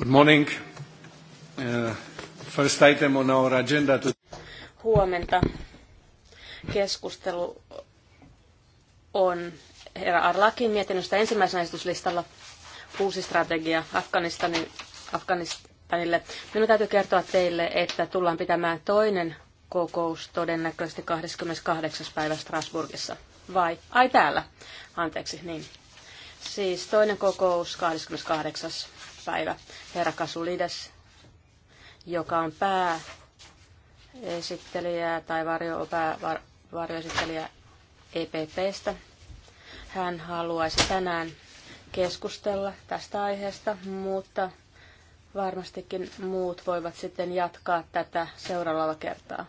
Good morning. Uh, first item on our agenda to... Huomenta. Keskustelu on herra Arlakin mietinnöstä ensimmäisenä esityslistalla uusi strategia Afganistanille. Minun täytyy kertoa teille, että tullaan pitämään toinen kokous todennäköisesti 28. päivä Strasbourgissa. Vai? Ai täällä. Anteeksi, niin. Siis toinen kokous 28 päivä. Herra Kasulides, joka on pääesittelijä tai varjo, pää, var, varjoesittelijä EPPstä. Hän haluaisi tänään keskustella tästä aiheesta, mutta varmastikin muut voivat sitten jatkaa tätä seuraavalla kertaa.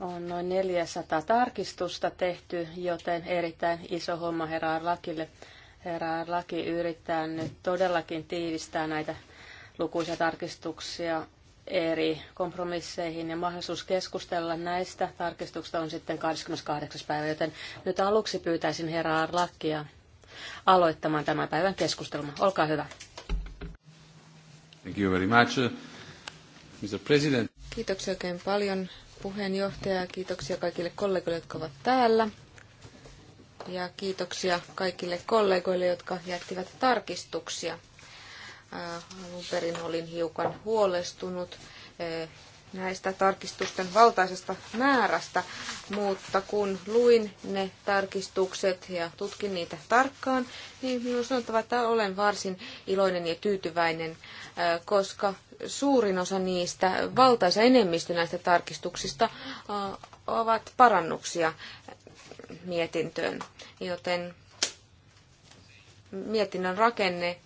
On noin 400 tarkistusta tehty, joten erittäin iso homma herää lakille. Herra laki yrittää nyt todellakin tiivistää näitä lukuisia tarkistuksia eri kompromisseihin ja mahdollisuus keskustella näistä tarkistuksista on sitten 28. päivä, joten nyt aluksi pyytäisin herra Arlakia aloittamaan tämän päivän keskustelun. Olkaa hyvä. Thank you very much, uh, Mr. President. Kiitoksia oikein paljon puheenjohtaja ja kiitoksia kaikille kollegoille, jotka ovat täällä. Ja kiitoksia kaikille kollegoille, jotka jättivät tarkistuksia. Äh, alun perin olin hiukan huolestunut äh, näistä tarkistusten valtaisesta määrästä, mutta kun luin ne tarkistukset ja tutkin niitä tarkkaan, niin minun sanottava, että olen varsin iloinen ja tyytyväinen, äh, koska suurin osa niistä, valtaisa enemmistö näistä tarkistuksista ovat parannuksia mietintöön. Joten mietinnön rakenne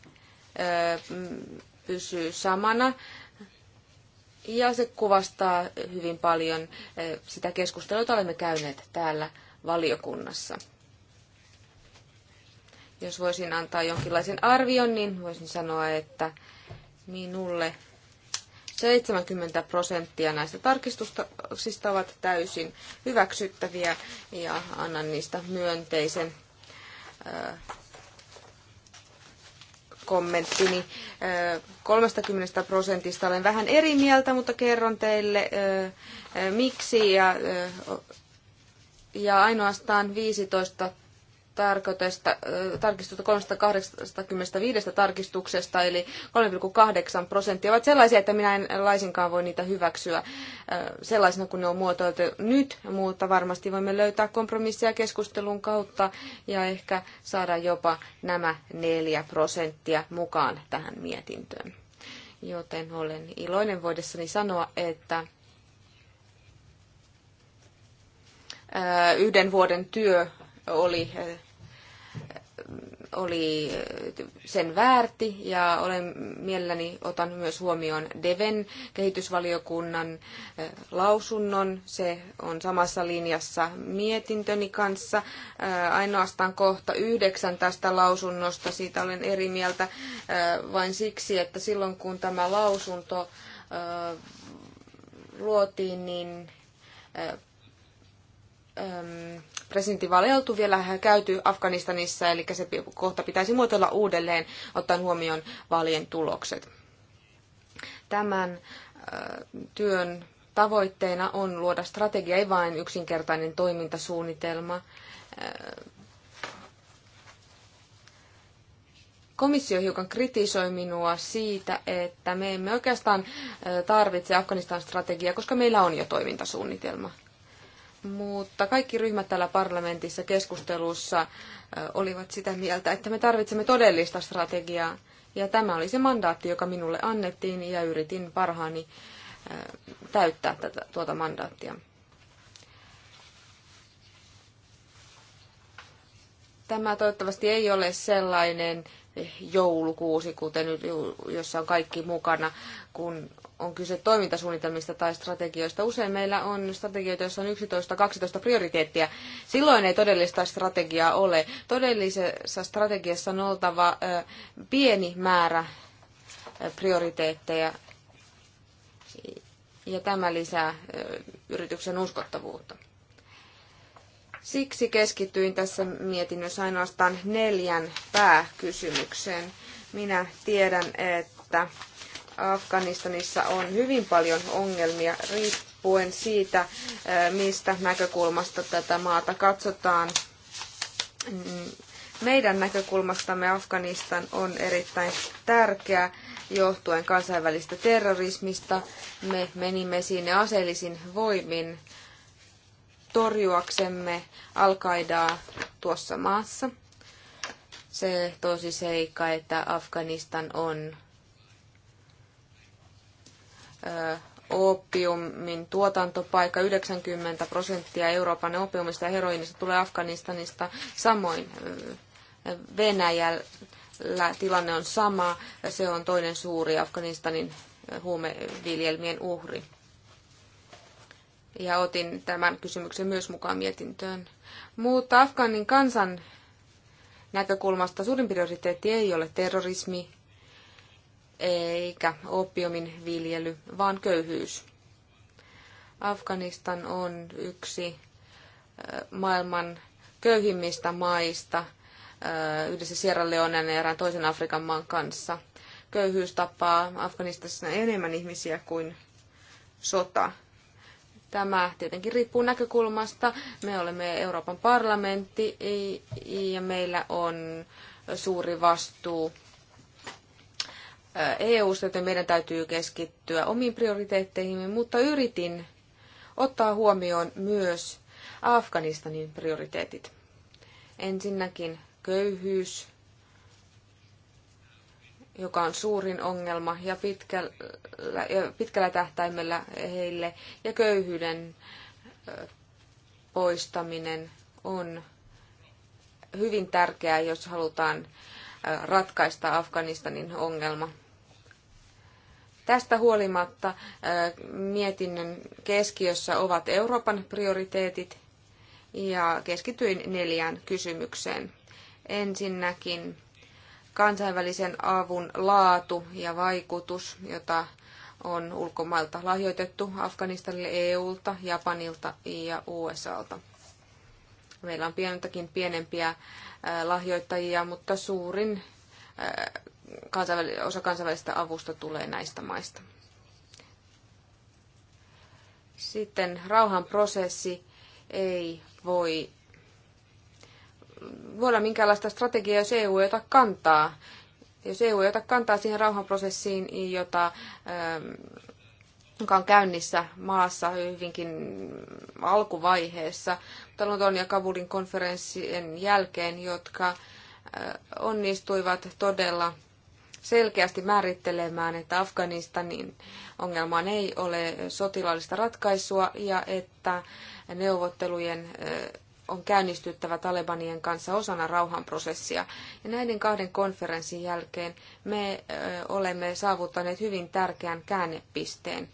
pysyy samana. Ja se kuvastaa hyvin paljon sitä keskustelua, jota olemme käyneet täällä valiokunnassa. Jos voisin antaa jonkinlaisen arvion, niin voisin sanoa, että minulle 70 prosenttia näistä tarkistuksista ovat täysin hyväksyttäviä ja annan niistä myönteisen kommenttini. 30 prosentista olen vähän eri mieltä, mutta kerron teille miksi. Ja, ja ainoastaan 15 tarkistusta 385 tarkistuksesta, eli 3,8 prosenttia, ovat sellaisia, että minä en laisinkaan voi niitä hyväksyä sellaisena kuin ne on muotoiltu nyt, mutta varmasti voimme löytää kompromisseja keskustelun kautta ja ehkä saada jopa nämä neljä prosenttia mukaan tähän mietintöön. Joten olen iloinen voidessani sanoa, että yhden vuoden työ oli, oli sen väärti ja olen mielelläni otan myös huomioon Deven kehitysvaliokunnan eh, lausunnon. Se on samassa linjassa mietintöni kanssa. Eh, ainoastaan kohta yhdeksän tästä lausunnosta. Siitä olen eri mieltä eh, vain siksi, että silloin kun tämä lausunto luotiin, niin presidentti valeutu vielä käyty Afganistanissa, eli se kohta pitäisi muotoilla uudelleen, ottaen huomioon vaalien tulokset. Tämän työn tavoitteena on luoda strategia, ei vain yksinkertainen toimintasuunnitelma. Komissio hiukan kritisoi minua siitä, että me emme oikeastaan tarvitse Afganistan-strategiaa, koska meillä on jo toimintasuunnitelma mutta kaikki ryhmät täällä parlamentissa keskustelussa olivat sitä mieltä, että me tarvitsemme todellista strategiaa. Ja tämä oli se mandaatti, joka minulle annettiin ja yritin parhaani täyttää tätä, tuota mandaattia. Tämä toivottavasti ei ole sellainen joulukuusi, kuten jossa on kaikki mukana, kun on kyse toimintasuunnitelmista tai strategioista. Usein meillä on strategioita, joissa on 11-12 prioriteettia. Silloin ei todellista strategiaa ole. Todellisessa strategiassa on oltava pieni määrä prioriteetteja ja tämä lisää yrityksen uskottavuutta. Siksi keskityin tässä mietinnössä ainoastaan neljän pääkysymykseen. Minä tiedän, että Afganistanissa on hyvin paljon ongelmia riippuen siitä, mistä näkökulmasta tätä maata katsotaan. Meidän näkökulmastamme Afganistan on erittäin tärkeä johtuen kansainvälistä terrorismista. Me menimme sinne aseellisin voimin torjuaksemme al tuossa maassa. Se tosi seikka, että Afganistan on oopiumin tuotantopaikka. 90 prosenttia Euroopan oopiumista ja heroinista tulee Afganistanista. Samoin Venäjällä tilanne on sama. Se on toinen suuri Afganistanin huumeviljelmien uhri. Ja otin tämän kysymyksen myös mukaan mietintöön. Mutta Afganin kansan näkökulmasta suurin prioriteetti ei ole terrorismi, eikä opiumin viljely, vaan köyhyys. Afganistan on yksi maailman köyhimmistä maista yhdessä Sierra Leonen ja erään toisen Afrikan maan kanssa. Köyhyys tapaa Afganistassa enemmän ihmisiä kuin sota. Tämä tietenkin riippuu näkökulmasta. Me olemme Euroopan parlamentti ja meillä on suuri vastuu EU-sta, joten meidän täytyy keskittyä omiin prioriteetteihimme, mutta yritin ottaa huomioon myös Afganistanin prioriteetit. Ensinnäkin köyhyys, joka on suurin ongelma ja pitkällä, pitkällä tähtäimellä heille, ja köyhyyden poistaminen on hyvin tärkeää, jos halutaan ratkaista Afganistanin ongelma. Tästä huolimatta äh, mietinnön keskiössä ovat Euroopan prioriteetit ja keskityin neljään kysymykseen. Ensinnäkin kansainvälisen avun laatu ja vaikutus, jota on ulkomailta lahjoitettu Afganistanille EUlta, Japanilta ja USAlta. Meillä on pienentäkin pienempiä äh, lahjoittajia, mutta suurin äh, kansainväli- osa kansainvälistä avusta tulee näistä maista. Sitten rauhanprosessi ei voi, voi olla minkäänlaista strategiaa, jos EU ei ota kantaa. Jos EU ei ota kantaa siihen rauhanprosessiin, jota, ähm, joka on käynnissä maassa hyvinkin alkuvaiheessa, mutta ja Kabulin konferenssien jälkeen, jotka äh, onnistuivat todella selkeästi määrittelemään, että Afganistanin ongelmaan ei ole sotilaallista ratkaisua ja että neuvottelujen on käynnistyttävä Talebanien kanssa osana rauhanprosessia. Ja näiden kahden konferenssin jälkeen me olemme saavuttaneet hyvin tärkeän käännepisteen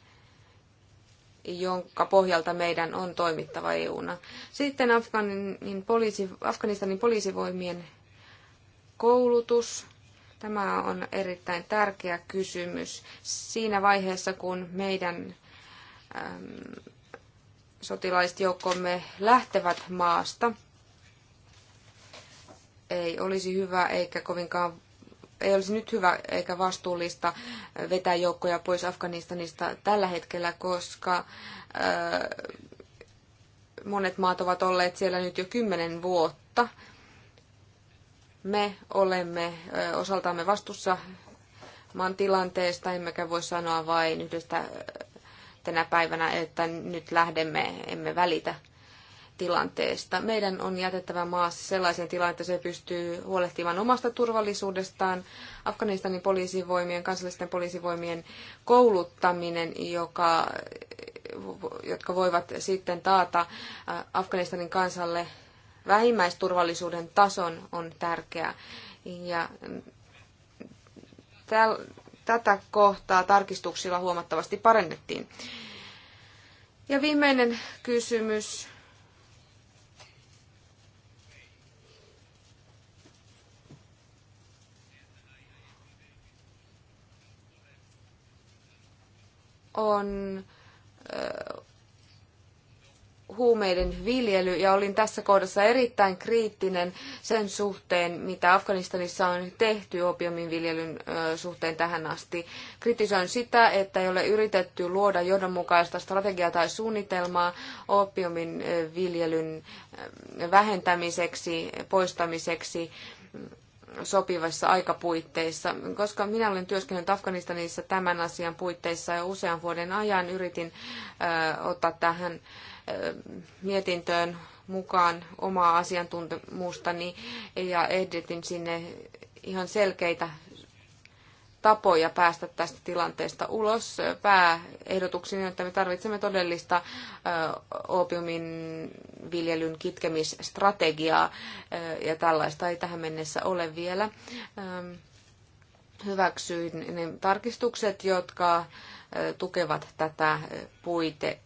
jonka pohjalta meidän on toimittava EUna. Sitten Afganin poliisi, Afganistanin poliisivoimien koulutus. Tämä on erittäin tärkeä kysymys. Siinä vaiheessa, kun meidän äm, sotilaiset joukkomme lähtevät maasta, ei olisi hyvä eikä kovinkaan ei olisi nyt hyvä eikä vastuullista vetää joukkoja pois Afganistanista tällä hetkellä, koska monet maat ovat olleet siellä nyt jo kymmenen vuotta. Me olemme osaltamme vastuussa maan tilanteesta, emmekä voi sanoa vain yhdestä tänä päivänä, että nyt lähdemme, emme välitä tilanteesta. Meidän on jätettävä maassa sellaisen tilanteen, että se pystyy huolehtimaan omasta turvallisuudestaan. Afganistanin poliisivoimien, kansallisten poliisivoimien kouluttaminen, joka, jotka voivat sitten taata Afganistanin kansalle vähimmäisturvallisuuden tason on tärkeä. Ja täl, tätä kohtaa tarkistuksilla huomattavasti parannettiin. Ja viimeinen kysymys. on huumeiden viljely ja olin tässä kohdassa erittäin kriittinen sen suhteen, mitä Afganistanissa on tehty opiomin viljelyn suhteen tähän asti. Kritisoin sitä, että ei ole yritetty luoda johdonmukaista strategiaa tai suunnitelmaa opiomin viljelyn vähentämiseksi, poistamiseksi mm, sopivissa aikapuitteissa, koska minä olen työskennellyt Afganistanissa tämän asian puitteissa jo usean vuoden ajan, yritin ottaa tähän mietintöön mukaan omaa asiantuntemustani ja ehdotin sinne ihan selkeitä tapoja päästä tästä tilanteesta ulos. Pääehdotukseni on, että me tarvitsemme todellista opiumin viljelyn kitkemisstrategiaa, ja tällaista ei tähän mennessä ole vielä. Hyväksyin ne tarkistukset, jotka tukevat tätä puite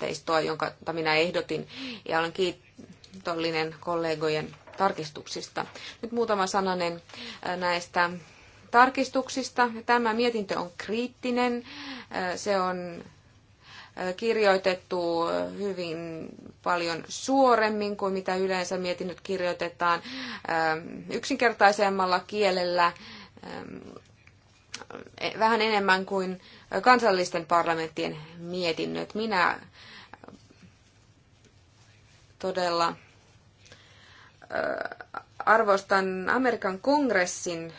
puitteistoa, jonka minä ehdotin, ja olen kiitollinen kollegojen tarkistuksista. Nyt muutama sananen äh, näistä tarkistuksista. Tämä mietintö on kriittinen. Äh, se on äh, kirjoitettu hyvin paljon suoremmin kuin mitä yleensä mietinnöt kirjoitetaan yksinkertaisemmalla kielellä, ähm, e, vähän enemmän kuin kansallisten parlamenttien mietinnöt. Minä todella arvostan Amerikan kongressin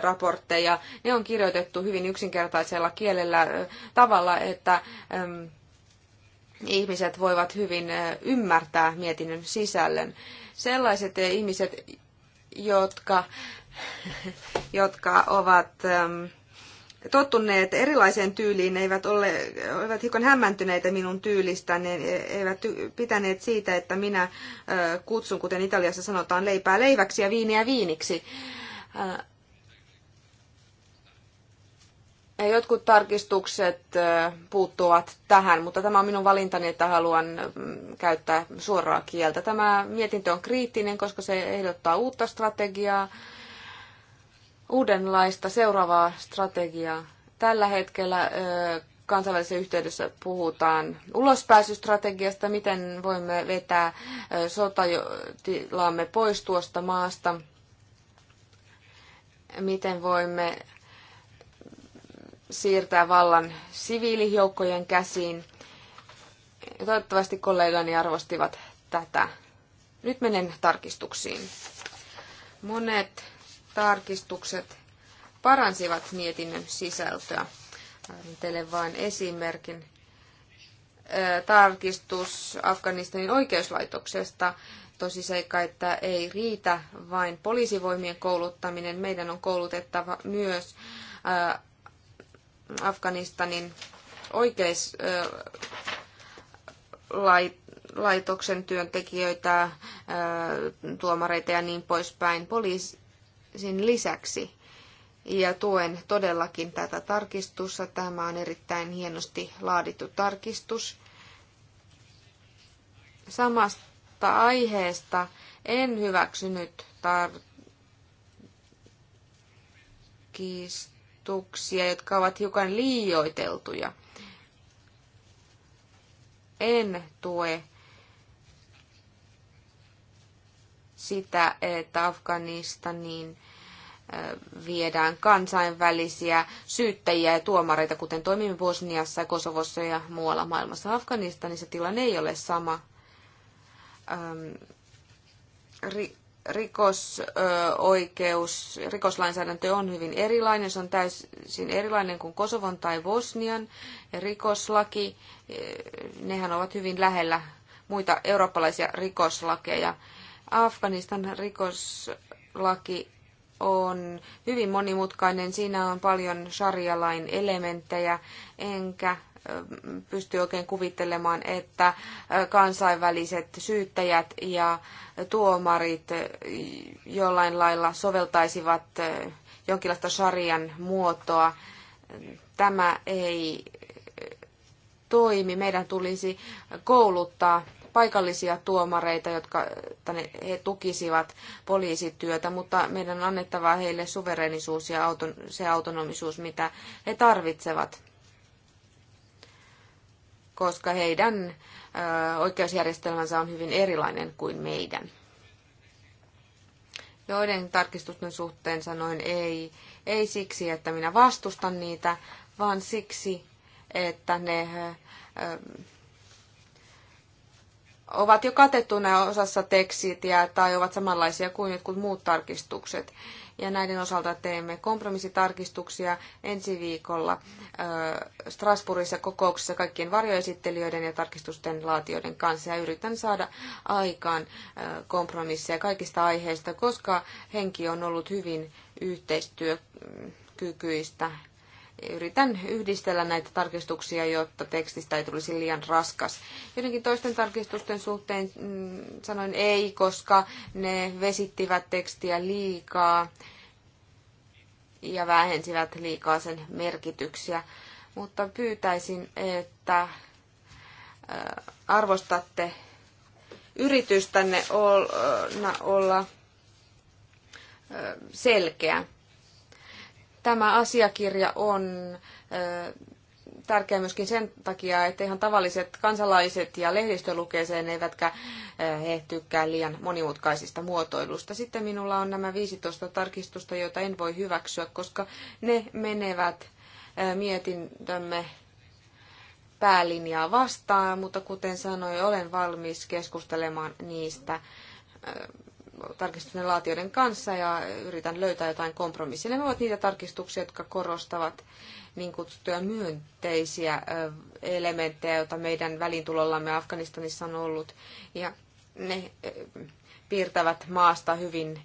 raportteja. Ne on kirjoitettu hyvin yksinkertaisella kielellä tavalla, että ihmiset voivat hyvin ymmärtää mietinnön sisällön. Sellaiset ihmiset, jotka, jotka ovat ähm, tottuneet erilaiseen tyyliin, eivät ole, ovat hiukan hämmentyneitä minun tyylistäni, eivät pitäneet siitä, että minä kutsun, kuten Italiassa sanotaan, leipää leiväksi ja viiniä viiniksi. Jotkut tarkistukset puuttuvat tähän, mutta tämä on minun valintani, että haluan käyttää suoraa kieltä. Tämä mietintö on kriittinen, koska se ehdottaa uutta strategiaa uudenlaista seuraavaa strategiaa. Tällä hetkellä kansainvälisessä yhteydessä puhutaan ulospääsystrategiasta, miten voimme vetää sotatilaamme pois tuosta maasta, miten voimme siirtää vallan siviilijoukkojen käsiin. Ja toivottavasti kollegani arvostivat tätä. Nyt menen tarkistuksiin. Monet tarkistukset paransivat mietinnön sisältöä. Annan teille vain esimerkin. Tarkistus Afganistanin oikeuslaitoksesta. seikka, että ei riitä vain poliisivoimien kouluttaminen. Meidän on koulutettava myös Afganistanin oikeuslaitoksen työntekijöitä, tuomareita ja niin poispäin. Poliisi sen lisäksi. Ja tuen todellakin tätä tarkistusta. Tämä on erittäin hienosti laadittu tarkistus. Samasta aiheesta en hyväksynyt tarkistuksia, jotka ovat hiukan liioiteltuja. En tue sitä, että Afganistaniin viedään kansainvälisiä syyttäjiä ja tuomareita, kuten toimimme Bosniassa, Kosovossa ja muualla maailmassa. Afganistanissa tilanne ei ole sama. Ri- rikosoikeus, rikoslainsäädäntö on hyvin erilainen. Se on täysin erilainen kuin Kosovon tai Bosnian. Ja rikoslaki, nehän ovat hyvin lähellä muita eurooppalaisia rikoslakeja. Afganistan rikoslaki on hyvin monimutkainen. Siinä on paljon sharia-lain elementtejä, enkä pysty oikein kuvittelemaan, että kansainväliset syyttäjät ja tuomarit jollain lailla soveltaisivat jonkinlaista sarjan muotoa. Tämä ei toimi. Meidän tulisi kouluttaa paikallisia tuomareita, jotka he tukisivat poliisityötä, mutta meidän on annettava heille suverenisuus ja auton, se autonomisuus, mitä he tarvitsevat, koska heidän oikeusjärjestelmänsä on hyvin erilainen kuin meidän. Joiden tarkistusten suhteen sanoin ei, ei siksi, että minä vastustan niitä, vaan siksi, että ne ovat jo katettuna osassa tekstiä tai ovat samanlaisia kuin jotkut muut tarkistukset. Ja näiden osalta teemme kompromissitarkistuksia ensi viikolla Strasbourgissa kokouksessa kaikkien varjoesittelijöiden ja tarkistusten laatijoiden kanssa. Ja yritän saada aikaan kompromisseja kaikista aiheista, koska henki on ollut hyvin yhteistyökykyistä yritän yhdistellä näitä tarkistuksia, jotta tekstistä ei tulisi liian raskas. Jotenkin toisten tarkistusten suhteen mm, sanoin ei, koska ne vesittivät tekstiä liikaa ja vähensivät liikaa sen merkityksiä. Mutta pyytäisin, että äh, arvostatte yritystänne äh, olla äh, selkeä Tämä asiakirja on tärkeä myöskin sen takia, että ihan tavalliset kansalaiset ja lehdistö lukee sen, eivätkä he tykkää liian monimutkaisista muotoilusta. Sitten minulla on nämä 15 tarkistusta, joita en voi hyväksyä, koska ne menevät mietintömme päälinjaa vastaan, mutta kuten sanoin, olen valmis keskustelemaan niistä tarkistusten laatioiden kanssa ja yritän löytää jotain kompromissia. Nämä ovat niitä tarkistuksia, jotka korostavat niin kutsuttuja myönteisiä elementtejä, joita meidän välintulollamme Afganistanissa on ollut. Ja ne piirtävät maasta hyvin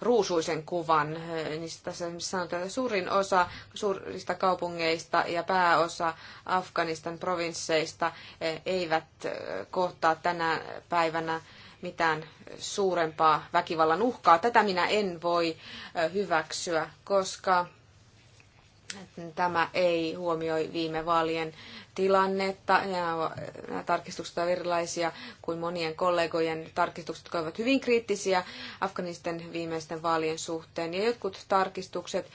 ruusuisen kuvan. Niistä tässä sanotaan, että suurin osa suurista kaupungeista ja pääosa Afganistan provinsseista eivät kohtaa tänä päivänä mitään suurempaa väkivallan uhkaa. Tätä minä en voi hyväksyä, koska tämä ei huomioi viime vaalien tilannetta. Nämä tarkistukset ovat erilaisia kuin monien kollegojen tarkistukset, jotka ovat hyvin kriittisiä Afganistan viimeisten vaalien suhteen. Ja jotkut tarkistukset,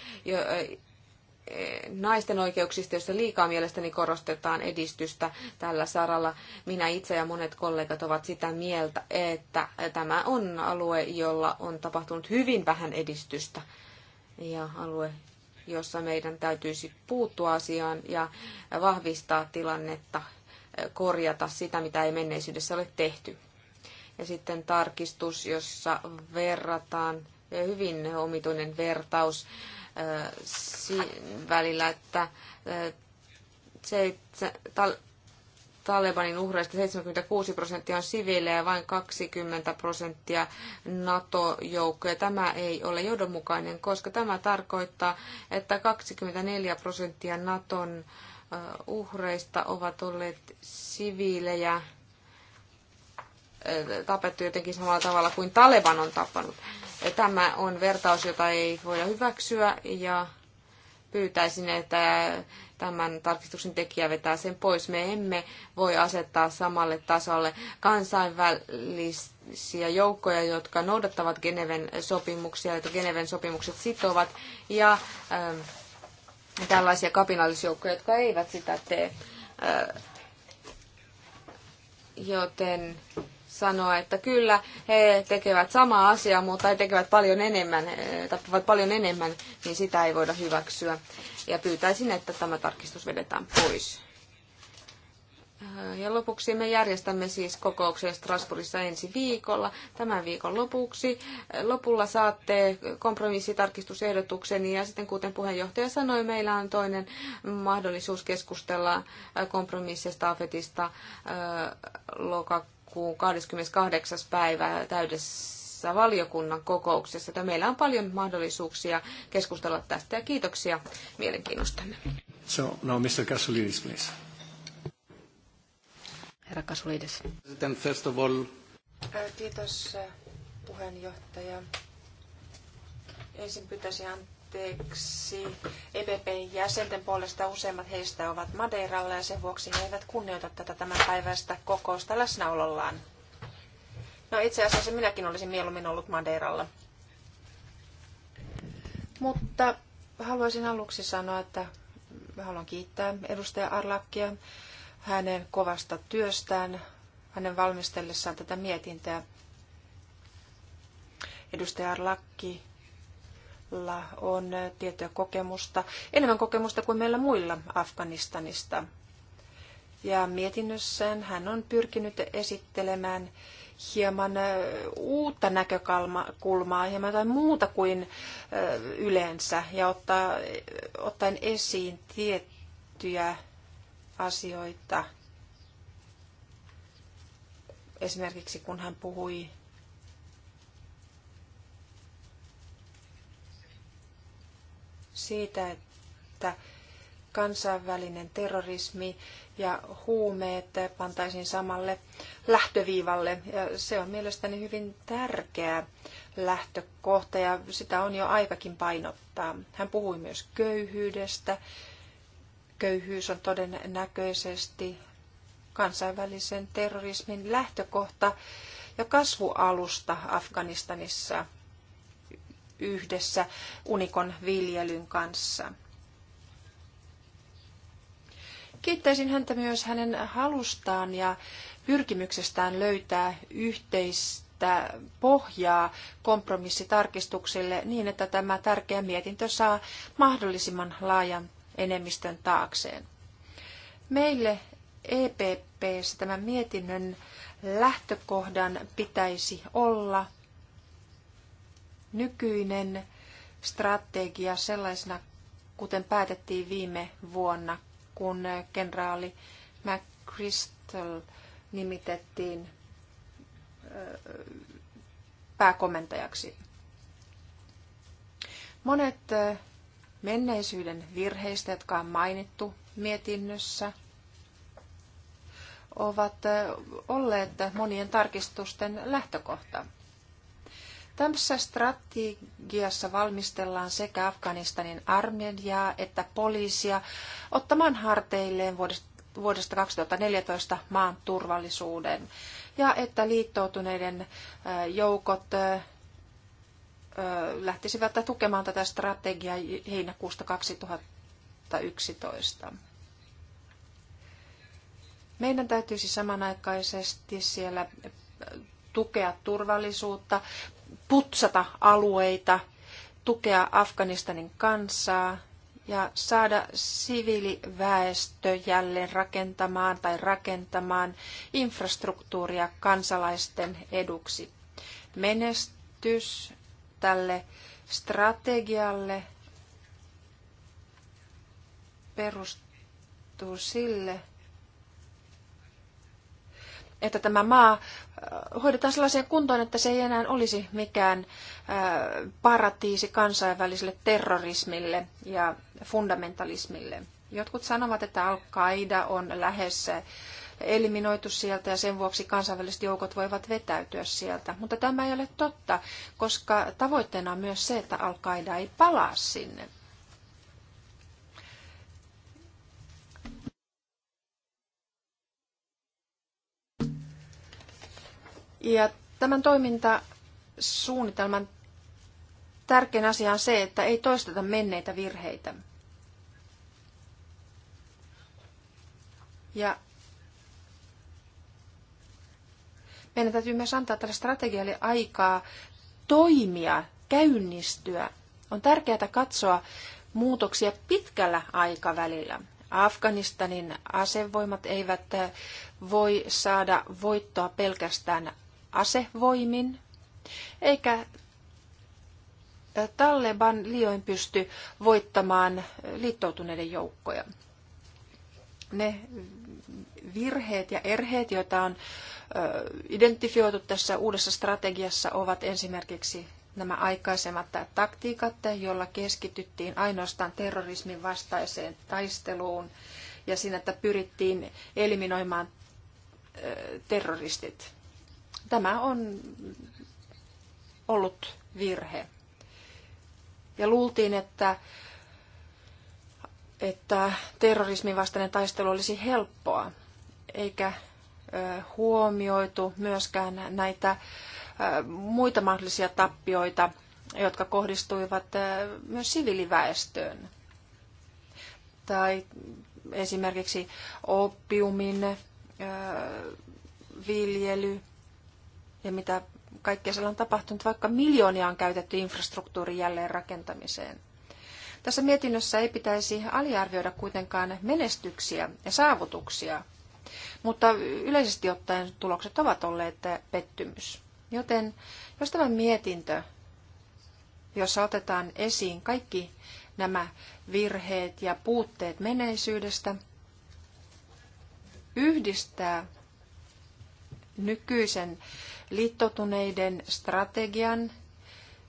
naisten oikeuksista, joissa liikaa mielestäni korostetaan edistystä tällä saralla. Minä itse ja monet kollegat ovat sitä mieltä, että tämä on alue, jolla on tapahtunut hyvin vähän edistystä ja alue, jossa meidän täytyisi puuttua asiaan ja vahvistaa tilannetta, korjata sitä, mitä ei menneisyydessä ole tehty. Ja sitten tarkistus, jossa verrataan, hyvin omituinen vertaus, välillä, että se, Talebanin uhreista 76 prosenttia on siviilejä ja vain 20 prosenttia NATO-joukkoja. Tämä ei ole johdonmukainen, koska tämä tarkoittaa, että 24 prosenttia NATOn uhreista ovat olleet siviilejä Eh, tapettu jotenkin samalla tavalla kuin Taleban on tappanut. Tämä on vertaus, jota ei voida hyväksyä ja pyytäisin, että tämän tarkistuksen tekijä vetää sen pois. Me emme voi asettaa samalle tasolle kansainvälisiä joukkoja, jotka noudattavat Geneven sopimuksia, joita Geneven sopimukset sitovat, ja ähm, tällaisia kapinallisjoukkoja, jotka eivät sitä tee. Äh, joten sanoa, että kyllä he tekevät samaa asiaa, mutta he tekevät paljon enemmän, tappavat paljon enemmän, niin sitä ei voida hyväksyä. Ja pyytäisin, että tämä tarkistus vedetään pois. Äh, ja lopuksi me järjestämme siis kokouksen Strasbourgissa ensi viikolla. Tämän viikon lopuksi. Äh, lopulla saatte kompromissitarkistusehdotukseni ja sitten kuten puheenjohtaja sanoi, meillä on toinen mahdollisuus keskustella äh, kompromissista Afetista lokakuussa elokuun 28. päivä täydessä valiokunnan kokouksessa. Joten meillä on paljon mahdollisuuksia keskustella tästä ja kiitoksia mielenkiinnostanne. So, now Mr. Kasulidis, please. Herra Kasulidis. Then first of all... Äh, kiitos äh, puheenjohtaja. Ensin pitäisi antaa anteeksi EPPn jäsenten puolesta. Useimmat heistä ovat Madeiralla ja sen vuoksi he eivät kunnioita tätä tämänpäiväistä kokousta läsnäolollaan. No itse asiassa minäkin olisin mieluummin ollut Madeiralla. Mutta haluaisin aluksi sanoa, että haluan kiittää edustaja Arlakia hänen kovasta työstään, hänen valmistellessaan tätä mietintöä. Edustaja Arlakki jolla on tiettyä kokemusta, enemmän kokemusta kuin meillä muilla Afganistanista. Ja mietinnössään hän on pyrkinyt esittelemään hieman uutta näkökulmaa, hieman jotain muuta kuin yleensä, ja ottaa, ottaen esiin tiettyjä asioita. Esimerkiksi kun hän puhui siitä, että kansainvälinen terrorismi ja huumeet pantaisiin samalle lähtöviivalle. Ja se on mielestäni hyvin tärkeä lähtökohta ja sitä on jo aikakin painottaa. Hän puhui myös köyhyydestä. Köyhyys on todennäköisesti kansainvälisen terrorismin lähtökohta ja kasvualusta Afganistanissa yhdessä unikon viljelyn kanssa. Kiittäisin häntä myös hänen halustaan ja pyrkimyksestään löytää yhteistä pohjaa kompromissitarkistuksille niin, että tämä tärkeä mietintö saa mahdollisimman laajan enemmistön taakseen. Meille EPPssä tämän mietinnön lähtökohdan pitäisi olla – nykyinen strategia sellaisena, kuten päätettiin viime vuonna, kun kenraali McChrystal nimitettiin pääkomentajaksi. Monet menneisyyden virheistä, jotka on mainittu mietinnössä, ovat olleet monien tarkistusten lähtökohta. Tässä strategiassa valmistellaan sekä Afganistanin armeijaa että poliisia ottamaan harteilleen vuodesta, vuodesta 2014 maan turvallisuuden ja että liittoutuneiden joukot lähtisivät tukemaan tätä strategiaa heinäkuusta 2011. Meidän täytyisi samanaikaisesti siellä tukea turvallisuutta, putsata alueita, tukea Afganistanin kansaa ja saada siviiliväestö jälleen rakentamaan tai rakentamaan infrastruktuuria kansalaisten eduksi. Menestys tälle strategialle perustuu sille, että tämä maa äh, hoidetaan sellaiseen kuntoon, että se ei enää olisi mikään äh, paratiisi kansainväliselle terrorismille ja fundamentalismille. Jotkut sanovat, että Al-Qaida on lähes eliminoitu sieltä ja sen vuoksi kansainväliset joukot voivat vetäytyä sieltä. Mutta tämä ei ole totta, koska tavoitteena on myös se, että Al-Qaida ei palaa sinne. Ja tämän toimintasuunnitelman tärkein asia on se, että ei toisteta menneitä virheitä. Ja meidän täytyy myös antaa tälle strategialle aikaa toimia, käynnistyä. On tärkeää katsoa muutoksia pitkällä aikavälillä. Afganistanin asevoimat eivät voi saada voittoa pelkästään asevoimin, eikä Taleban liioin pysty voittamaan liittoutuneiden joukkoja. Ne virheet ja erheet, joita on identifioitu tässä uudessa strategiassa, ovat esimerkiksi nämä aikaisemmat taktiikat, joilla keskityttiin ainoastaan terrorismin vastaiseen taisteluun ja siinä, että pyrittiin eliminoimaan terroristit. Tämä on ollut virhe. Ja luultiin, että, että terrorismin vastainen taistelu olisi helppoa, eikä huomioitu myöskään näitä muita mahdollisia tappioita, jotka kohdistuivat myös siviiliväestöön. Tai esimerkiksi oppiumin viljely ja mitä kaikkea siellä on tapahtunut, vaikka miljoonia on käytetty infrastruktuurin jälleen rakentamiseen. Tässä mietinnössä ei pitäisi aliarvioida kuitenkaan menestyksiä ja saavutuksia, mutta yleisesti ottaen tulokset ovat olleet pettymys. Joten jos tämä mietintö, jossa otetaan esiin kaikki nämä virheet ja puutteet menneisyydestä, yhdistää nykyisen liittoutuneiden strategian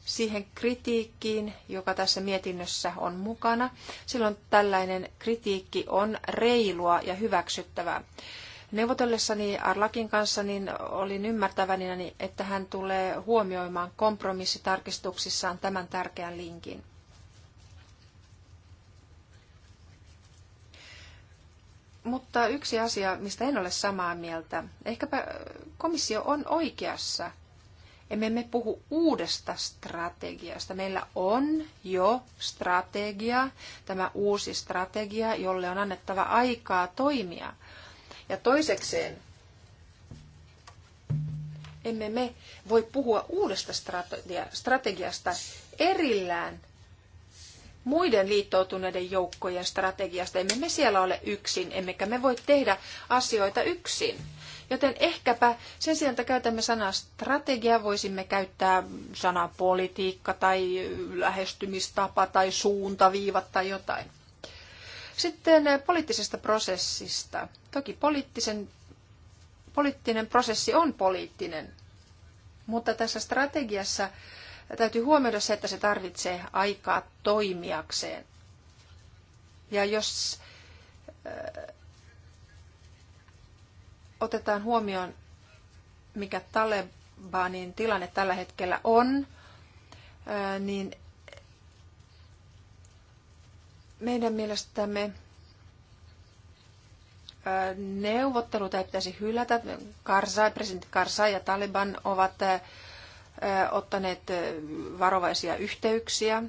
siihen kritiikkiin, joka tässä mietinnössä on mukana. Silloin tällainen kritiikki on reilua ja hyväksyttävää. Neuvotellessani Arlakin kanssa niin olin ymmärtävänä, että hän tulee huomioimaan kompromissitarkistuksissaan tämän tärkeän linkin. Mutta yksi asia, mistä en ole samaa mieltä, ehkäpä komissio on oikeassa. Emme me puhu uudesta strategiasta. Meillä on jo strategia, tämä uusi strategia, jolle on annettava aikaa toimia. Ja toisekseen, emme me voi puhua uudesta strategiasta erillään muiden liittoutuneiden joukkojen strategiasta. Emme me siellä ole yksin, emmekä me voi tehdä asioita yksin. Joten ehkäpä sen sijaan, että käytämme sanaa strategia, voisimme käyttää sanaa politiikka tai lähestymistapa tai suuntaviivat tai jotain. Sitten eh, poliittisesta prosessista. Toki poliittisen, poliittinen prosessi on poliittinen, mutta tässä strategiassa täytyy huomioida se, että se tarvitsee aikaa toimijakseen. Ja jos äh, otetaan huomioon, mikä Talebanin tilanne tällä hetkellä on, äh, niin meidän mielestämme äh, neuvotteluita ei pitäisi hylätä. Karzai, presidentti Karzai ja Taliban ovat ottaneet varovaisia yhteyksiä,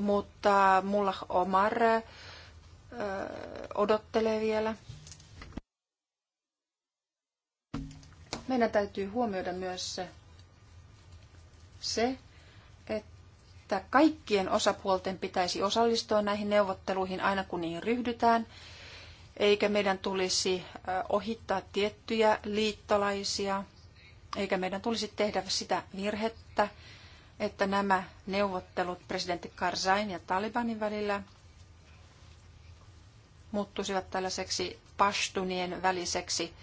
mutta mulla Omar odottelee vielä. Meidän täytyy huomioida myös se, että kaikkien osapuolten pitäisi osallistua näihin neuvotteluihin aina kun niihin ryhdytään, eikä meidän tulisi ohittaa tiettyjä liittolaisia – eikä meidän tulisi tehdä sitä virhettä, että nämä neuvottelut presidentti Karzain ja Talibanin välillä muuttuisivat tällaiseksi pashtunien väliseksi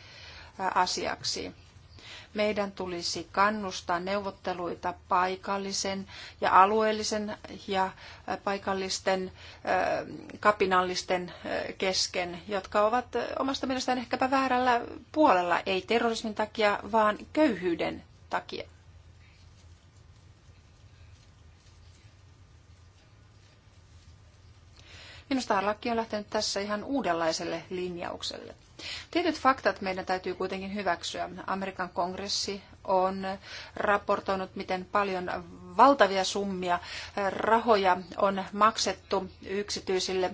asiaksi meidän tulisi kannustaa neuvotteluita paikallisen ja alueellisen ja äh, paikallisten äh, kapinallisten äh, kesken, jotka ovat omasta mielestään ehkäpä väärällä puolella, ei terrorismin takia, vaan köyhyyden takia. Minusta laki on lähtenyt tässä ihan uudenlaiselle linjaukselle. Tietyt faktat meidän täytyy kuitenkin hyväksyä. Amerikan kongressi on raportoinut, miten paljon valtavia summia rahoja on maksettu yksityisille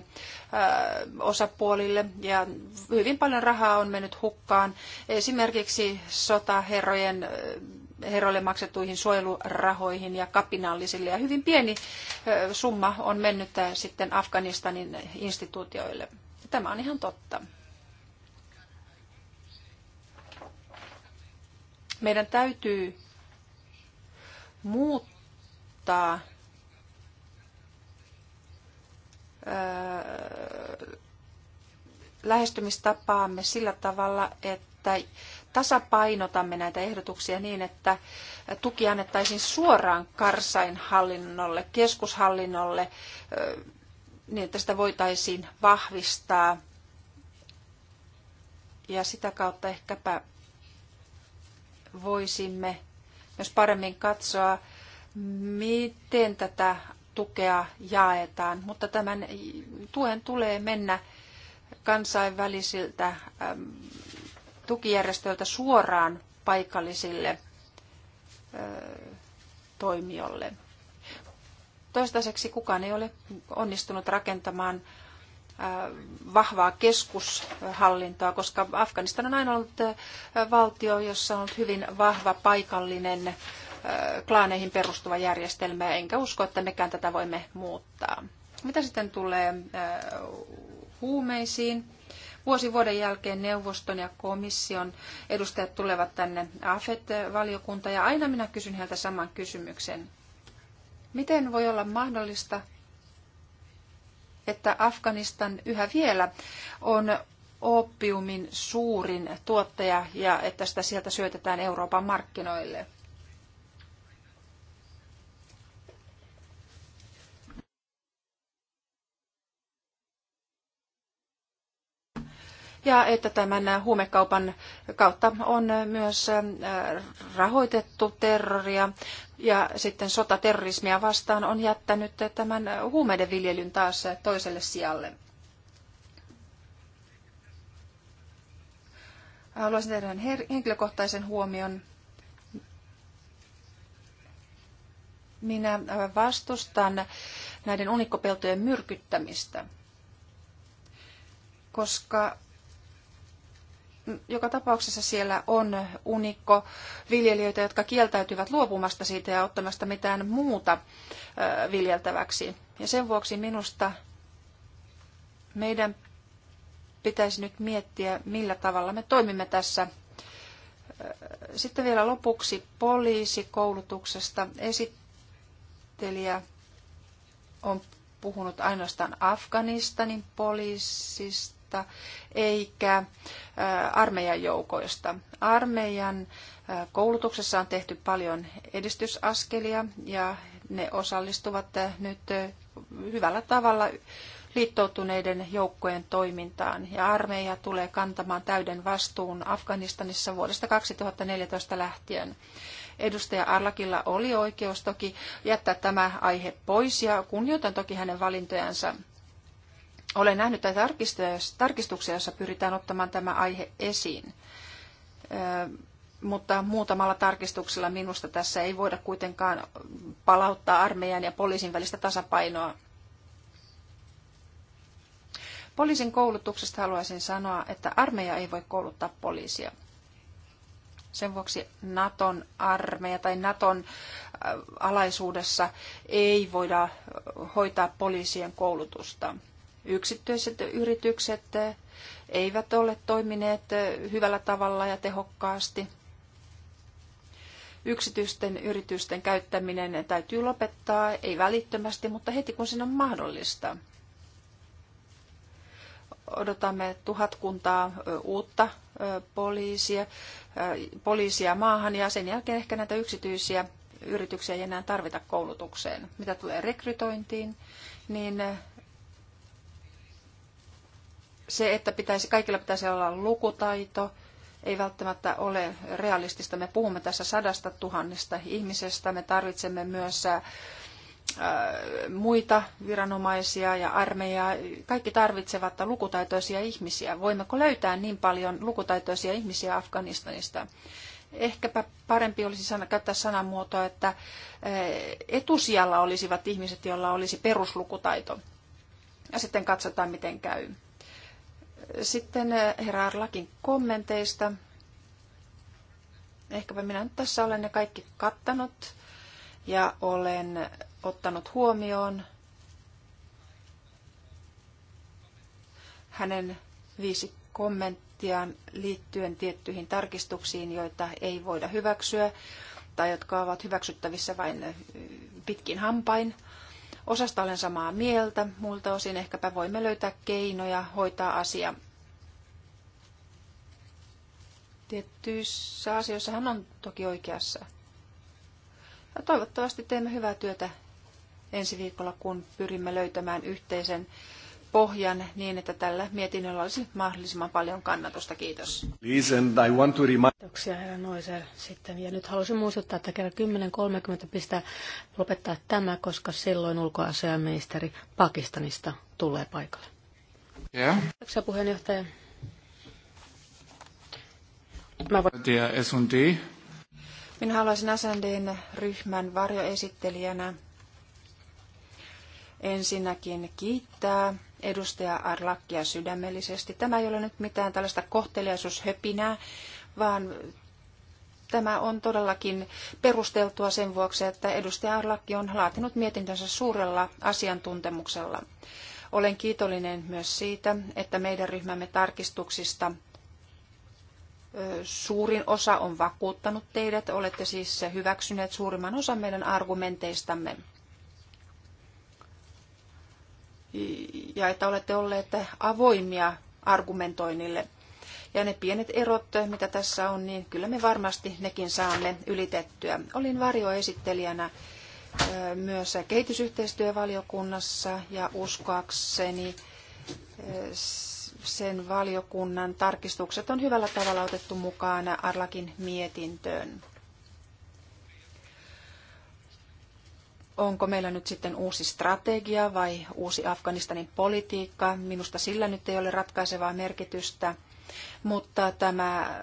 osapuolille ja hyvin paljon rahaa on mennyt hukkaan esimerkiksi sotaherrojen herroille maksettuihin suojelurahoihin ja kapinallisille. Ja hyvin pieni summa on mennyt sitten Afganistanin instituutioille. Tämä on ihan totta. Meidän täytyy muuttaa lähestymistapaamme sillä tavalla, että tasapainotamme näitä ehdotuksia niin, että tuki annettaisiin suoraan karsainhallinnolle, keskushallinnolle, niin että sitä voitaisiin vahvistaa ja sitä kautta ehkäpä voisimme myös paremmin katsoa, miten tätä tukea jaetaan, mutta tämän tuen tulee mennä kansainvälisiltä tukijärjestöiltä suoraan paikallisille toimijoille. Toistaiseksi kukaan ei ole onnistunut rakentamaan Äh, vahvaa keskushallintoa, koska Afganistan on aina ollut äh, valtio, jossa on ollut hyvin vahva paikallinen äh, klaaneihin perustuva järjestelmä, enkä usko, että mekään tätä voimme muuttaa. Mitä sitten tulee huumeisiin? Vuosi vuoden jälkeen neuvoston ja komission edustajat tulevat tänne AFET-valiokuntaan ja aina minä kysyn heiltä saman kysymyksen. Miten voi olla mahdollista, että Afganistan yhä vielä on oppiumin suurin tuottaja ja että sitä sieltä syötetään Euroopan markkinoille. ja että tämän huumekaupan kautta on myös äh, rahoitettu terroria ja sitten sota terrorismia vastaan on jättänyt tämän huumeiden viljelyn taas toiselle sijalle. Haluaisin tehdä henkilökohtaisen huomion. Minä äh, vastustan näiden unikkopeltojen myrkyttämistä, koska joka tapauksessa siellä on unikko viljelijöitä, jotka kieltäytyvät luopumasta siitä ja ottamasta mitään muuta viljeltäväksi. Ja sen vuoksi minusta meidän pitäisi nyt miettiä, millä tavalla me toimimme tässä. Sitten vielä lopuksi poliisikoulutuksesta. Esittelijä on puhunut ainoastaan Afganistanin poliisista joukoista eikä armeijan joukoista. Armeijan koulutuksessa on tehty paljon edistysaskelia ja ne osallistuvat nyt hyvällä tavalla liittoutuneiden joukkojen toimintaan ja armeija tulee kantamaan täyden vastuun Afganistanissa vuodesta 2014 lähtien. Edustaja Arlakilla oli oikeus toki jättää tämä aihe pois ja kunnioitan toki hänen valintojansa, olen nähnyt tarkistuksia, jossa pyritään ottamaan tämä aihe esiin. Mutta muutamalla tarkistuksella minusta tässä ei voida kuitenkaan palauttaa armeijan ja poliisin välistä tasapainoa. Poliisin koulutuksesta haluaisin sanoa, että armeija ei voi kouluttaa poliisia. Sen vuoksi Naton armeija tai Naton alaisuudessa ei voida hoitaa poliisien koulutusta. Yksityiset yritykset eh, eivät ole toimineet eh, hyvällä tavalla ja tehokkaasti. Yksityisten yritysten käyttäminen täytyy lopettaa, ei välittömästi, mutta heti kun sen on mahdollista. Odotamme tuhat kuntaa eh, uutta poliisia, poliisia maahan ja sen jälkeen ehkä näitä yksityisiä yrityksiä ei enää tarvita koulutukseen. Mitä tulee rekrytointiin, niin se, että pitäisi, kaikilla pitäisi olla lukutaito, ei välttämättä ole realistista. Me puhumme tässä sadasta tuhannesta ihmisestä. Me tarvitsemme myös äh, muita viranomaisia ja armeijaa. Kaikki tarvitsevat lukutaitoisia ihmisiä. Voimmeko löytää niin paljon lukutaitoisia ihmisiä Afganistanista? Ehkäpä parempi olisi sana, käyttää sanamuotoa, että äh, etusijalla olisivat ihmiset, joilla olisi peruslukutaito. Ja sitten katsotaan, miten käy. Sitten eh, herra Arlakin kommenteista. Ehkäpä minä nyt tässä olen ne kaikki kattanut ja olen ottanut huomioon hänen viisi kommenttiaan liittyen tiettyihin tarkistuksiin, joita ei voida hyväksyä tai jotka ovat hyväksyttävissä vain eh, pitkin hampain – Osasta olen samaa mieltä, muilta osin ehkäpä voimme löytää keinoja hoitaa asia. Tiettyissä asioissa hän on toki oikeassa. Ja toivottavasti teemme hyvää työtä ensi viikolla, kun pyrimme löytämään yhteisen pohjan niin, että tällä mietinnöllä olisi mahdollisimman paljon kannatusta. Kiitos. Kiitoksia herra Noiser. Sitten. Ja nyt haluaisin muistuttaa, että kello 10.30 pistää lopettaa tämä, koska silloin ulkoasiaministeri Pakistanista tulee paikalle. Yeah. Kiitoksia puheenjohtaja. Mä voin... Minä haluaisin ryhmän varjoesittelijänä ensinnäkin kiittää edustaja Arlakkia sydämellisesti. Tämä ei ole nyt mitään tällaista kohteliaisuushöpinää, vaan tämä on todellakin perusteltua sen vuoksi, että edustaja Arlakki on laatinut mietintönsä suurella asiantuntemuksella. Olen kiitollinen myös siitä, että meidän ryhmämme tarkistuksista suurin osa on vakuuttanut teidät. Olette siis hyväksyneet suurimman osan meidän argumenteistamme ja että olette olleet avoimia argumentoinnille. Ja ne pienet erot, mitä tässä on, niin kyllä me varmasti nekin saamme ylitettyä. Olin varjoesittelijänä myös kehitysyhteistyövaliokunnassa ja uskoakseni sen valiokunnan tarkistukset on hyvällä tavalla otettu mukaan Arlakin mietintöön. onko meillä nyt sitten uusi strategia vai uusi Afganistanin politiikka. Minusta sillä nyt ei ole ratkaisevaa merkitystä, mutta tämä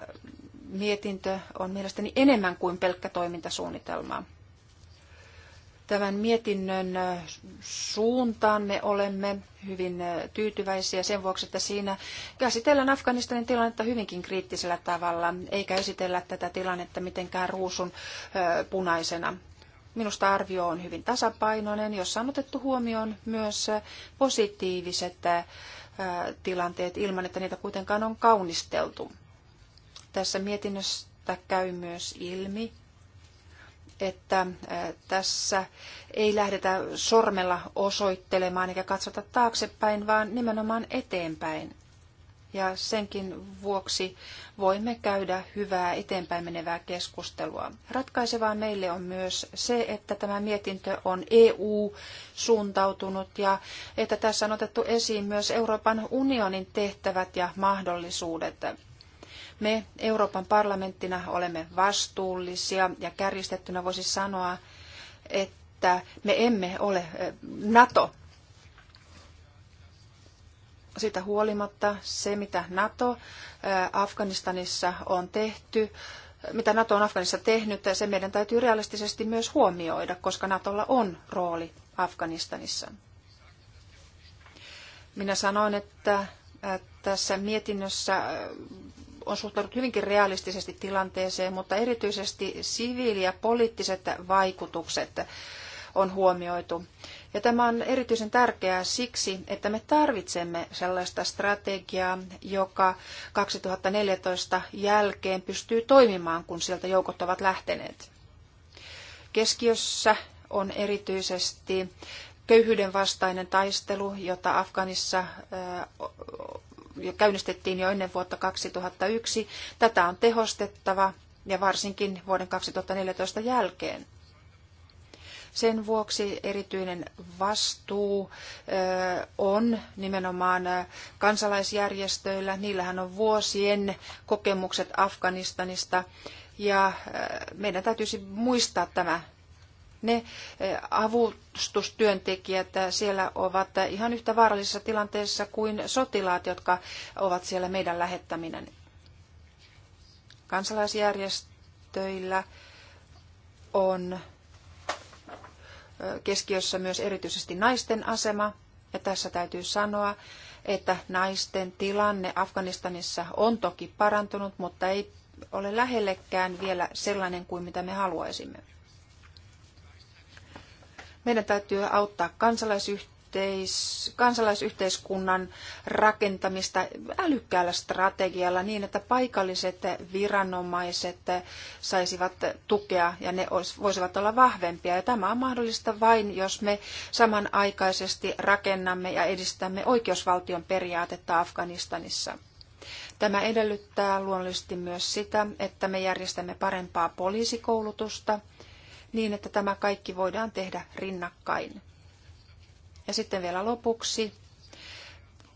mietintö on mielestäni enemmän kuin pelkkä toimintasuunnitelma. Tämän mietinnön suuntaan me olemme hyvin tyytyväisiä sen vuoksi, että siinä käsitellään Afganistanin tilannetta hyvinkin kriittisellä tavalla, eikä esitellä tätä tilannetta mitenkään ruusun punaisena. Minusta arvio on hyvin tasapainoinen, jossa on otettu huomioon myös positiiviset äh, tilanteet ilman, että niitä kuitenkaan on kaunisteltu. Tässä mietinnöstä käy myös ilmi, että äh, tässä ei lähdetä sormella osoittelemaan eikä katsota taaksepäin, vaan nimenomaan eteenpäin ja senkin vuoksi voimme käydä hyvää eteenpäin menevää keskustelua. Ratkaisevaa meille on myös se, että tämä mietintö on EU-suuntautunut ja että tässä on otettu esiin myös Euroopan unionin tehtävät ja mahdollisuudet. Me Euroopan parlamenttina olemme vastuullisia ja kärjistettynä voisi sanoa, että me emme ole eh, NATO, sitä huolimatta se, mitä NATO Afganistanissa on tehty, mitä NATO on Afganistanissa tehnyt, se meidän täytyy realistisesti myös huomioida, koska NATOlla on rooli Afganistanissa. Minä sanoin, että tässä mietinnössä on suhtautunut hyvinkin realistisesti tilanteeseen, mutta erityisesti siviili- ja poliittiset vaikutukset on huomioitu. Ja tämä on erityisen tärkeää siksi, että me tarvitsemme sellaista strategiaa, joka 2014 jälkeen pystyy toimimaan, kun sieltä joukot ovat lähteneet. Keskiössä on erityisesti köyhyyden vastainen taistelu, jota Afganissa käynnistettiin jo ennen vuotta 2001. Tätä on tehostettava ja varsinkin vuoden 2014 jälkeen. Sen vuoksi erityinen vastuu on nimenomaan kansalaisjärjestöillä. Niillähän on vuosien kokemukset Afganistanista ja meidän täytyisi muistaa tämä ne avustustyöntekijät siellä ovat ihan yhtä vaarallisessa tilanteessa kuin sotilaat, jotka ovat siellä meidän lähettäminen. Kansalaisjärjestöillä on keskiössä myös erityisesti naisten asema. Ja tässä täytyy sanoa, että naisten tilanne Afganistanissa on toki parantunut, mutta ei ole lähellekään vielä sellainen kuin mitä me haluaisimme. Meidän täytyy auttaa kansalaisyhteisöä yhteis, kansalaisyhteiskunnan rakentamista älykkäällä strategialla niin, että paikalliset viranomaiset saisivat tukea ja ne voisivat olla vahvempia. Ja tämä on mahdollista vain, jos me samanaikaisesti rakennamme ja edistämme oikeusvaltion periaatetta Afganistanissa. Tämä edellyttää luonnollisesti myös sitä, että me järjestämme parempaa poliisikoulutusta niin, että tämä kaikki voidaan tehdä rinnakkain. Ja sitten vielä lopuksi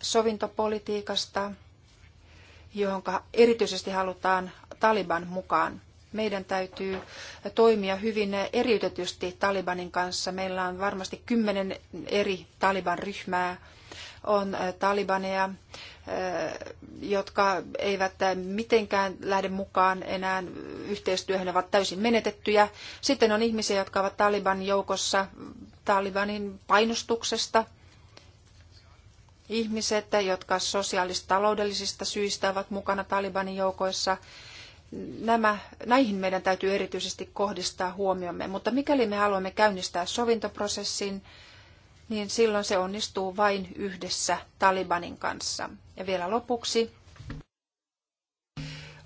sovintopolitiikasta, johon erityisesti halutaan Taliban mukaan. Meidän täytyy toimia hyvin eriytetysti Talibanin kanssa. Meillä on varmasti kymmenen eri Taliban-ryhmää on äh, talibaneja, äh, jotka eivät äh, mitenkään lähde mukaan enää yhteistyöhön, ovat täysin menetettyjä. Sitten on ihmisiä, jotka ovat Taliban joukossa Talibanin painostuksesta. Ihmiset, jotka sosiaalista taloudellisista syistä ovat mukana Talibanin joukoissa, nämä, näihin meidän täytyy erityisesti kohdistaa huomiomme. Mutta mikäli me haluamme käynnistää sovintoprosessin, niin silloin se onnistuu vain yhdessä Talibanin kanssa. Ja vielä lopuksi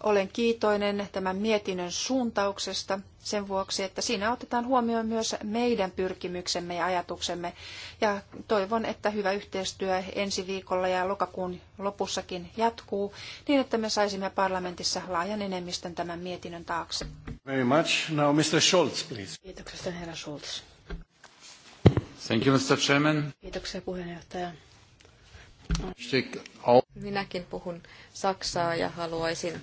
olen kiitoinen tämän mietinnön suuntauksesta sen vuoksi, että siinä otetaan huomioon myös meidän pyrkimyksemme ja ajatuksemme. Ja toivon, että hyvä yhteistyö ensi viikolla ja lokakuun lopussakin jatkuu niin, että me saisimme parlamentissa laajan enemmistön tämän mietinnön taakse. Very much. Now Mr. please. herra Thank you, Mr. Chairman. Kiitoksia puheenjohtaja. Minäkin puhun saksaa ja haluaisin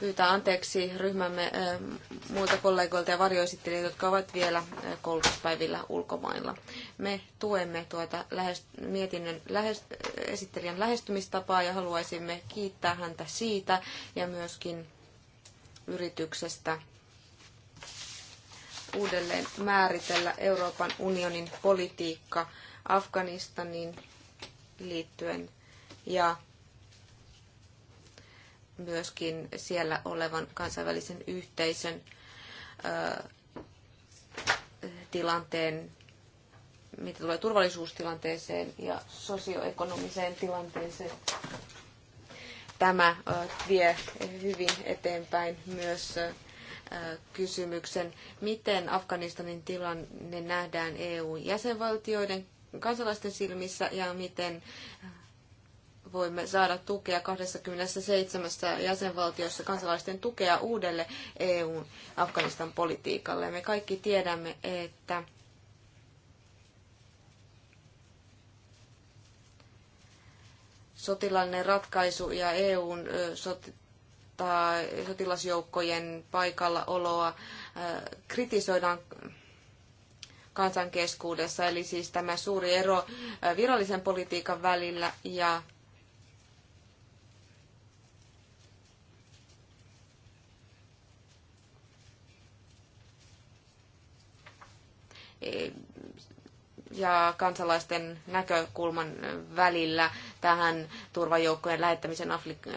pyytää anteeksi ryhmämme äh, muilta kollegoilta ja varjoesittelijöiltä, jotka ovat vielä koulutuspäivillä ulkomailla. Me tuemme tuota lähest, mietinnön lähest, esittelijän lähestymistapaa ja haluaisimme kiittää häntä siitä ja myöskin yrityksestä uudelleen määritellä Euroopan unionin politiikka Afganistanin liittyen ja myöskin siellä olevan kansainvälisen yhteisön tilanteen, mitä tulee turvallisuustilanteeseen ja sosioekonomiseen tilanteeseen. Tämä vie hyvin eteenpäin myös kysymyksen, miten Afganistanin tilanne nähdään EU-jäsenvaltioiden kansalaisten silmissä ja miten voimme saada tukea 27 jäsenvaltiossa kansalaisten tukea uudelle EUn Afganistan politiikalle. Me kaikki tiedämme, että sotilaallinen ratkaisu ja EUn vastustaa sotilasjoukkojen paikallaoloa, äh, kritisoidaan kansan keskuudessa, eli siis tämä suuri ero äh, virallisen politiikan välillä ja e, ja kansalaisten näkökulman välillä tähän turvajoukkojen lähettämisen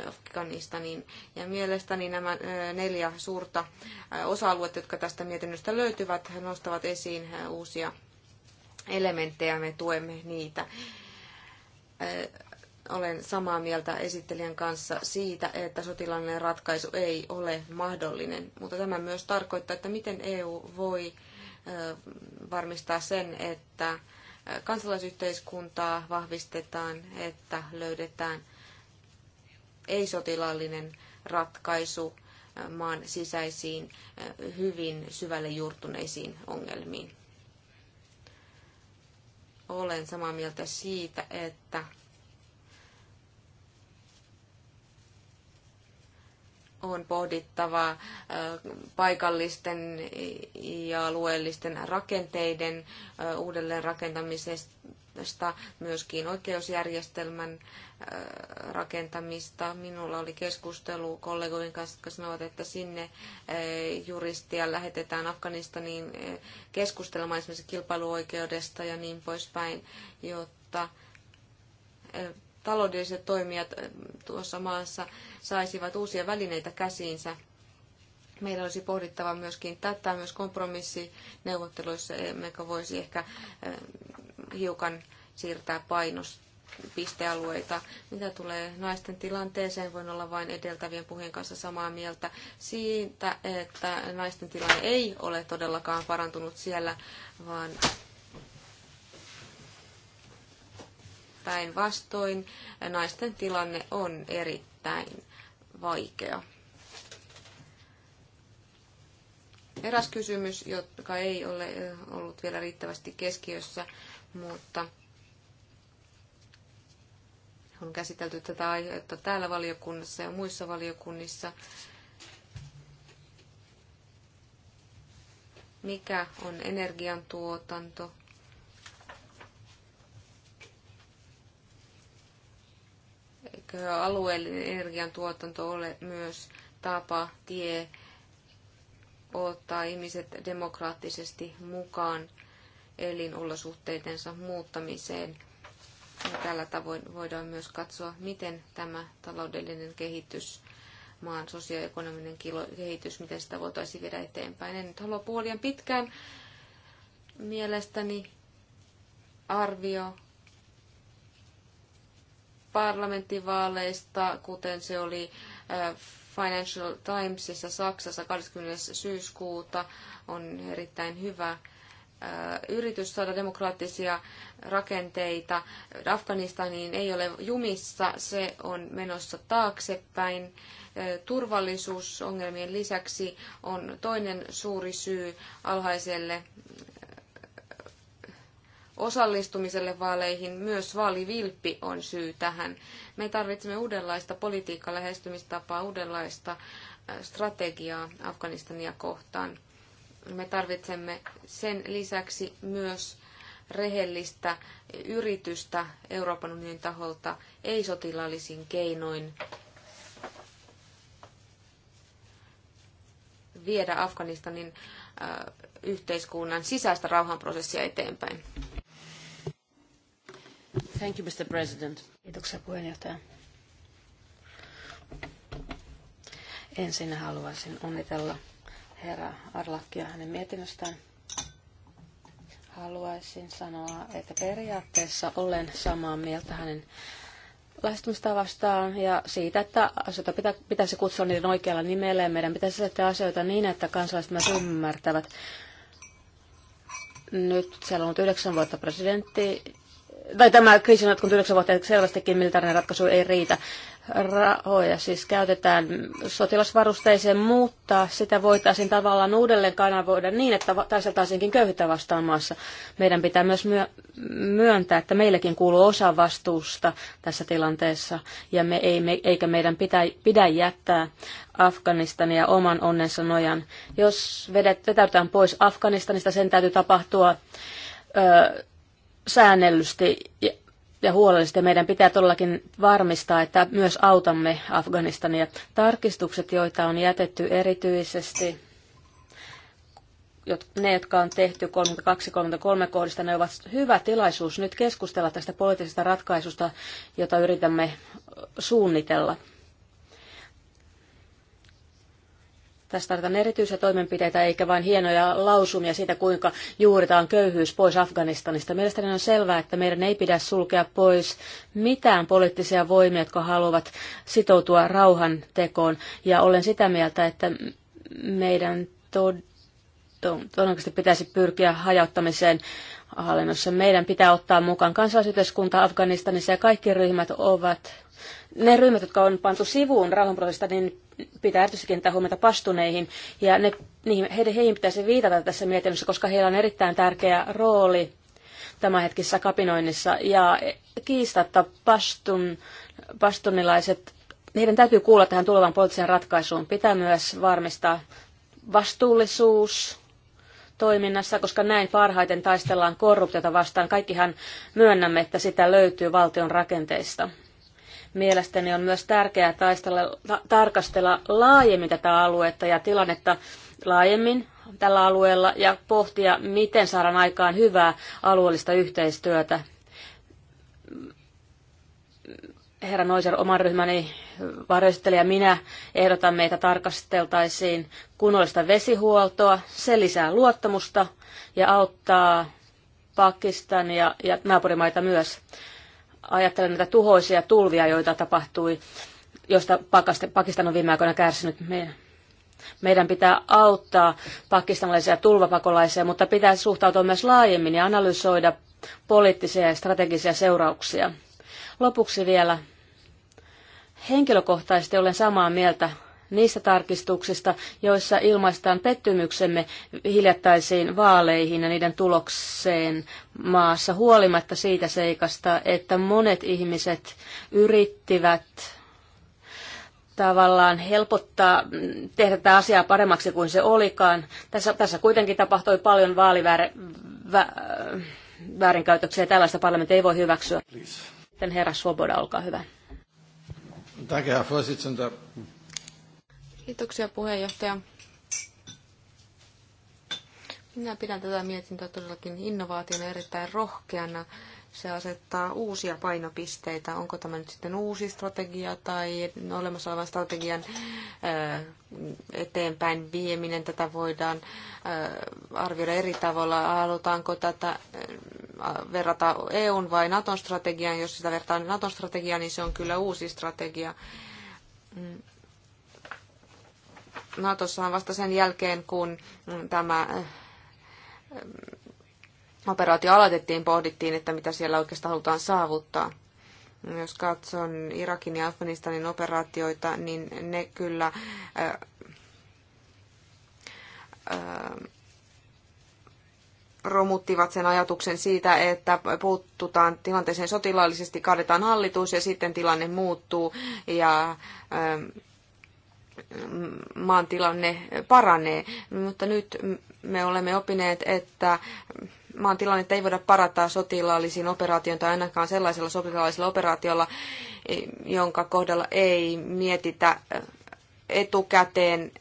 Afganistaniin. Ja mielestäni nämä neljä suurta osa-aluetta, jotka tästä mietinnöstä löytyvät, nostavat esiin uusia elementtejä, me tuemme niitä olen samaa mieltä esittelijän kanssa siitä, että sotilaallinen ratkaisu ei ole mahdollinen, mutta tämä myös tarkoittaa, että miten EU voi varmistaa sen, että kansalaisyhteiskuntaa vahvistetaan, että löydetään ei-sotilaallinen ratkaisu maan sisäisiin hyvin syvälle juurtuneisiin ongelmiin. Olen samaa mieltä siitä, että on pohdittava paikallisten ja alueellisten rakenteiden uudelleenrakentamisesta, myöskin oikeusjärjestelmän rakentamista. Minulla oli keskustelu kollegojen kanssa, jotka sanoivat, että sinne juristia lähetetään Afganistaniin keskustelemaan esimerkiksi kilpailuoikeudesta ja niin poispäin, jotta taloudelliset toimijat eh, tuossa maassa saisivat uusia välineitä käsiinsä. Meidän olisi pohdittava myöskin tätä myös kompromissineuvotteluissa, emmekä voisi ehkä eh, hiukan siirtää painospistealueita. Mitä tulee naisten tilanteeseen, voin olla vain edeltävien puhujien kanssa samaa mieltä siitä, että naisten tilanne ei ole todellakaan parantunut siellä, vaan Päinvastoin naisten tilanne on erittäin vaikea. Eräs kysymys, joka ei ole ollut vielä riittävästi keskiössä, mutta on käsitelty tätä aihetta täällä valiokunnassa ja muissa valiokunnissa. Mikä on energiantuotanto? Eikö alueellinen energiantuotanto ole myös tapa, tie ottaa ihmiset demokraattisesti mukaan elinolosuhteidensa muuttamiseen? Ja tällä tavoin voidaan myös katsoa, miten tämä taloudellinen kehitys, maan sosioekonominen kehitys, miten sitä voitaisiin viedä eteenpäin. En nyt halua puolia pitkään. Mielestäni arvio parlamenttivaaleista, kuten se oli äh, Financial Timesissa Saksassa 20. syyskuuta, on erittäin hyvä äh, yritys saada demokraattisia rakenteita Afganistaniin ei ole jumissa, se on menossa taaksepäin. Äh, turvallisuusongelmien lisäksi on toinen suuri syy alhaiselle osallistumiselle vaaleihin, myös vaalivilppi on syy tähän. Me tarvitsemme uudenlaista politiikkalähestymistapaa, uudenlaista äh, strategiaa Afganistania kohtaan. Me tarvitsemme sen lisäksi myös rehellistä yritystä Euroopan unionin taholta ei-sotilaallisin keinoin viedä Afganistanin äh, yhteiskunnan sisäistä rauhanprosessia eteenpäin. Mr. President. Ensin haluaisin onnitella herra Arlakkia hänen mietinnöstään. Haluaisin sanoa, että periaatteessa olen samaa mieltä hänen lähestymistavastaan ja siitä, että asioita pitäisi kutsua niiden oikealla nimellä ja meidän pitäisi selittää asioita niin, että kansalaiset myös ymmärtävät. Nyt siellä on ollut yhdeksän vuotta presidentti tai tämä kriisi on yhdeksän vuotta, selvästikin militaarinen ratkaisu ei riitä. Rahoja siis käytetään sotilasvarusteeseen, mutta sitä voitaisiin tavallaan uudelleen kanavoida niin, että taisteltaisiinkin köyhyyttä vastaan maassa. Meidän pitää myös myöntää, että meilläkin kuuluu osa vastuusta tässä tilanteessa, ja me ei, me, eikä meidän pitä, pidä jättää Afganistania oman onnensa nojan. Jos vedet, vetäytään pois Afganistanista, sen täytyy tapahtua... Öö, säännellysti ja huolellisesti. Meidän pitää todellakin varmistaa, että myös autamme Afganistania. Tarkistukset, joita on jätetty erityisesti, ne, jotka on tehty 32-33 kohdista, ne ovat hyvä tilaisuus nyt keskustella tästä poliittisesta ratkaisusta, jota yritämme suunnitella. Tässä tarvitaan erityisiä toimenpiteitä eikä vain hienoja lausumia siitä, kuinka juuritaan köyhyys pois Afganistanista. Mielestäni on selvää, että meidän ei pidä sulkea pois mitään poliittisia voimia, jotka haluavat sitoutua rauhan tekoon. Ja olen sitä mieltä, että meidän tod- todennäköisesti pitäisi pyrkiä hajauttamiseen hallinnossa. Meidän pitää ottaa mukaan kansalaisyhteiskunta Afganistanissa ja kaikki ryhmät ovat, ne ryhmät, jotka on pantu sivuun rauhanprosessista, niin pitää erityisesti kiinnittää huomiota pastuneihin. Ja ne, niihin, heidän, heihin pitäisi viitata tässä mietinnössä, koska heillä on erittäin tärkeä rooli tämänhetkisessä kapinoinnissa. Ja kiistatta pastun, pastunilaiset, heidän täytyy kuulla tähän tulevan poliittiseen ratkaisuun. Pitää myös varmistaa vastuullisuus, toiminnassa, koska näin parhaiten taistellaan korruptiota vastaan. Kaikkihan myönnämme, että sitä löytyy valtion rakenteista. Mielestäni on myös tärkeää taistella, ta- tarkastella laajemmin tätä aluetta ja tilannetta laajemmin tällä alueella ja pohtia, miten saadaan aikaan hyvää alueellista yhteistyötä herra Noiser, oman ryhmäni varjoistelija minä ehdotamme, että tarkasteltaisiin kunnollista vesihuoltoa. Se lisää luottamusta ja auttaa Pakistania ja naapurimaita myös. Ajattelen näitä tuhoisia tulvia, joita tapahtui, josta Pakistan on viime aikoina kärsinyt. Meidän pitää auttaa pakistanilaisia tulvapakolaisia, mutta pitää suhtautua myös laajemmin ja analysoida poliittisia ja strategisia seurauksia. Lopuksi vielä Henkilökohtaisesti olen samaa mieltä niistä tarkistuksista, joissa ilmaistaan pettymyksemme hiljattaisiin vaaleihin ja niiden tulokseen maassa, huolimatta siitä seikasta, että monet ihmiset yrittivät tavallaan helpottaa, tehdä tätä asiaa paremmaksi kuin se olikaan. Tässä, tässä kuitenkin tapahtui paljon väärinkäytöksiä ja tällaista parlamentti ei voi hyväksyä. Sitten herra Svoboda, olkaa hyvä. Danke, Herr Vorsitzender. Kiitoksia puheenjohtaja. Minä pidän tätä mietintöä todellakin innovaationa erittäin rohkeana se asettaa uusia painopisteitä. Onko tämä nyt sitten uusi strategia tai olemassa olevan strategian eteenpäin vieminen? Tätä voidaan arvioida eri tavalla. Halutaanko tätä verrata EUn vai Naton strategiaan? Jos sitä vertaa Naton strategiaan, niin se on kyllä uusi strategia. Mm. Natossa on vasta sen jälkeen, kun tämä operaatio aloitettiin, pohdittiin, että mitä siellä oikeastaan halutaan saavuttaa. Jos katson Irakin ja Afganistanin operaatioita, niin ne kyllä ää, äh, ää, äh, romuttivat sen ajatuksen siitä, että puuttutaan tilanteeseen sotilaallisesti, kaadetaan hallitus ja sitten tilanne muuttuu ja ää, äh, maan tilanne paranee. Mutta nyt me olemme opineet, että maan tilannetta ei voida parantaa sotilaallisiin operaatioon tai ainakaan sellaisella sotilaallisella operaatiolla, eh, jonka kohdalla ei mietitä eh, etukäteen,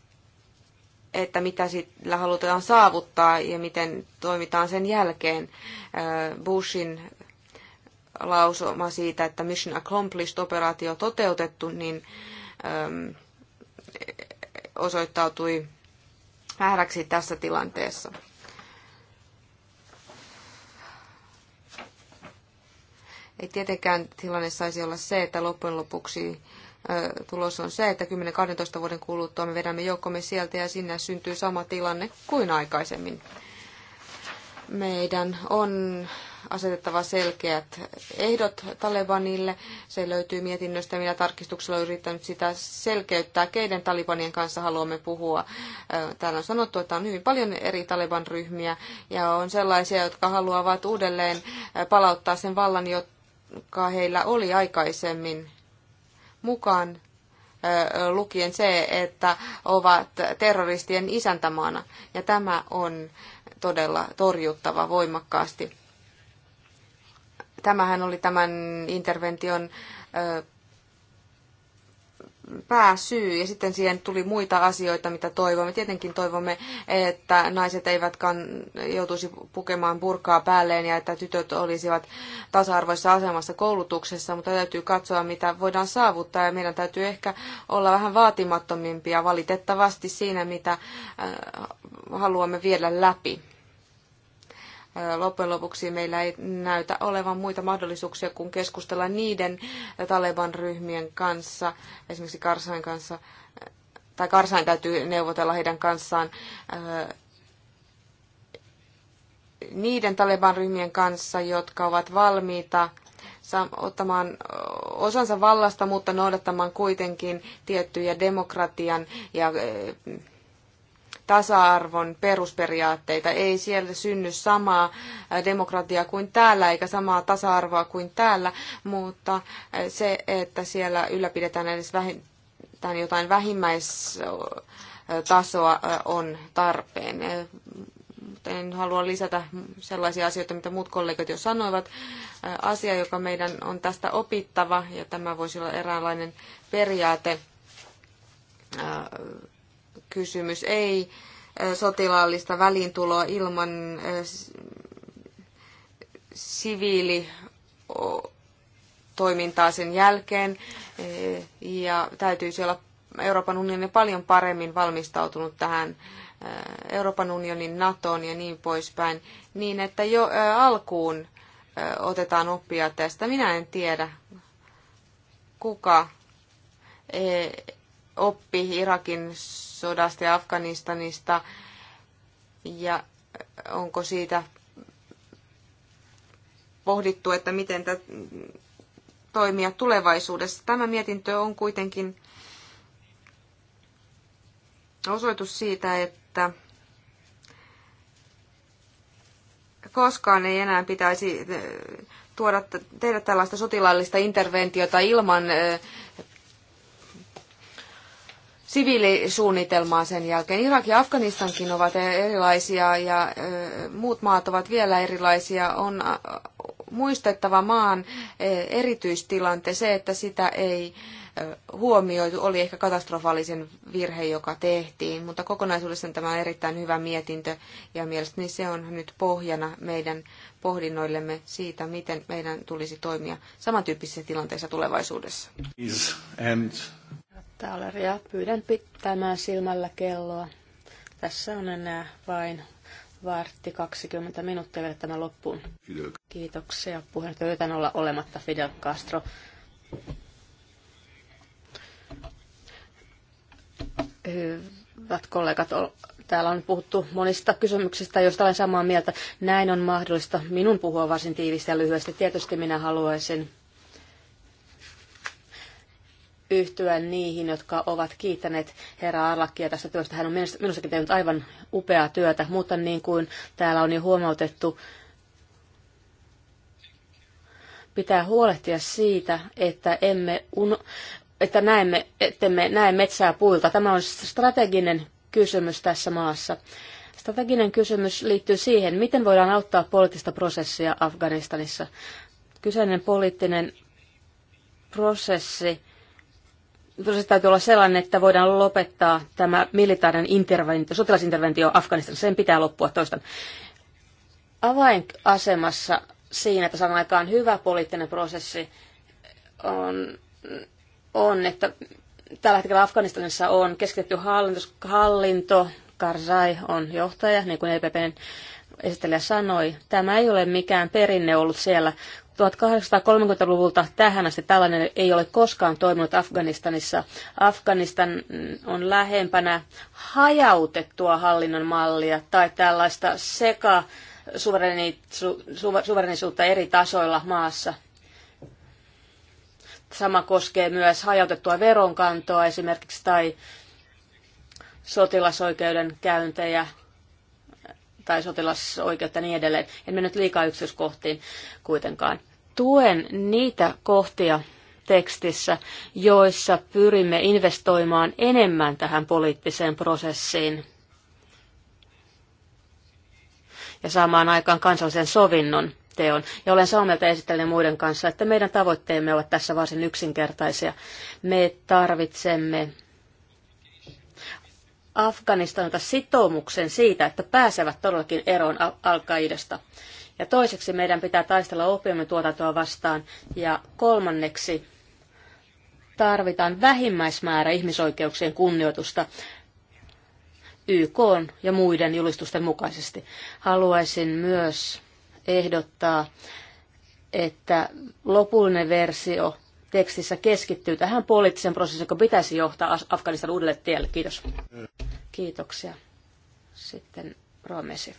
että mitä sillä halutaan saavuttaa ja miten toimitaan sen jälkeen. Eh, Bushin lausuma siitä, että Mission Accomplished-operaatio toteutettu, niin ehm, osoittautui vääräksi tässä tilanteessa. Ei tietenkään tilanne saisi olla se, että loppujen lopuksi tulos on se, että 10-12 vuoden kuluttua me vedämme joukkomme sieltä ja sinne syntyy sama tilanne kuin aikaisemmin. Meidän on asetettava selkeät ehdot Talebanille. Se löytyy mietinnöstä. Minä tarkistuksella olen yrittänyt sitä selkeyttää, keiden Talibanien kanssa haluamme puhua. Täällä on sanottu, että on hyvin paljon eri Taliban-ryhmiä ja on sellaisia, jotka haluavat uudelleen palauttaa sen vallan, jotta joka heillä oli aikaisemmin mukaan lukien se, että ovat terroristien isäntämaana. Ja tämä on todella torjuttava voimakkaasti. Tämähän oli tämän intervention pääsyy ja sitten siihen tuli muita asioita, mitä toivomme. Tietenkin toivomme, että naiset eivät kan, joutuisi pukemaan burkaa päälleen ja että tytöt olisivat tasa-arvoisessa asemassa koulutuksessa, mutta täytyy katsoa, mitä voidaan saavuttaa ja meidän täytyy ehkä olla vähän vaatimattomimpia valitettavasti siinä, mitä äh, haluamme viedä läpi loppujen lopuksi meillä ei näytä olevan muita mahdollisuuksia kuin keskustella niiden Taleban-ryhmien kanssa, esimerkiksi Karsain kanssa, tai Karsain täytyy neuvotella heidän kanssaan, niiden Taleban-ryhmien kanssa, jotka ovat valmiita ottamaan osansa vallasta, mutta noudattamaan kuitenkin tiettyjä demokratian ja tasa-arvon perusperiaatteita. Ei siellä synny samaa demokratiaa kuin täällä, eikä samaa tasa-arvoa kuin täällä, mutta se, että siellä ylläpidetään edes vähintään jotain vähimmäistasoa on tarpeen. En halua lisätä sellaisia asioita, mitä muut kollegat jo sanoivat. Asia, joka meidän on tästä opittava, ja tämä voisi olla eräänlainen periaate kysymys, ei sotilaallista väliintuloa ilman siviilitoimintaa sen jälkeen. E, ja täytyisi olla Euroopan unionin paljon paremmin valmistautunut tähän Euroopan unionin, NATOon ja niin poispäin, niin että jo alkuun otetaan oppia tästä. Minä en tiedä, kuka e, oppi Irakin sodasta ja Afganistanista ja onko siitä pohdittu, että miten tätä toimia tulevaisuudessa. Tämä mietintö on kuitenkin osoitus siitä, että koskaan ei enää pitäisi eh, tuoda, tehdä tällaista sotilaallista interventiota ilman eh, siviilisuunnitelmaa sen jälkeen. Irak ja Afganistankin ovat erilaisia ja muut maat ovat vielä erilaisia. On muistettava maan erityistilante se, että sitä ei huomioitu, oli ehkä katastrofaalisen virhe, joka tehtiin, mutta kokonaisuudessaan tämä on erittäin hyvä mietintö ja mielestäni se on nyt pohjana meidän pohdinnoillemme siitä, miten meidän tulisi toimia samantyyppisissä tilanteissa tulevaisuudessa. Taaleria, pyydän pitämään silmällä kelloa. Tässä on enää vain vartti 20 minuuttia vielä tämä loppuun. Fidel. Kiitoksia puheenjohtaja. Yritän olla olematta Fidel Castro. Hyvät kollegat, täällä on puhuttu monista kysymyksistä, joista olen samaa mieltä. Näin on mahdollista minun puhua varsin tiivistä ja lyhyesti. Tietysti minä haluaisin yhtyä niihin, jotka ovat kiittäneet herra Arlakia tästä työstä. Hän on minustakin tehnyt aivan upeaa työtä, mutta niin kuin täällä on jo huomautettu, pitää huolehtia siitä, että emme uno, että näemme, ettemme näe metsää puilta. Tämä on strateginen kysymys tässä maassa. Strateginen kysymys liittyy siihen, miten voidaan auttaa poliittista prosessia Afganistanissa. Kyseinen poliittinen prosessi tosiaan täytyy olla sellainen, että voidaan lopettaa tämä militaarinen interventio, sotilasinterventio Afganistanissa. Sen pitää loppua toistan. Avainasemassa siinä, että saadaan aikaan hyvä poliittinen prosessi, on, on että tällä hetkellä Afganistanissa on keskitetty hallinto, hallinto Karzai on johtaja, niin kuin EPPn esittelijä sanoi. Tämä ei ole mikään perinne ollut siellä 1830-luvulta tähän asti tällainen ei ole koskaan toiminut Afganistanissa. Afganistan on lähempänä hajautettua hallinnon mallia tai tällaista seka suverenisuutta eri tasoilla maassa. Sama koskee myös hajautettua veronkantoa esimerkiksi tai sotilasoikeuden käyntejä tai sotilasoikeutta ja niin edelleen. En mennyt liikaa yksityiskohtiin kuitenkaan tuen niitä kohtia tekstissä, joissa pyrimme investoimaan enemmän tähän poliittiseen prosessiin ja saamaan aikaan kansallisen sovinnon teon. Ja olen samaa mieltä esittelijän muiden kanssa, että meidän tavoitteemme ovat tässä varsin yksinkertaisia. Me tarvitsemme Afganistanilta sitoumuksen siitä, että pääsevät todellakin eroon al-Qaidasta. Al ja toiseksi meidän pitää taistella opiumituotantoa vastaan. Ja kolmanneksi tarvitaan vähimmäismäärä ihmisoikeuksien kunnioitusta YK ja muiden julistusten mukaisesti. Haluaisin myös ehdottaa, että lopullinen versio tekstissä keskittyy tähän poliittisen prosessin, joka pitäisi johtaa Afganistan uudelle tielle. Kiitos. Mm. Kiitoksia. Sitten Roomesif.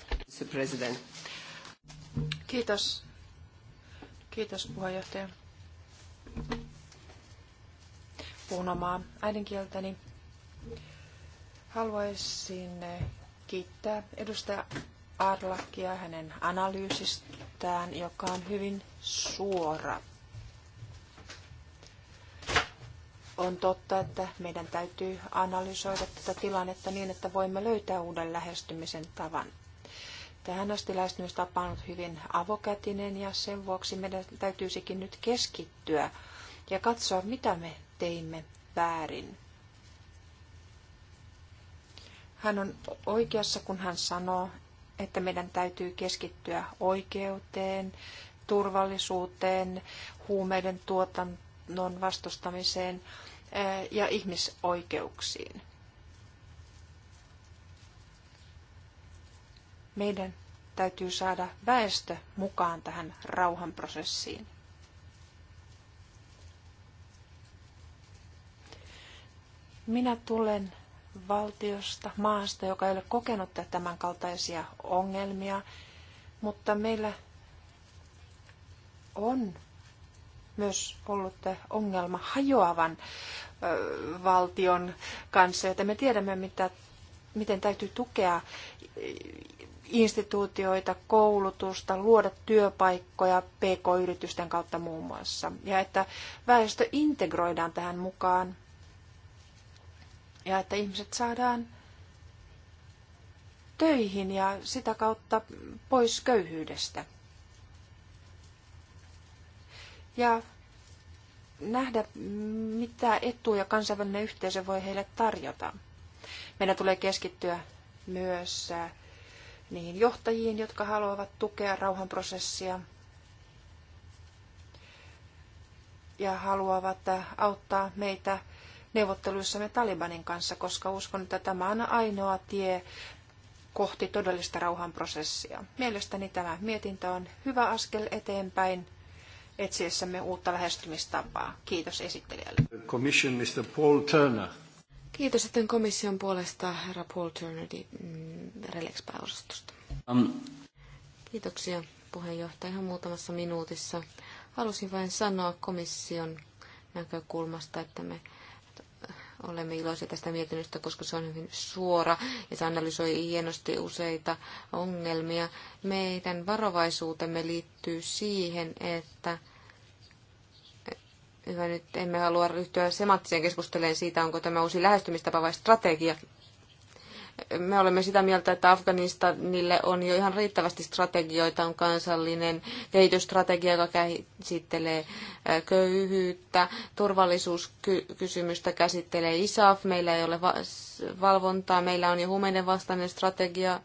Kiitos. Kiitos puheenjohtaja. Puhun omaa äidinkieltäni. Haluaisin kiittää edustaja Arlakia hänen analyysistään, joka on hyvin suora. On totta, että meidän täytyy analysoida tätä tilannetta niin, että voimme löytää uuden lähestymisen tavan. Tähän asti lähestymistapa on hyvin avokätinen ja sen vuoksi meidän täytyisikin nyt keskittyä ja katsoa, mitä me teimme väärin. Hän on oikeassa, kun hän sanoo, että meidän täytyy keskittyä oikeuteen, turvallisuuteen, huumeiden tuotannon vastustamiseen ja ihmisoikeuksiin. Meidän täytyy saada väestö mukaan tähän rauhanprosessiin. Minä tulen valtiosta, maasta, joka ei ole kokenut tämän kaltaisia ongelmia, mutta meillä on myös ollut ongelma hajoavan valtion kanssa, joten me tiedämme, mitä, miten täytyy tukea instituutioita, koulutusta, luoda työpaikkoja PK-yritysten kautta muun muassa. Ja että väestö integroidaan tähän mukaan ja että ihmiset saadaan töihin ja sitä kautta pois köyhyydestä. Ja nähdä, mitä etuja kansainvälinen yhteisö voi heille tarjota. Meidän tulee keskittyä myös äh, niihin johtajiin, jotka haluavat tukea rauhanprosessia ja haluavat auttaa meitä neuvotteluissamme Talibanin kanssa, koska uskon, että tämä on ainoa tie kohti todellista rauhanprosessia. Mielestäni tämä mietintö on hyvä askel eteenpäin etsiessämme uutta lähestymistapaa. Kiitos esittelijälle. Commission Mr. Paul Turner. Kiitos sitten komission puolesta herra Paul Turnerdi mm, relex Um. Kiitoksia puheenjohtaja ihan muutamassa minuutissa. Halusin vain sanoa komission näkökulmasta, että me olemme iloisia tästä mietinnöstä, koska se on hyvin suora ja se analysoi hienosti useita ongelmia. Meidän varovaisuutemme liittyy siihen, että Hyvä, nyt emme halua ryhtyä semanttiseen keskusteleen siitä, onko tämä uusi lähestymistapa vai strategia. Me olemme sitä mieltä, että Afganistanille on jo ihan riittävästi strategioita. On kansallinen kehitysstrategia, joka käsittelee köyhyyttä, turvallisuuskysymystä käsittelee ISAF. Meillä ei ole valvontaa, meillä on jo huumeiden vastainen strategia.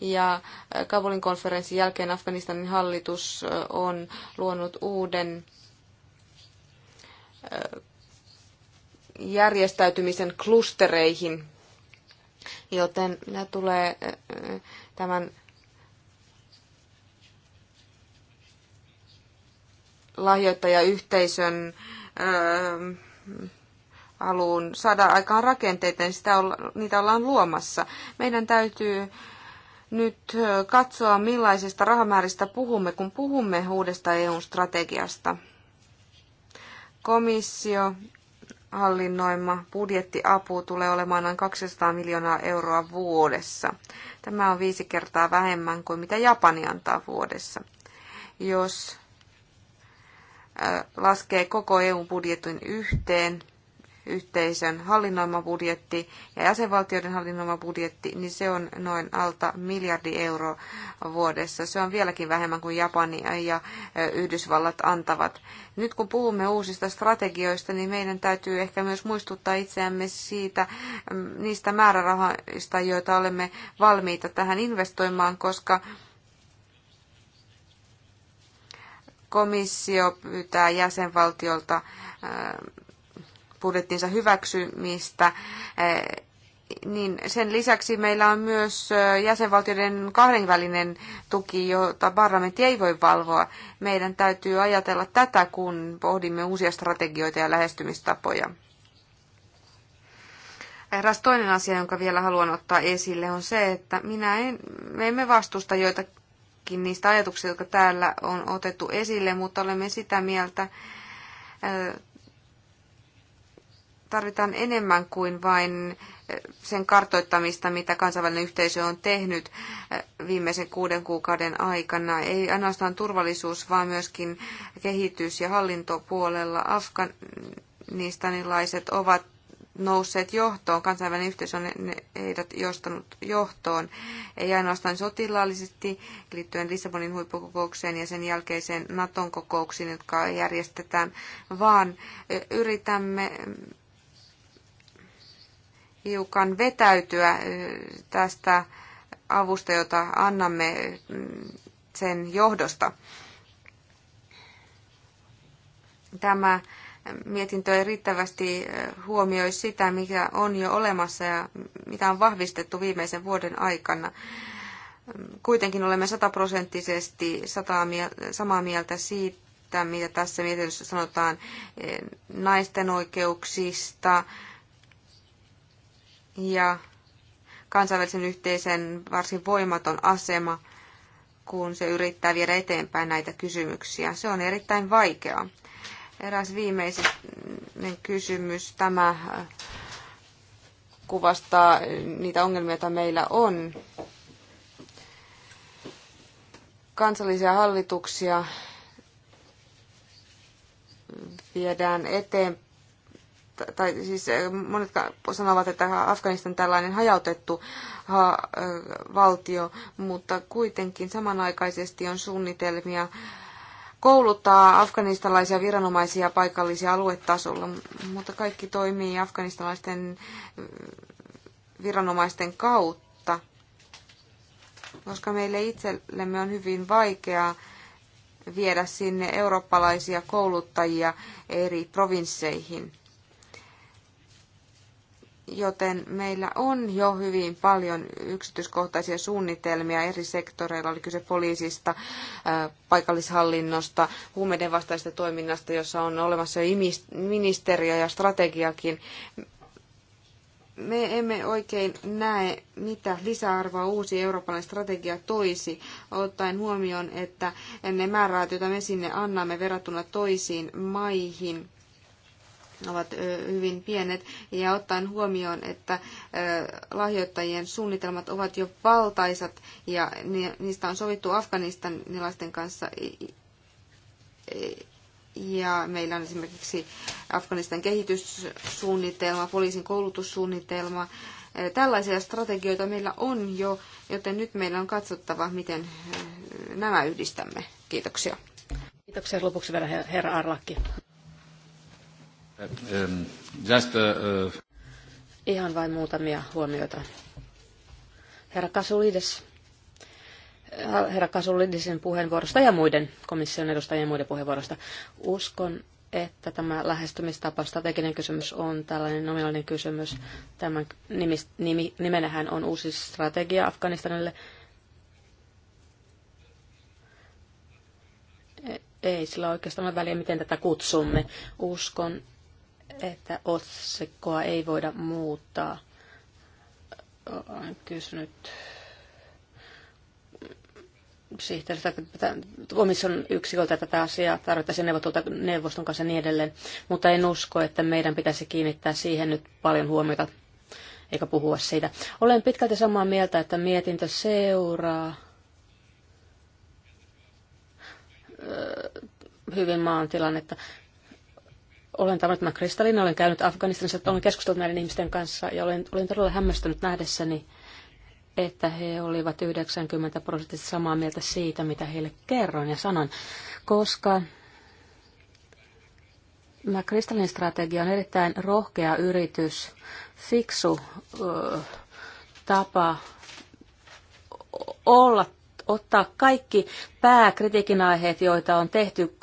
Ja Kabulin konferenssin jälkeen Afganistanin hallitus on luonut uuden järjestäytymisen klustereihin, joten ne tulee tämän lahjoittajayhteisön alun saada aikaan rakenteita, niin sitä olla, niitä ollaan luomassa. Meidän täytyy nyt katsoa, millaisista rahamääristä puhumme, kun puhumme uudesta EU-strategiasta. Komissio hallinnoima budjettiapu tulee olemaan noin 200 miljoonaa euroa vuodessa. Tämä on viisi kertaa vähemmän kuin mitä Japani antaa vuodessa. Jos laskee koko EU-budjetin yhteen, yhteisön hallinnoima budjetti ja jäsenvaltioiden hallinnoima budjetti, niin se on noin alta miljardi euroa vuodessa. Se on vieläkin vähemmän kuin Japani ja Yhdysvallat antavat. Nyt kun puhumme uusista strategioista, niin meidän täytyy ehkä myös muistuttaa itseämme siitä, niistä määrärahoista, joita olemme valmiita tähän investoimaan, koska komissio pyytää jäsenvaltiolta budjettinsa hyväksymistä, niin sen lisäksi meillä on myös jäsenvaltioiden kahdenvälinen tuki, jota parlamentti ei voi valvoa. Meidän täytyy ajatella tätä, kun pohdimme uusia strategioita ja lähestymistapoja. Eräs toinen asia, jonka vielä haluan ottaa esille, on se, että minä en, me emme vastusta joitakin niistä ajatuksista, jotka täällä on otettu esille, mutta olemme sitä mieltä, tarvitaan enemmän kuin vain eh, sen kartoittamista, mitä kansainvälinen yhteisö on tehnyt eh, viimeisen kuuden kuukauden aikana. Ei ainoastaan turvallisuus, vaan myöskin kehitys- ja hallintopuolella. Afganistanilaiset ovat nousseet johtoon, kansainvälinen yhteisö on heidät johtanut johtoon, ei ainoastaan sotilaallisesti liittyen Lissabonin huippukokoukseen ja sen jälkeiseen Naton kokouksiin, jotka järjestetään, vaan eh, yritämme hiukan vetäytyä tästä avusta, jota annamme sen johdosta. Tämä mietintö ei riittävästi huomioi sitä, mikä on jo olemassa ja mitä on vahvistettu viimeisen vuoden aikana. Kuitenkin olemme sataprosenttisesti samaa mieltä siitä, mitä tässä mietinnössä sanotaan naisten oikeuksista, ja kansainvälisen yhteisen varsin voimaton asema, kun se yrittää viedä eteenpäin näitä kysymyksiä. Se on erittäin vaikeaa. Eräs viimeinen kysymys. Tämä äh, kuvastaa niitä ongelmia, joita meillä on. Kansallisia hallituksia viedään eteenpäin tai siis eh, monet sanovat, että Afganistan on tällainen hajautettu eh, valtio, mutta kuitenkin samanaikaisesti on suunnitelmia kouluttaa afganistalaisia viranomaisia paikallisia aluetasolla, mutta kaikki toimii afganistalaisten eh, viranomaisten kautta, koska meille itsellemme on hyvin vaikeaa viedä sinne eurooppalaisia kouluttajia eri provinsseihin joten meillä on jo hyvin paljon yksityiskohtaisia suunnitelmia eri sektoreilla, oli kyse poliisista, paikallishallinnosta, huumeiden vastaisesta toiminnasta, jossa on olemassa jo ministeriö ja strategiakin. Me emme oikein näe, mitä lisäarvoa uusi eurooppalainen strategia toisi, ottaen huomioon, että ne määrät, joita me sinne annamme verrattuna toisiin maihin, ovat hyvin pienet. Ja ottaen huomioon, että lahjoittajien suunnitelmat ovat jo valtaisat ja niistä on sovittu afganistanilaisten kanssa. Ja meillä on esimerkiksi Afganistan kehityssuunnitelma, poliisin koulutussuunnitelma. Tällaisia strategioita meillä on jo, joten nyt meillä on katsottava, miten nämä yhdistämme. Kiitoksia. Kiitoksia lopuksi vielä herra Arlakki. Äh, äh, äh, Ihan vain muutamia huomioita. Herra Kasulides, herra Kasulidisin puheenvuorosta ja muiden komission edustajien muiden puheenvuorosta. Uskon, että tämä lähestymistapa, strateginen kysymys on tällainen nominaalinen kysymys. Tämän nimis, nimi, nimenähän on uusi strategia Afganistanille. E, ei sillä oikeastaan ole väliä, miten tätä kutsumme. Uskon, että otsikkoa ei voida muuttaa. Olen kysynyt sihteeristä komission yksiköltä tätä asiaa, tarvittaisiin neuvotulta neuvoston kanssa niin edelleen, mutta en usko, että meidän pitäisi kiinnittää siihen nyt paljon huomiota eikä puhua siitä. Olen pitkälti samaa mieltä, että mietintö seuraa hyvin maan tilannetta. Olen tavannut tämän Kristallin, olen käynyt Afganistanissa, olen keskustellut näiden ihmisten kanssa ja olen, olen todella hämmästynyt nähdessäni, että he olivat 90 prosenttisesti samaa mieltä siitä, mitä heille kerron ja sanon, koska Mä kristallin strategia on erittäin rohkea yritys, fiksu ö, tapa olla ottaa kaikki pääkritiikin aiheet, joita on tehty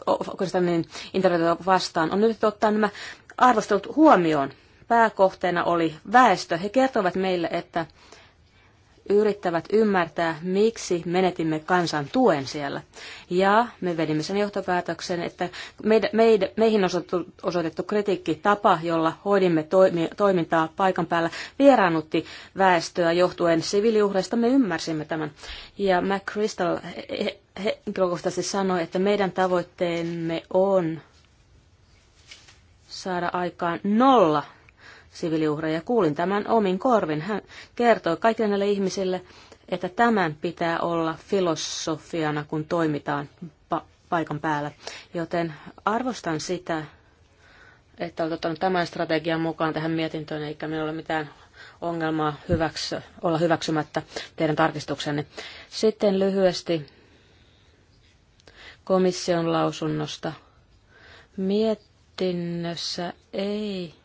niin interventiota vastaan, on nyt ottaa nämä arvostelut huomioon. Pääkohteena oli väestö. He kertovat meille, että yrittävät ymmärtää, miksi menetimme kansan tuen siellä. Ja me vedimme sen johtopäätöksen, että meid, meid, meihin osoitettu, kritiikki, tapa, jolla hoidimme toimi, toimintaa paikan päällä, vieraannutti väestöä johtuen siviiliuhreista. Me ymmärsimme tämän. Ja McChrystal henkilökohtaisesti sanoi, että meidän tavoitteemme on saada aikaan nolla siviliuhreja. Kuulin tämän omin korvin. Hän kertoi kaikille näille ihmisille, että tämän pitää olla filosofiana, kun toimitaan pa- paikan päällä. Joten arvostan sitä, että olet ottanut tämän strategian mukaan tähän mietintöön, eikä meillä ole mitään ongelmaa hyväksy, olla hyväksymättä teidän tarkistuksenne. Sitten lyhyesti komission lausunnosta. Mietinnössä ei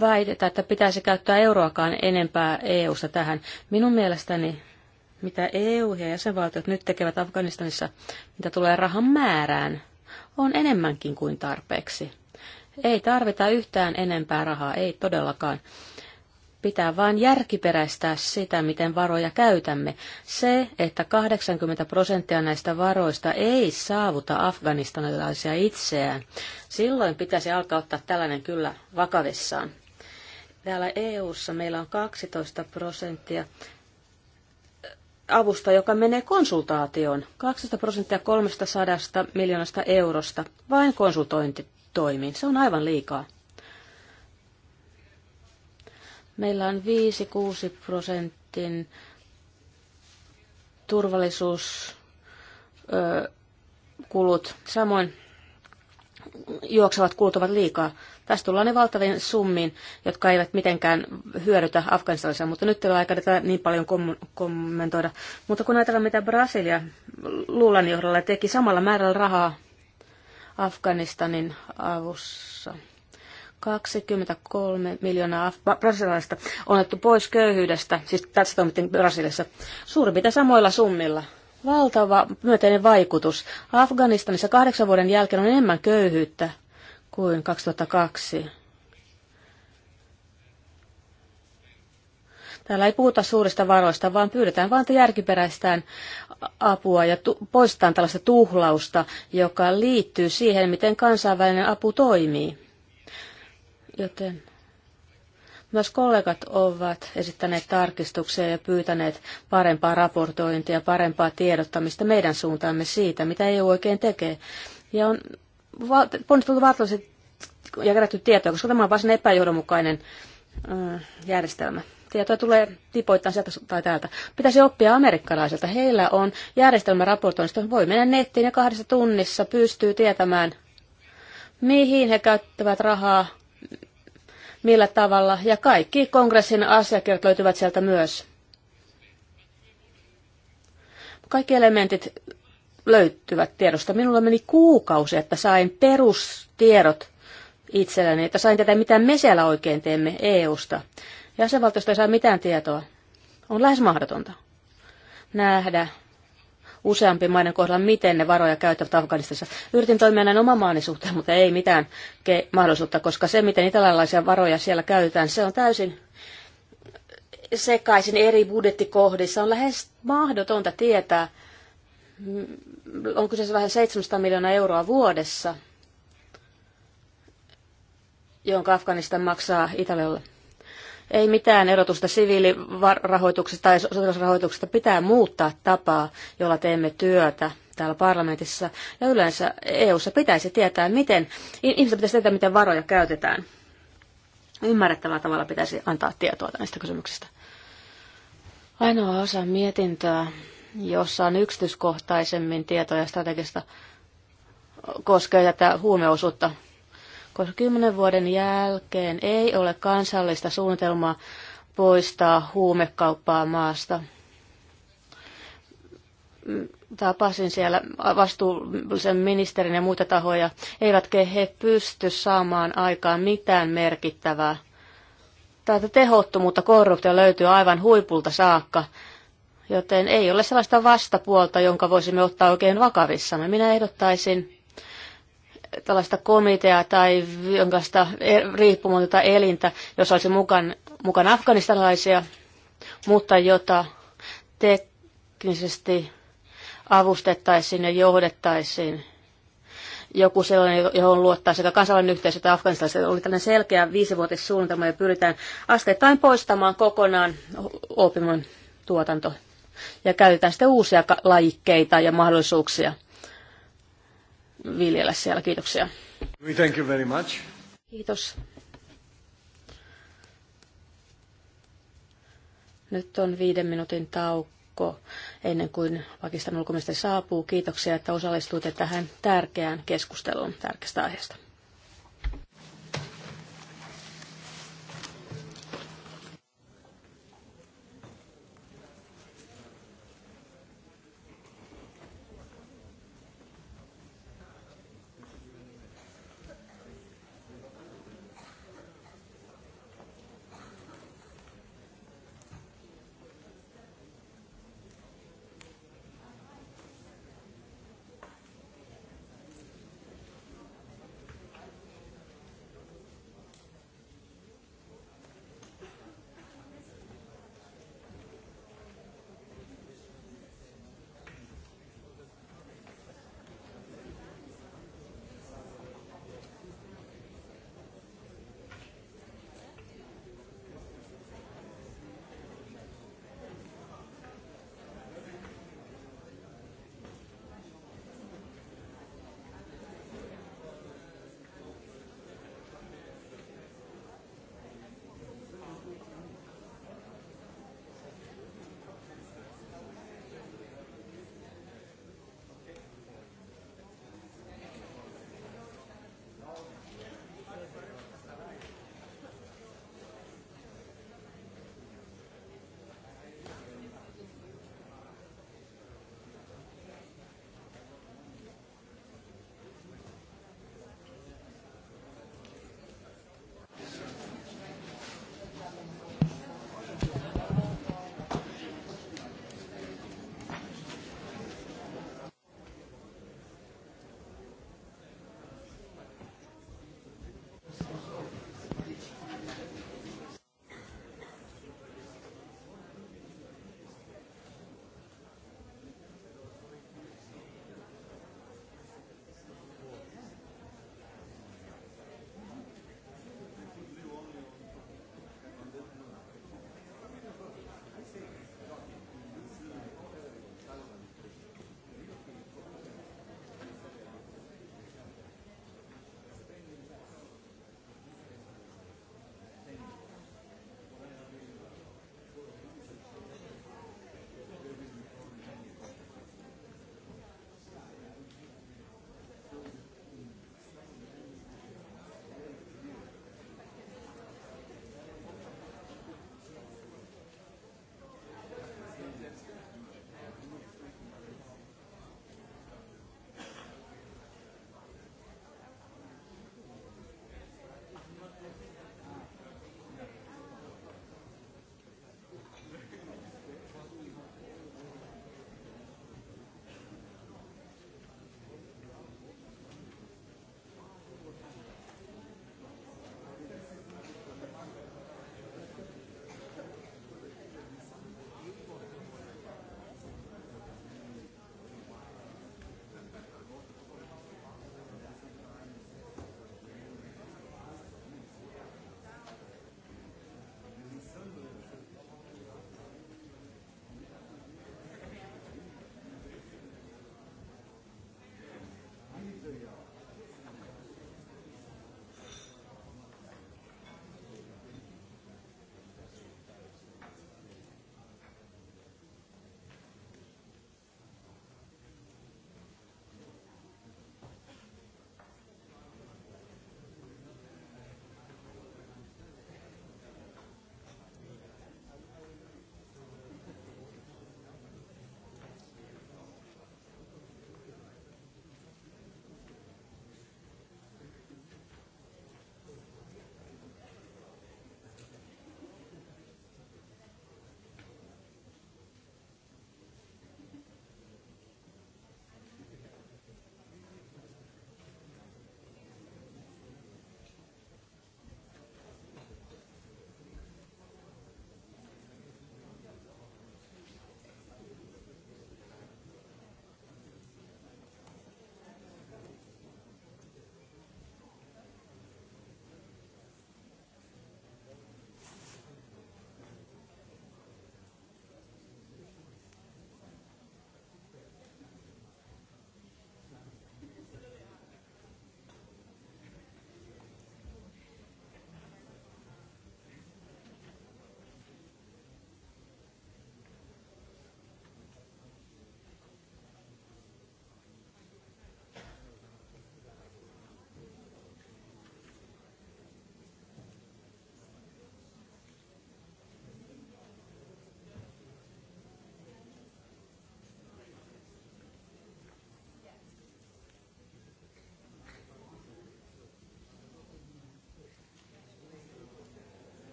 väitetä, että pitäisi käyttää euroakaan enempää EUsta tähän. Minun mielestäni, mitä EU ja jäsenvaltiot nyt tekevät Afganistanissa, mitä tulee rahan määrään, on enemmänkin kuin tarpeeksi. Ei tarvita yhtään enempää rahaa, ei todellakaan. Pitää vain järkiperäistää sitä, miten varoja käytämme. Se, että 80 prosenttia näistä varoista ei saavuta afganistanilaisia itseään, silloin pitäisi alkaa ottaa tällainen kyllä vakavissaan. Täällä EU:ssa meillä on 12 prosenttia avusta, joka menee konsultaatioon. 12 prosenttia 300 miljoonasta eurosta vain konsultointitoimiin. Se on aivan liikaa. Meillä on 5-6 prosentin turvallisuuskulut. Samoin juoksevat kulut ovat liikaa. Tässä tullaan ne valtavien summiin, jotka eivät mitenkään hyödytä afganistalaisia, mutta nyt ei ole aika tätä niin paljon kom- kommentoida. Mutta kun ajatellaan, mitä Brasilia Luulan johdolla teki samalla määrällä rahaa Afganistanin avussa. 23 miljoonaa brasilialaista on otettu pois köyhyydestä, siis tässä toimittiin Brasiliassa, suurin piirtein samoilla summilla. Valtava myönteinen vaikutus. Afganistanissa kahdeksan vuoden jälkeen on enemmän köyhyyttä kuin 2002. Täällä ei puhuta suurista varoista, vaan pyydetään vain, järkiperäistään apua ja tu- poistetaan tällaista tuhlausta, joka liittyy siihen, miten kansainvälinen apu toimii. Joten myös kollegat ovat esittäneet tarkistuksia ja pyytäneet parempaa raportointia, parempaa tiedottamista meidän suuntaamme siitä, mitä EU oikein tekee. Ja on ponnisteltu vaatteelliset ja kerätty tietoa, koska tämä on varsin epäjohdonmukainen järjestelmä. Tietoa tulee tipoittain sieltä tai täältä. Pitäisi oppia amerikkalaisilta. Heillä on järjestelmä raportoinnista. Voi mennä nettiin ja kahdessa tunnissa pystyy tietämään, mihin he käyttävät rahaa, millä tavalla. Ja kaikki kongressin asiakirjat löytyvät sieltä myös. Kaikki elementit löytyvät tiedosta. Minulla meni kuukausi, että sain perustiedot itselleni, että sain tätä, mitä me siellä oikein teemme EU-sta. Jäsenvaltiosta ei saa mitään tietoa. On lähes mahdotonta nähdä useampi maiden kohdalla, miten ne varoja käyttävät Afganistassa. Yritin toimia näin oman maani suhteen, mutta ei mitään mahdollisuutta, koska se, miten italialaisia varoja siellä käytetään, se on täysin sekaisin eri budjettikohdissa. On lähes mahdotonta tietää, Mm, on kyseessä vähän 700 miljoonaa euroa vuodessa, jonka Afganistan maksaa Italialle. Ei mitään erotusta siviilirahoituksesta tai sotilasrahoituksesta. Pitää muuttaa tapaa, jolla teemme työtä täällä parlamentissa. Ja yleensä EU-ssa pitäisi tietää, miten, ihmiset pitäisi tietää, miten varoja käytetään. Ymmärrettävällä tavalla pitäisi antaa tietoa näistä kysymyksistä. Ainoa osa mietintöä jossa on yksityiskohtaisemmin tietoja strategista koskee tätä huumeosuutta. Koska kymmenen vuoden jälkeen ei ole kansallista suunnitelmaa poistaa huumekauppaa maasta. Tapasin siellä vastuullisen ministerin ja muita tahoja, eivätkä he pysty saamaan aikaan mitään merkittävää. Tätä tehottomuutta korruptio löytyy aivan huipulta saakka joten ei ole sellaista vastapuolta, jonka voisimme ottaa oikein vakavissamme. Minä ehdottaisin tällaista komiteaa tai jonkaista e- riippumatonta elintä, jos olisi mukaan, mukana afganistanilaisia, mutta jota teknisesti avustettaisiin ja johdettaisiin joku sellainen, johon luottaa sekä kansainvälinen yhteisö että Afganistan. Oli tällainen selkeä viisivuotissuunnitelma ja pyritään asteittain poistamaan kokonaan opimon tuotanto ja käytetään sitten uusia lajikkeita ja mahdollisuuksia viljellä siellä. Kiitoksia. We thank you very much. Kiitos. Nyt on viiden minuutin tauko ennen kuin Pakistan ulkoministeri saapuu. Kiitoksia, että osallistuitte tähän tärkeään keskusteluun tärkeästä aiheesta.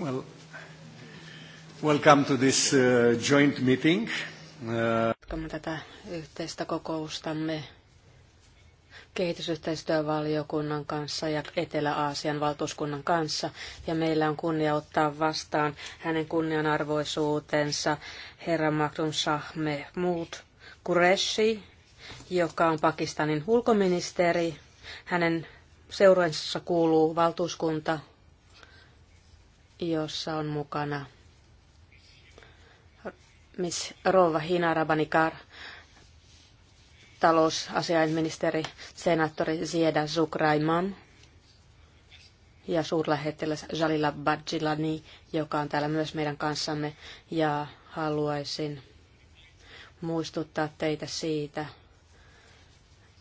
Well, welcome to this uh, joint meeting. uh... tätä yhteistä kokoustamme kehitysyhteistyövaliokunnan kanssa ja Etelä-Aasian valtuuskunnan kanssa. Ja meillä on kunnia ottaa vastaan hänen kunnianarvoisuutensa herra Makrum Sahme, Muut Kureshi, joka on Pakistanin ulkoministeri. Hänen seurueensa kuuluu valtuuskunta jossa on mukana Miss Rova Hinarabanikar, talousasiainministeri, senaattori Zieda Zukraiman ja suurlähettiläs Jalila Badjilani, joka on täällä myös meidän kanssamme. Ja haluaisin muistuttaa teitä siitä,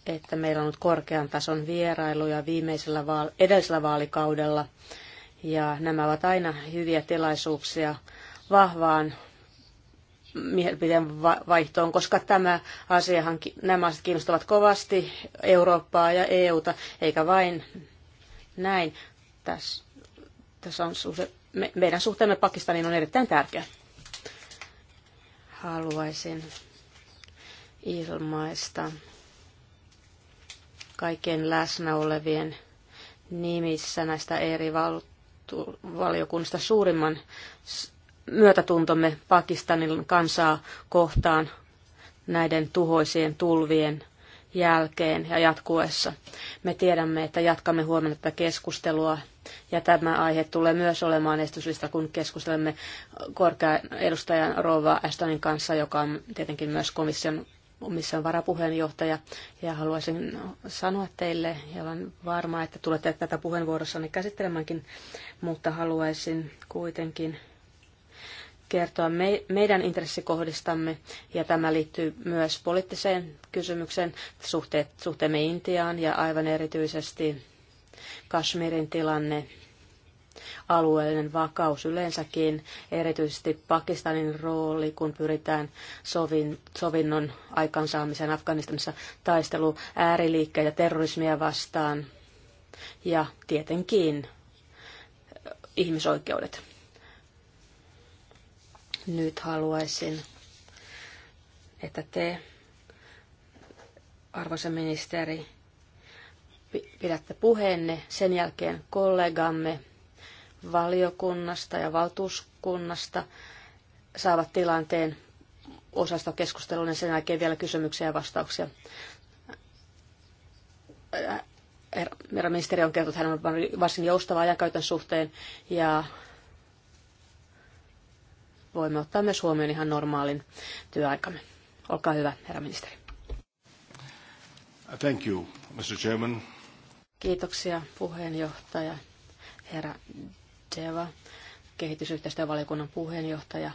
että meillä on ollut korkean tason vierailuja viimeisellä vaal- edellisellä vaalikaudella – ja nämä ovat aina hyviä tilaisuuksia vahvaan mielipiteen vaihtoon, koska tämä asiahan, nämä asiat kiinnostavat kovasti Eurooppaa ja EUta, eikä vain näin. Tässä, tässä on suhde, me, meidän suhteemme Pakistaniin on erittäin tärkeä. Haluaisin ilmaista kaikkien läsnä olevien nimissä näistä eri val- valiokunnasta suurimman myötätuntomme Pakistanin kansaa kohtaan näiden tuhoisien tulvien jälkeen ja jatkuessa. Me tiedämme, että jatkamme huomenna tätä keskustelua ja tämä aihe tulee myös olemaan estyslista, kun keskustelemme korkean edustajan Rova Ashtonin kanssa, joka on tietenkin myös komission on varapuheenjohtaja, ja haluaisin sanoa teille, ja olen varma, että tulette tätä puheenvuorossani käsittelemäänkin, mutta haluaisin kuitenkin kertoa me, meidän intressikohdistamme, ja tämä liittyy myös poliittiseen kysymykseen, suhteet, suhteemme Intiaan ja aivan erityisesti Kashmirin tilanne alueellinen vakaus yleensäkin, erityisesti Pakistanin rooli, kun pyritään sovin, sovinnon aikaansaamiseen Afganistanissa taistelu ääriliikkeitä terrorismia vastaan ja tietenkin eh, ihmisoikeudet. Nyt haluaisin, että te, arvoisa ministeri, pidätte puheenne. Sen jälkeen kollegamme valiokunnasta ja valtuuskunnasta saavat tilanteen osastokeskustelun ja sen jälkeen vielä kysymyksiä ja vastauksia. Herra ministeri on kertonut, että hän on varsin joustava ajankäytön suhteen ja voimme ottaa myös huomioon ihan normaalin työaikamme. Olkaa hyvä, herra ministeri. Thank you, Mr. Chairman. Kiitoksia puheenjohtaja herra Deva, kehitysyhteistyövaliokunnan puheenjohtaja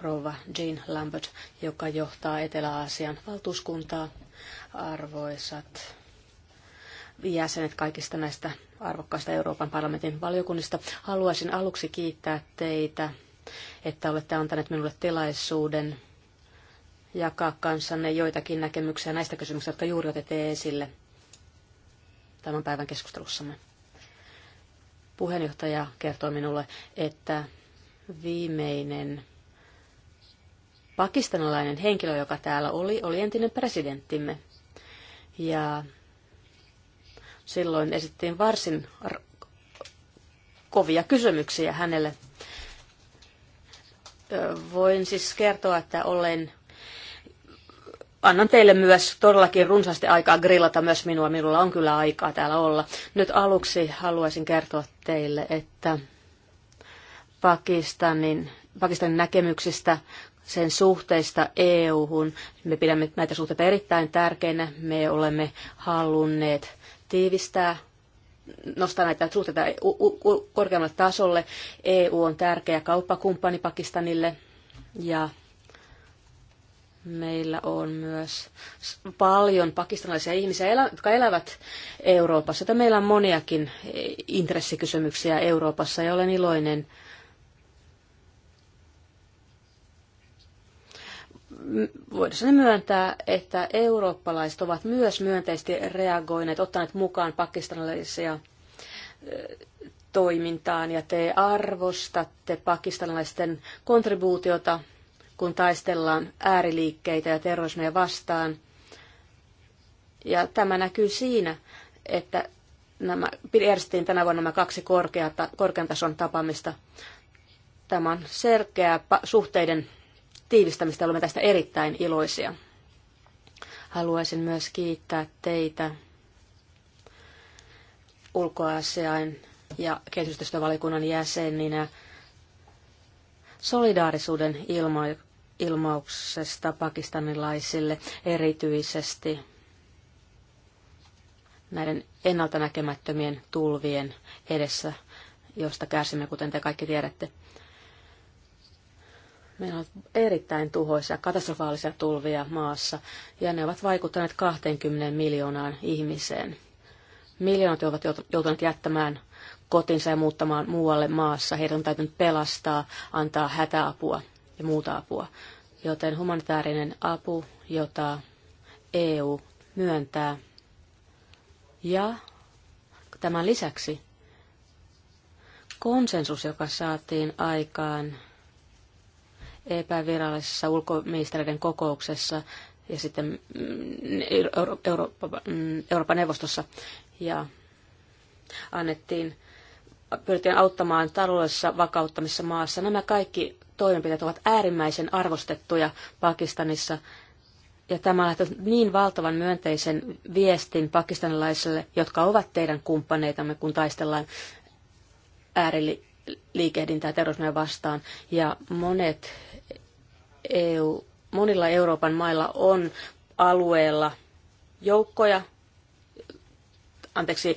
rova Jean Lambert, joka johtaa Etelä-Aasian valtuuskuntaa. Arvoisat jäsenet kaikista näistä arvokkaista Euroopan parlamentin valiokunnista. Haluaisin aluksi kiittää teitä, että olette antaneet minulle tilaisuuden jakaa kanssanne joitakin näkemyksiä näistä kysymyksistä, jotka juuri otette esille tämän päivän keskustelussamme. Puheenjohtaja kertoi minulle, että viimeinen pakistanilainen henkilö, joka täällä oli, oli entinen presidenttimme. Ja silloin esittiin varsin kovia kysymyksiä hänelle. Voin siis kertoa, että olen annan teille myös todellakin runsaasti aikaa grillata myös minua. Minulla on kyllä aikaa täällä olla. Nyt aluksi haluaisin kertoa teille, että Pakistanin, Pakistanin näkemyksistä sen suhteista EU-hun. Me pidämme näitä suhteita erittäin tärkeinä. Me olemme halunneet tiivistää nostaa näitä suhteita korkeammalle tasolle. EU on tärkeä kauppakumppani Pakistanille ja Meillä on myös paljon pakistanilaisia ihmisiä, jotka elävät Euroopassa. Että meillä on moniakin eh, intressikysymyksiä Euroopassa ja olen iloinen voidaan myöntää, että eurooppalaiset ovat myös myönteisesti reagoineet, ottaneet mukaan pakistanilaisia eh, toimintaan ja te arvostatte pakistanilaisten kontribuutiota kun taistellaan ääriliikkeitä ja terrorismia vastaan. Ja tämä näkyy siinä, että nämä, järjestettiin tänä vuonna nämä kaksi korkeata, korkean tason tapaamista. Tämä on selkeä suhteiden tiivistämistä, olemme tästä erittäin iloisia. Haluaisin myös kiittää teitä ulkoasiain ja kehitysyhteistyövaliokunnan jäseninä solidaarisuuden ilma- ilmauksesta pakistanilaisille erityisesti näiden ennalta näkemättömien tulvien edessä, josta kärsimme, kuten te kaikki tiedätte. Meillä on erittäin tuhoisia, katastrofaalisia tulvia maassa, ja ne ovat vaikuttaneet 20 miljoonaan ihmiseen. Miljoonat ovat joutuneet jättämään kotinsa ja muuttamaan muualle maassa. Heidän on täytynyt pelastaa, antaa hätäapua – ja muuta apua. Joten humanitaarinen apu, jota EU myöntää. Ja tämän lisäksi konsensus, joka saatiin aikaan epävirallisessa ulkoministeriöiden kokouksessa ja sitten mm, Eurooppa, mm, Euroopan neuvostossa. Ja annettiin, pyrittiin auttamaan taloudellisessa vakauttamissa maassa. Nämä kaikki toimenpiteet ovat äärimmäisen arvostettuja Pakistanissa. Ja tämä on lähtenyt niin valtavan myönteisen viestin pakistanilaisille, jotka ovat teidän kumppaneitamme, kun taistellaan ääriliikehdintää terrorismia vastaan. Ja monet EU, monilla Euroopan mailla on alueella joukkoja, anteeksi,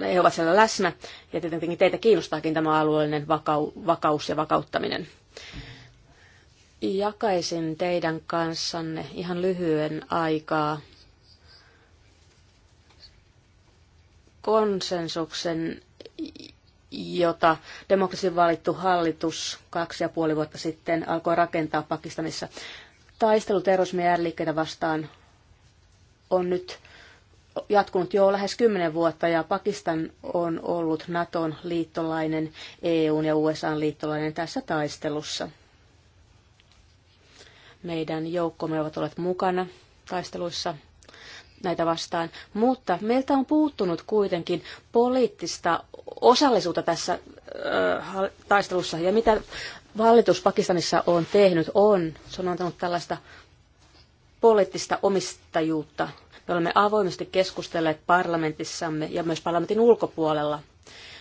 he ovat siellä läsnä, ja tietenkin teitä kiinnostaakin tämä alueellinen vakau, vakaus ja vakauttaminen. Jakaisin teidän kanssanne ihan lyhyen aikaa konsensuksen, jota demokratian valittu hallitus kaksi ja puoli vuotta sitten alkoi rakentaa Pakistanissa. Taistelu terrorismia vastaan on nyt jatkunut jo lähes kymmenen vuotta ja Pakistan on ollut Naton liittolainen, EUn ja USAn liittolainen tässä taistelussa. Meidän joukkomme ovat olleet mukana taisteluissa näitä vastaan, mutta meiltä on puuttunut kuitenkin poliittista osallisuutta tässä taistelussa. Ja mitä hallitus Pakistanissa on tehnyt, on, se on antanut tällaista poliittista omistajuutta me olemme avoimesti keskustelleet parlamentissamme ja myös parlamentin ulkopuolella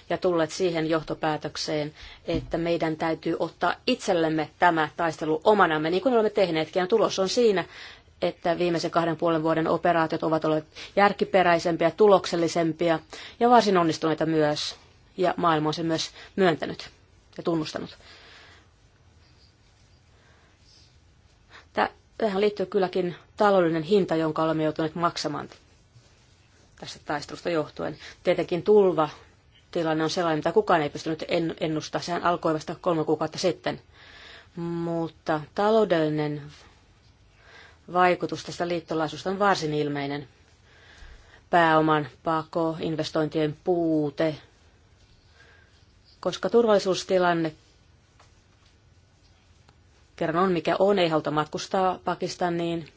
ja tulleet siihen johtopäätökseen, että meidän täytyy ottaa itsellemme tämä taistelu omanamme, niin kuin olemme tehneetkin. Ja tulos on siinä, että viimeisen kahden puolen vuoden operaatiot ovat olleet järkiperäisempiä, tuloksellisempia ja varsin onnistuneita myös. Ja maailma on sen myös myöntänyt ja tunnustanut. Tähän liittyy kylläkin taloudellinen hinta, jonka olemme joutuneet maksamaan tästä taistelusta johtuen. Tietenkin tulva tilanne on sellainen, mitä kukaan ei pystynyt ennustamaan. Sehän alkoi vasta kolme kuukautta sitten. Mutta taloudellinen vaikutus tästä liittolaisuudesta on varsin ilmeinen. Pääoman pako, investointien puute, koska turvallisuustilanne kerran on mikä on, ei haluta matkustaa Pakistaniin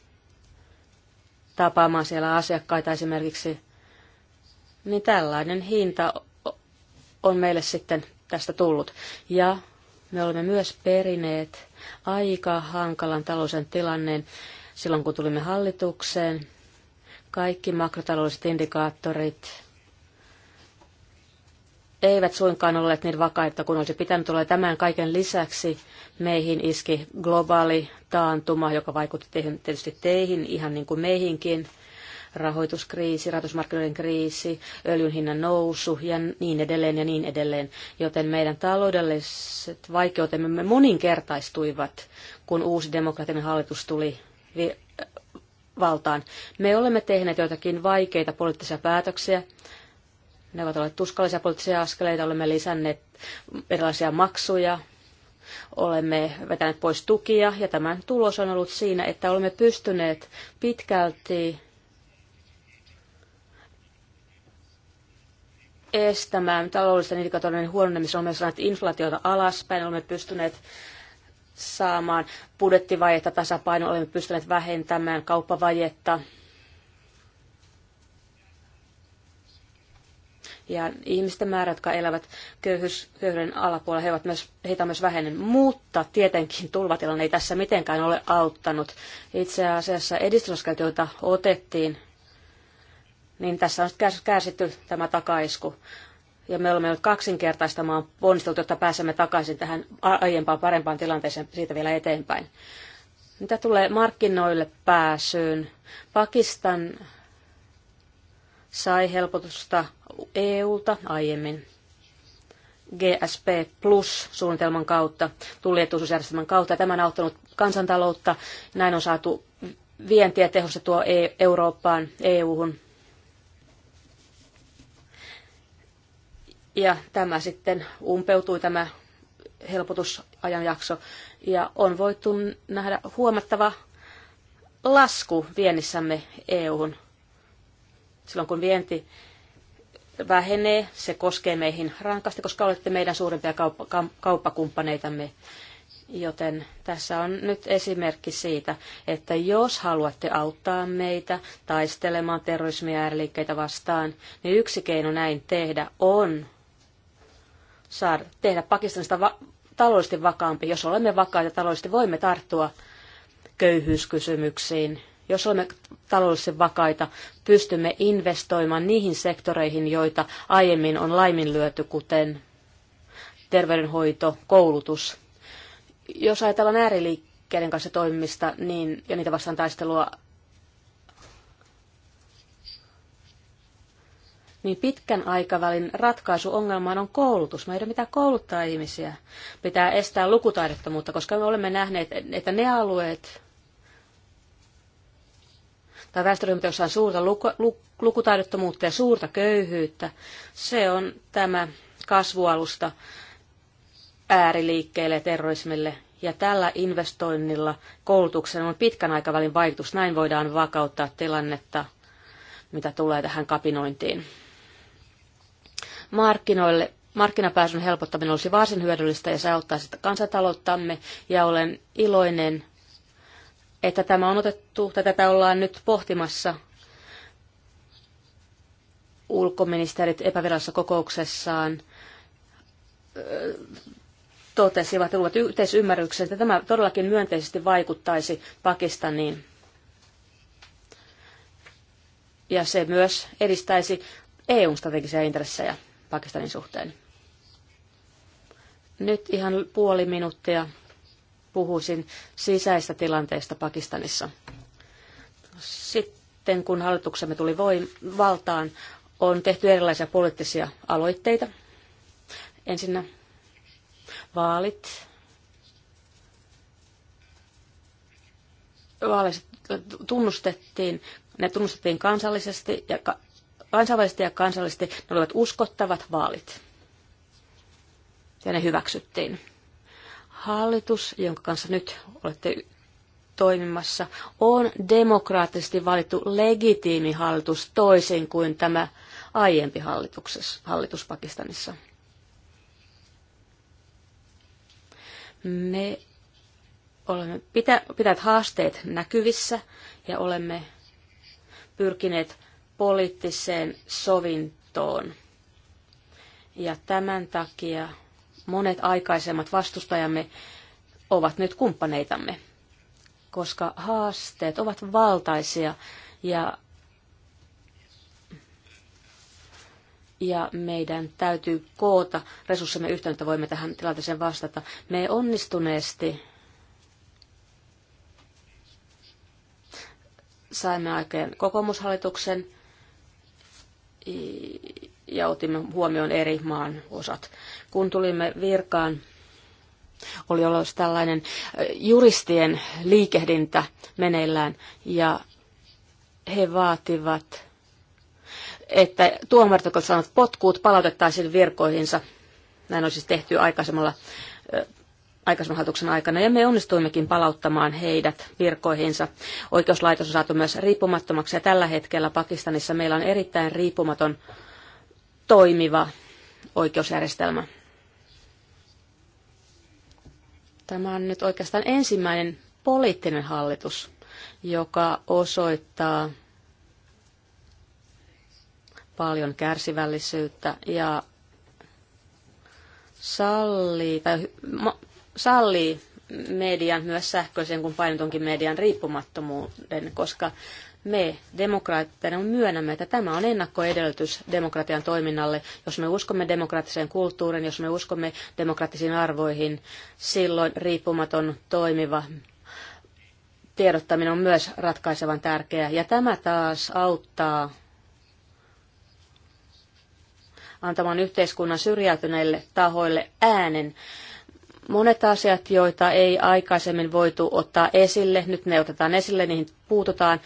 tapaamaan siellä asiakkaita esimerkiksi, niin tällainen hinta on meille sitten tästä tullut. Ja me olemme myös perineet aika hankalan talousen tilanneen silloin, kun tulimme hallitukseen. Kaikki makrotaloudelliset indikaattorit eivät suinkaan olleet niin vakaita kuin olisi pitänyt olla. Tämän kaiken lisäksi meihin iski globaali taantuma, joka vaikutti tietysti teihin ihan niin kuin meihinkin. Rahoituskriisi, rahoitusmarkkinoiden kriisi, öljyn hinnan nousu ja niin edelleen ja niin edelleen. Joten meidän taloudelliset vaikeutemme moninkertaistuivat, kun uusi demokraattinen hallitus tuli valtaan. Me olemme tehneet joitakin vaikeita poliittisia päätöksiä, ne ovat olleet tuskallisia poliittisia askeleita, olemme lisänneet erilaisia maksuja, olemme vetäneet pois tukia ja tämän tulos on ollut siinä, että olemme pystyneet pitkälti estämään taloudellisten indikaattoreiden huononemisen, olemme saaneet inflaatiota alaspäin, olemme pystyneet saamaan budjettivajetta tasapainoon, olemme pystyneet vähentämään kauppavajetta, ja ihmisten määrä, jotka elävät köyhyys, köyhyyden alapuolella, he ovat myös, heitä on myös vähennyt. Mutta tietenkin tulvatilanne ei tässä mitenkään ole auttanut. Itse asiassa edistysaskelet, joita otettiin, niin tässä on kärsitty tämä takaisku. Ja me olemme nyt kaksinkertaistamaan ponnistelut, jotta pääsemme takaisin tähän aiempaan parempaan tilanteeseen siitä vielä eteenpäin. Mitä tulee markkinoille pääsyyn? Pakistan sai helpotusta EUlta aiemmin GSP Plus-suunnitelman kautta, tullietuisuusjärjestelmän kautta. Tämä on auttanut kansantaloutta. Näin on saatu vientiä tehostettua e- Eurooppaan, EU-hun. Ja tämä sitten umpeutui tämä helpotusajanjakso. Ja on voitu nähdä huomattava lasku viennissämme EU-hun silloin kun vienti vähenee, se koskee meihin rankasti, koska olette meidän suurimpia kauppa, kauppakumppaneitamme. Joten tässä on nyt esimerkki siitä, että jos haluatte auttaa meitä taistelemaan terrorismia ja ääriliikkeitä vastaan, niin yksi keino näin tehdä on saada, tehdä Pakistanista va- taloudellisesti vakaampi. Jos olemme vakaita taloudellisesti, voimme tarttua köyhyyskysymyksiin. Jos olemme taloudellisesti vakaita, pystymme investoimaan niihin sektoreihin, joita aiemmin on laiminlyöty, kuten terveydenhoito, koulutus. Jos ajatellaan ääriliikkeiden kanssa toimimista niin, ja niitä vastaan taistelua, niin pitkän aikavälin ratkaisu ongelmaan on koulutus. Meidän pitää kouluttaa ihmisiä, pitää estää lukutaidottomuutta, koska me olemme nähneet, että ne alueet, tai väestöryhmät, joissa on suurta luku, luku, lukutaidottomuutta ja suurta köyhyyttä, se on tämä kasvualusta ääriliikkeelle ja terrorismille. Ja tällä investoinnilla koulutuksen on pitkän aikavälin vaikutus. Näin voidaan vakauttaa tilannetta, mitä tulee tähän kapinointiin. Markkinoille markkinapääsyn helpottaminen olisi varsin hyödyllistä ja se auttaisi kansantalouttamme ja olen iloinen että tämä on otettu, tai tätä ollaan nyt pohtimassa ulkoministerit epävirallisessa kokouksessaan totesivat ja luvat yhteisymmärryksen, että tämä todellakin myönteisesti vaikuttaisi Pakistaniin. Ja se myös edistäisi EUn strategisia intressejä Pakistanin suhteen. Nyt ihan puoli minuuttia puhuisin sisäistä tilanteesta Pakistanissa. Sitten kun hallituksemme tuli voim- valtaan, on tehty erilaisia poliittisia aloitteita. Ensinnä vaalit. Vaaleissa tunnustettiin, ne tunnustettiin kansallisesti ja kansainvälisesti ja kansallisesti ne olivat uskottavat vaalit. Ja ne hyväksyttiin. Hallitus, jonka kanssa nyt olette toimimassa, on demokraattisesti valittu legitiimi hallitus toisin kuin tämä aiempi hallitus, Pakistanissa. Me olemme pitä, pitäneet haasteet näkyvissä ja olemme pyrkineet poliittiseen sovintoon. Ja tämän takia Monet aikaisemmat vastustajamme ovat nyt kumppaneitamme, koska haasteet ovat valtaisia ja, ja meidän täytyy koota resurssimme yhteen, että voimme tähän tilanteeseen vastata. Me onnistuneesti saimme aikaan kokoomushallituksen, ja otimme huomioon eri maan osat. Kun tulimme virkaan, oli ollut tällainen juristien liikehdintä meneillään ja he vaativat, että tuomarit, jotka sanovat potkuut, palautettaisiin virkoihinsa. Näin on siis tehty aikaisemmalla aikaisemman hallituksen aikana, ja me onnistuimmekin palauttamaan heidät virkoihinsa. Oikeuslaitos on saatu myös riippumattomaksi, ja tällä hetkellä Pakistanissa meillä on erittäin riippumaton toimiva oikeusjärjestelmä. Tämä on nyt oikeastaan ensimmäinen poliittinen hallitus, joka osoittaa paljon kärsivällisyyttä ja sallii, tai sallii median, myös sähköisen kuin painotonkin median riippumattomuuden, koska me demokraatteina myönnämme, että tämä on ennakkoedellytys demokratian toiminnalle. Jos me uskomme demokraattiseen kulttuuriin, jos me uskomme demokraattisiin arvoihin, silloin riippumaton toimiva tiedottaminen on myös ratkaisevan tärkeää. Ja tämä taas auttaa antamaan yhteiskunnan syrjäytyneille tahoille äänen. Monet asiat, joita ei aikaisemmin voitu ottaa esille, nyt ne otetaan esille, niihin puututaan.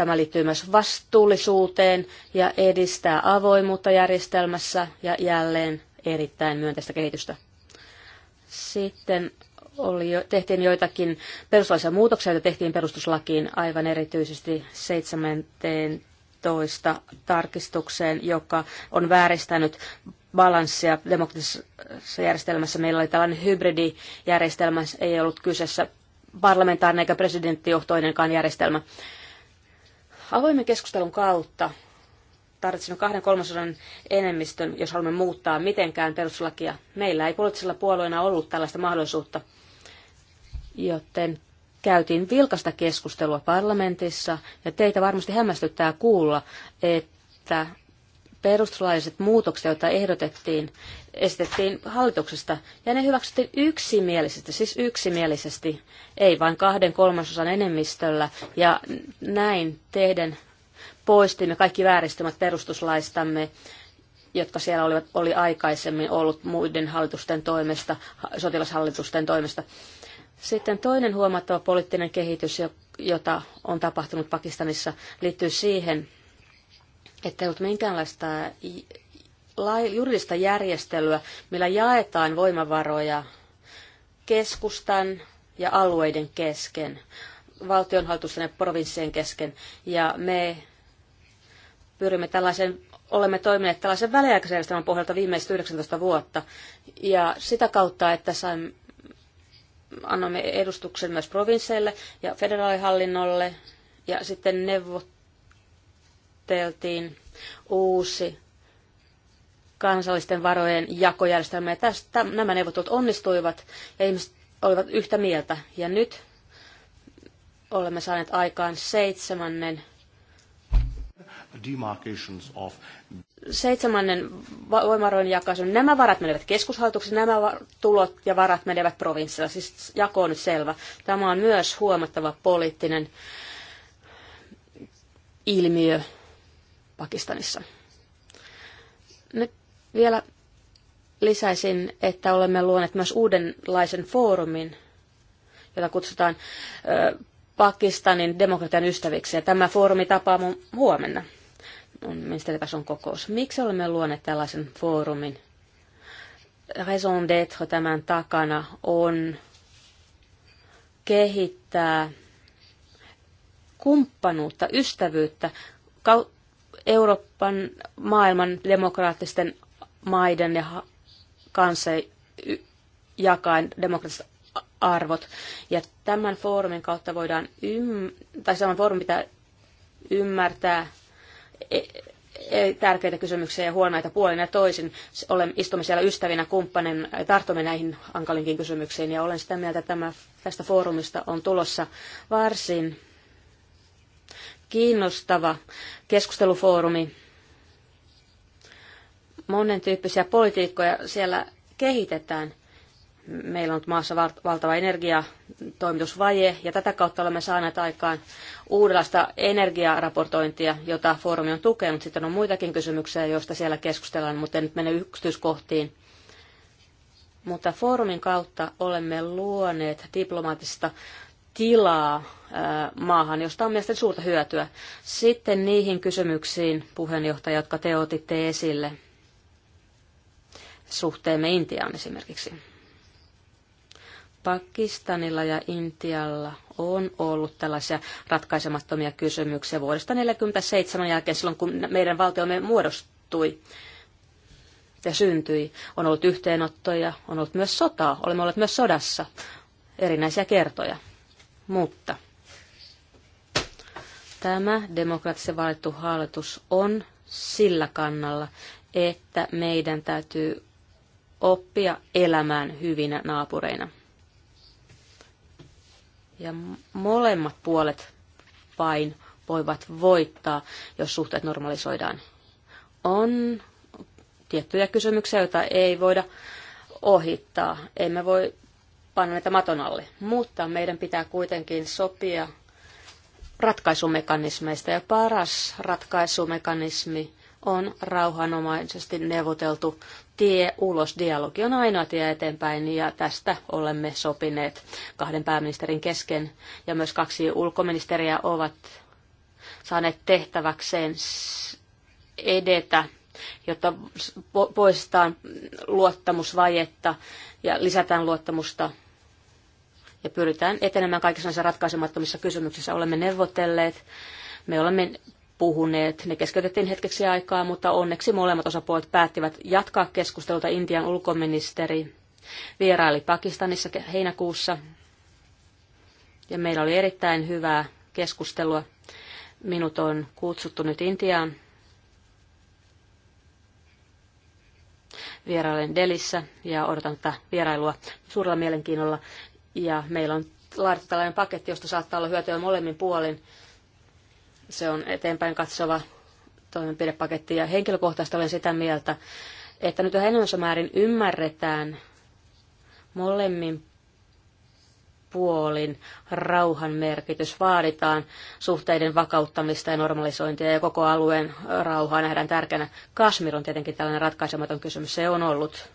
Tämä liittyy myös vastuullisuuteen ja edistää avoimuutta järjestelmässä ja jälleen erittäin myönteistä kehitystä. Sitten oli jo, tehtiin joitakin perustuslaisia muutoksia, joita tehtiin perustuslakiin aivan erityisesti 17 tarkistukseen, joka on vääristänyt balanssia demokraattisessa järjestelmässä. Meillä oli tällainen hybridijärjestelmä, ei ollut kyseessä parlamentaarinen eikä presidenttijohtoinenkaan järjestelmä. Avoimen keskustelun kautta tarvitsemme kahden kolmasosan enemmistön, jos haluamme muuttaa mitenkään perustuslakia. Meillä ei poliittisilla puolueena ollut tällaista mahdollisuutta, joten käytiin vilkasta keskustelua parlamentissa, ja teitä varmasti hämmästyttää kuulla, että perustuslailliset muutokset, joita ehdotettiin, esitettiin hallituksesta, ja ne hyväksyttiin yksimielisesti, siis yksimielisesti, ei vain kahden kolmasosan enemmistöllä, ja näin tehden poistimme kaikki vääristymät perustuslaistamme, jotka siellä olivat, oli aikaisemmin ollut muiden hallitusten toimesta, sotilashallitusten toimesta. Sitten toinen huomattava poliittinen kehitys, jota on tapahtunut Pakistanissa, liittyy siihen, ettei ollut minkäänlaista juridista järjestelyä, millä jaetaan voimavaroja keskustan ja alueiden kesken, valtionhallitusten ja provinssien kesken. Ja me pyrimme tällaisen, olemme toimineet tällaisen väliaikaisen pohjalta viimeiset 19 vuotta. Ja sitä kautta, että saimme, annamme edustuksen myös provinsseille ja federaalihallinnolle ja sitten neuvot, suunniteltiin uusi kansallisten varojen jakojärjestelmä. Ja tästä nämä neuvottelut onnistuivat ja ihmiset olivat yhtä mieltä. Ja nyt olemme saaneet aikaan seitsemännen Of... Seitsemännen voimavarojen jakaisun. Nämä varat menevät keskushallituksiin, nämä tulot ja varat menevät provinssilla. Siis jako on nyt selvä. Tämä on myös huomattava poliittinen ilmiö Pakistanissa. Nyt vielä lisäisin, että olemme luoneet myös uudenlaisen foorumin, jota kutsutaan Pakistanin demokratian ystäviksi. Ja tämä foorumi tapaa huomenna. On ministeritason kokous. Miksi olemme luoneet tällaisen foorumin? Raison d'être tämän takana on kehittää kumppanuutta, ystävyyttä Euroopan maailman demokraattisten maiden ja kanssa jakaen demokraattiset arvot. Ja tämän foorumin kautta voidaan, ymm, tai tämän foorumin pitää ymmärtää e-, e-, tärkeitä kysymyksiä ja huonoita puolin ja toisin. Olen, istumme siellä ystävinä, kumppanin, tartumme näihin hankalinkin kysymyksiin ja olen sitä mieltä, että tämä, tästä foorumista on tulossa varsin kiinnostava keskustelufoorumi. Monen tyyppisiä politiikkoja siellä kehitetään. Meillä on maassa valtava energiatoimitusvaje ja tätä kautta olemme saaneet aikaan uudenlaista energiaraportointia, jota foorumi on tukenut. Sitten on muitakin kysymyksiä, joista siellä keskustellaan, mutta en nyt mene yksityiskohtiin. Mutta foorumin kautta olemme luoneet diplomaattista tilaa maahan, josta on mielestäni suurta hyötyä. Sitten niihin kysymyksiin, puheenjohtaja, jotka te otitte esille suhteemme Intiaan esimerkiksi. Pakistanilla ja Intialla on ollut tällaisia ratkaisemattomia kysymyksiä vuodesta 1947 jälkeen, silloin kun meidän valtiomme muodostui ja syntyi. On ollut yhteenottoja, on ollut myös sotaa, olemme olleet myös sodassa erinäisiä kertoja. Mutta tämä demokraattisesti valittu hallitus on sillä kannalla, että meidän täytyy oppia elämään hyvinä naapureina. Ja molemmat puolet vain voivat voittaa, jos suhteet normalisoidaan. On tiettyjä kysymyksiä, joita ei voida ohittaa. Emme voi panna näitä maton alle. Mutta meidän pitää kuitenkin sopia ratkaisumekanismeista ja paras ratkaisumekanismi on rauhanomaisesti neuvoteltu tie ulos. Dialogi on ainoa tie eteenpäin ja tästä olemme sopineet kahden pääministerin kesken ja myös kaksi ulkoministeriä ovat saaneet tehtäväkseen edetä, jotta poistetaan luottamusvajetta ja lisätään luottamusta ja pyritään etenemään kaikissa näissä ratkaisemattomissa kysymyksissä. Olemme neuvotelleet, me olemme puhuneet, ne keskeytettiin hetkeksi aikaa, mutta onneksi molemmat osapuolet päättivät jatkaa keskustelua. Intian ulkoministeri vieraili Pakistanissa heinäkuussa ja meillä oli erittäin hyvää keskustelua. Minut on kutsuttu nyt Intiaan. Vierailen Delissä ja odotan tätä vierailua suurella mielenkiinnolla. Ja meillä on laadittu tällainen paketti, josta saattaa olla hyötyä molemmin puolin. Se on eteenpäin katsova toimenpidepaketti ja henkilökohtaisesti olen sitä mieltä, että nyt yhä enemmässä määrin ymmärretään molemmin puolin rauhan merkitys. Vaaditaan suhteiden vakauttamista ja normalisointia ja koko alueen rauhaa nähdään tärkeänä. Kasmir on tietenkin tällainen ratkaisematon kysymys. Se on ollut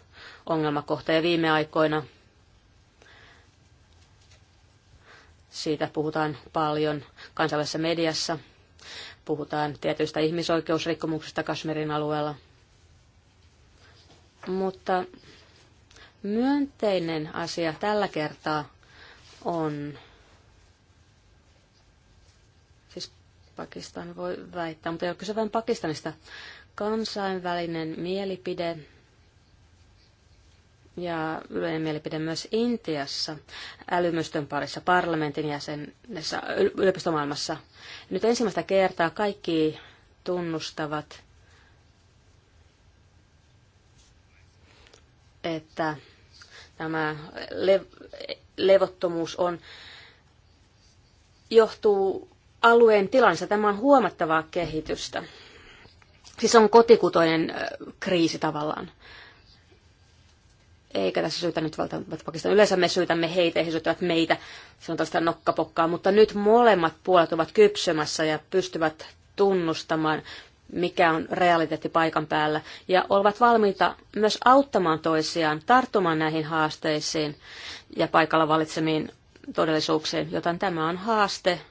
ongelmakohta ja viime aikoina Siitä puhutaan paljon kansainvälisessä mediassa. Puhutaan tietyistä ihmisoikeusrikkomuksista Kashmirin alueella. Mutta myönteinen asia tällä kertaa on siis Pakistan voi väittää, mutta ei ole kyse vain Pakistanista. Kansainvälinen mielipide ja yleinen mielipide myös Intiassa älymystön parissa parlamentin jäsenessä yliopistomaailmassa. Nyt ensimmäistä kertaa kaikki tunnustavat, että tämä lev- levottomuus on, johtuu alueen tilansa. Tämä on huomattavaa kehitystä. Siis on kotikutoinen kriisi tavallaan. Eikä tässä syytä nyt valtavat Pakistan. Yleensä me syytämme heitä ja he syyttävät meitä. Se on tällaista nokkapokkaa. Mutta nyt molemmat puolet ovat kypsymässä ja pystyvät tunnustamaan, mikä on realiteetti paikan päällä. Ja ovat valmiita myös auttamaan toisiaan, tarttumaan näihin haasteisiin ja paikalla valitsemiin todellisuuksiin. Joten tämä on haaste,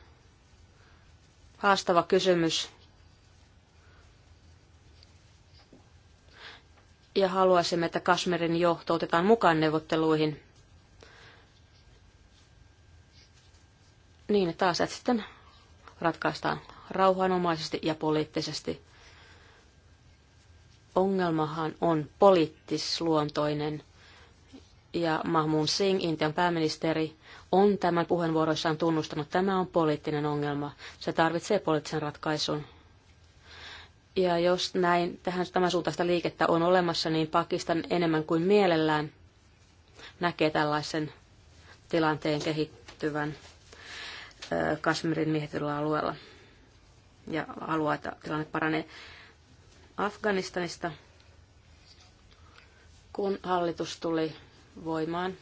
haastava kysymys ja haluaisimme, että Kasmerin johto otetaan mukaan neuvotteluihin niin, että asiat sitten ratkaistaan rauhanomaisesti ja poliittisesti. Ongelmahan on poliittisluontoinen ja Mahmoud Singh, Intian pääministeri, on tämän puheenvuoroissaan tunnustanut, että tämä on poliittinen ongelma. Se tarvitsee poliittisen ratkaisun. Ja jos näin tähän tämän suuntaista liikettä on olemassa, niin Pakistan enemmän kuin mielellään näkee tällaisen tilanteen kehittyvän Kasmirin miehityllä alueella. Ja haluaa, että tilanne paranee Afganistanista, kun hallitus tuli voimaan.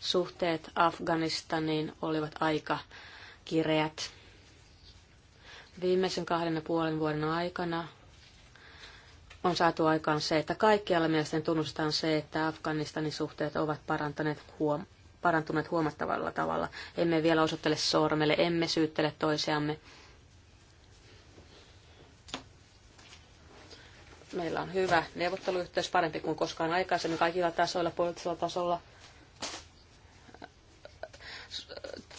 Suhteet Afganistaniin olivat aika kireät Viimeisen kahden ja puolen vuoden aikana on saatu aikaan se, että kaikkialla mielestäni tunnustetaan se, että Afganistanin suhteet ovat parantaneet huom- parantuneet huomattavalla tavalla. Emme vielä osoittele sormelle, emme syyttele toisiamme. Meillä on hyvä neuvotteluyhteys, parempi kuin koskaan aikaisemmin kaikilla tasoilla, poliittisella tasolla,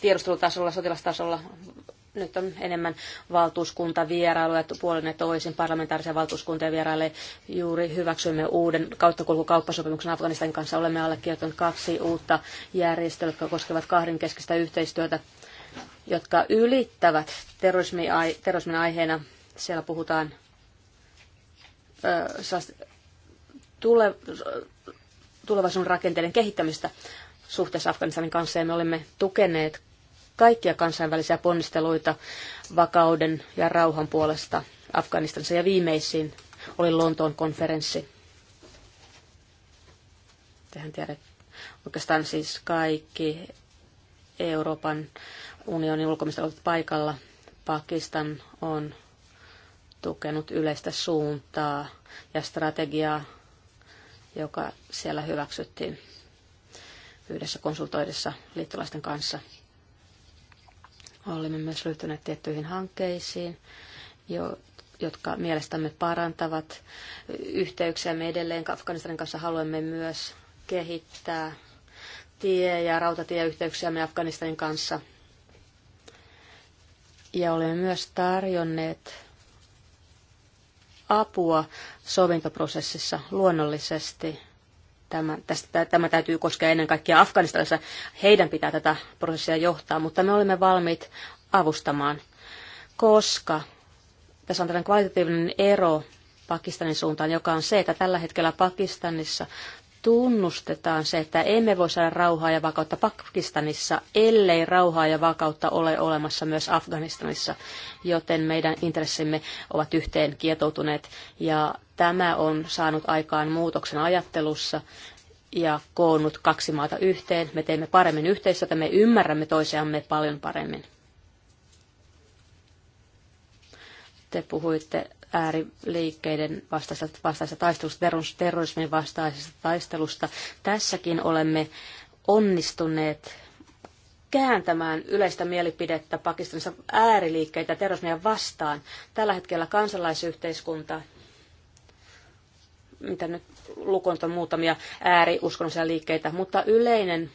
tiedustelutasolla, sotilastasolla, nyt on enemmän valtuuskuntavierailuja puolin ja toisin parlamentaarisia valtuuskuntia vieraille. Juuri hyväksyimme uuden kauttakulkukauppasopimuksen Afganistanin kanssa. Olemme allekirjoittaneet kaksi uutta järjestöä, jotka koskevat kahdenkeskistä yhteistyötä, jotka ylittävät terrorismi, terrorismin aiheena. Siellä puhutaan ö, tule, tulevaisuuden rakenteiden kehittämistä suhteessa Afganistanin kanssa ja me olemme tukeneet kaikkia kansainvälisiä ponnisteluita vakauden ja rauhan puolesta Afganistanissa ja viimeisin oli Lontoon konferenssi. Tehän tiedätte, oikeastaan siis kaikki Euroopan unionin ulkoministeri ovat paikalla. Pakistan on tukenut yleistä suuntaa ja strategiaa, joka siellä hyväksyttiin yhdessä konsultoidessa liittolaisten kanssa. Olemme myös ryhtyneet tiettyihin hankkeisiin, jo, jotka mielestämme parantavat Me edelleen. Afganistanin kanssa haluamme myös kehittää tie- ja rautatieyhteyksiämme Afganistanin kanssa. Ja olemme myös tarjonneet apua sovintoprosessissa luonnollisesti Tämä, tästä, tämä täytyy koskea ennen kaikkea Afganistanissa. Heidän pitää tätä prosessia johtaa, mutta me olemme valmiit avustamaan, koska tässä on tällainen kvalitatiivinen ero Pakistanin suuntaan, joka on se, että tällä hetkellä Pakistanissa tunnustetaan se, että emme voi saada rauhaa ja vakautta Pakistanissa, ellei rauhaa ja vakautta ole olemassa myös Afganistanissa, joten meidän intressimme ovat yhteen kietoutuneet. Ja tämä on saanut aikaan muutoksen ajattelussa ja koonnut kaksi maata yhteen. Me teemme paremmin yhteistyötä, me ymmärrämme toisiamme paljon paremmin. Te puhuitte ääriliikkeiden vastaisesta, taistelusta, terrorismin vastaisesta taistelusta. Tässäkin olemme onnistuneet kääntämään yleistä mielipidettä Pakistanissa ääriliikkeitä terrorismia vastaan. Tällä hetkellä kansalaisyhteiskunta, mitä nyt lukonta muutamia ääriuskonnollisia liikkeitä, mutta yleinen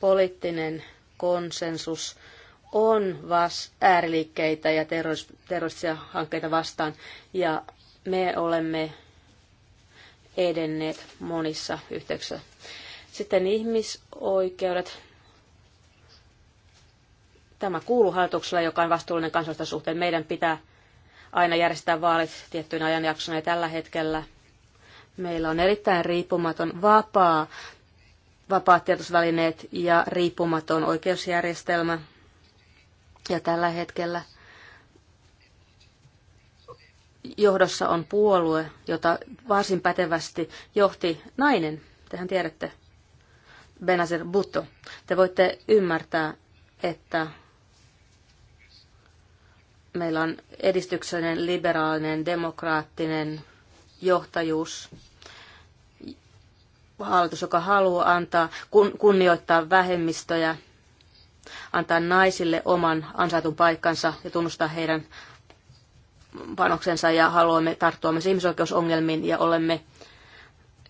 poliittinen konsensus on vas- ääriliikkeitä ja terroristisia hankkeita vastaan. Ja me olemme edenneet monissa yhteyksissä. Sitten ihmisoikeudet. Tämä kuuluu hallitukselle, joka on vastuullinen kansallista suhteen. Meidän pitää aina järjestää vaalit tiettyyn ajanjaksona ja tällä hetkellä meillä on erittäin riippumaton vapaa, vapaat tiedotusvälineet ja riippumaton oikeusjärjestelmä, ja tällä hetkellä johdossa on puolue, jota varsin pätevästi johti nainen, tehän tiedätte, Benazir Bhutto. Te voitte ymmärtää, että meillä on edistyksellinen, liberaalinen, demokraattinen johtajuus, hallitus, joka haluaa antaa, kun, kunnioittaa vähemmistöjä, antaa naisille oman ansaitun paikkansa ja tunnustaa heidän panoksensa ja haluamme tarttua myös ihmisoikeusongelmiin ja olemme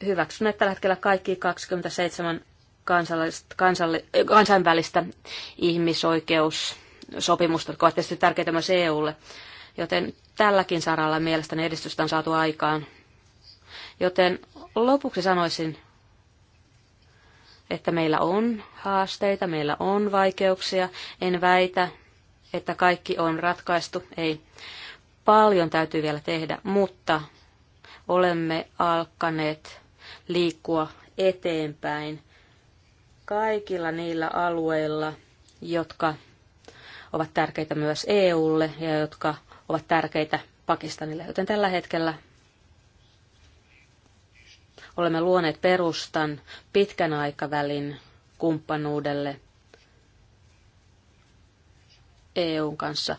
hyväksyneet tällä hetkellä kaikki 27 kansalli, eh, kansainvälistä ihmisoikeussopimusta, jotka ovat tietysti tärkeitä myös EUlle. Joten tälläkin saralla mielestäni edistystä on saatu aikaan. Joten lopuksi sanoisin, että meillä on haasteita, meillä on vaikeuksia. En väitä, että kaikki on ratkaistu. Ei. Paljon täytyy vielä tehdä, mutta olemme alkaneet liikkua eteenpäin kaikilla niillä alueilla, jotka ovat tärkeitä myös EUlle ja jotka ovat tärkeitä Pakistanille. Joten tällä hetkellä Olemme luoneet perustan pitkän aikavälin kumppanuudelle EUn kanssa,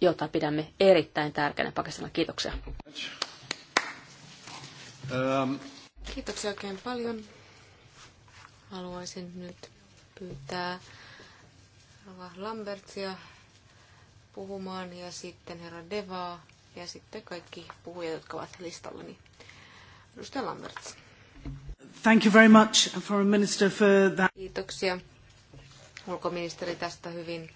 jota pidämme erittäin tärkeänä Pakistanilla. Kiitoksia. Ähm. Kiitoksia oikein paljon. Haluaisin nyt pyytää Rova Lambertia puhumaan ja sitten herra Devaa ja sitten kaikki puhujat, jotka ovat listallani. Edustaja Lamberts. Thank you very much, Foreign Minister, for that. Kiitoksia ulkoministeri tästä hyvin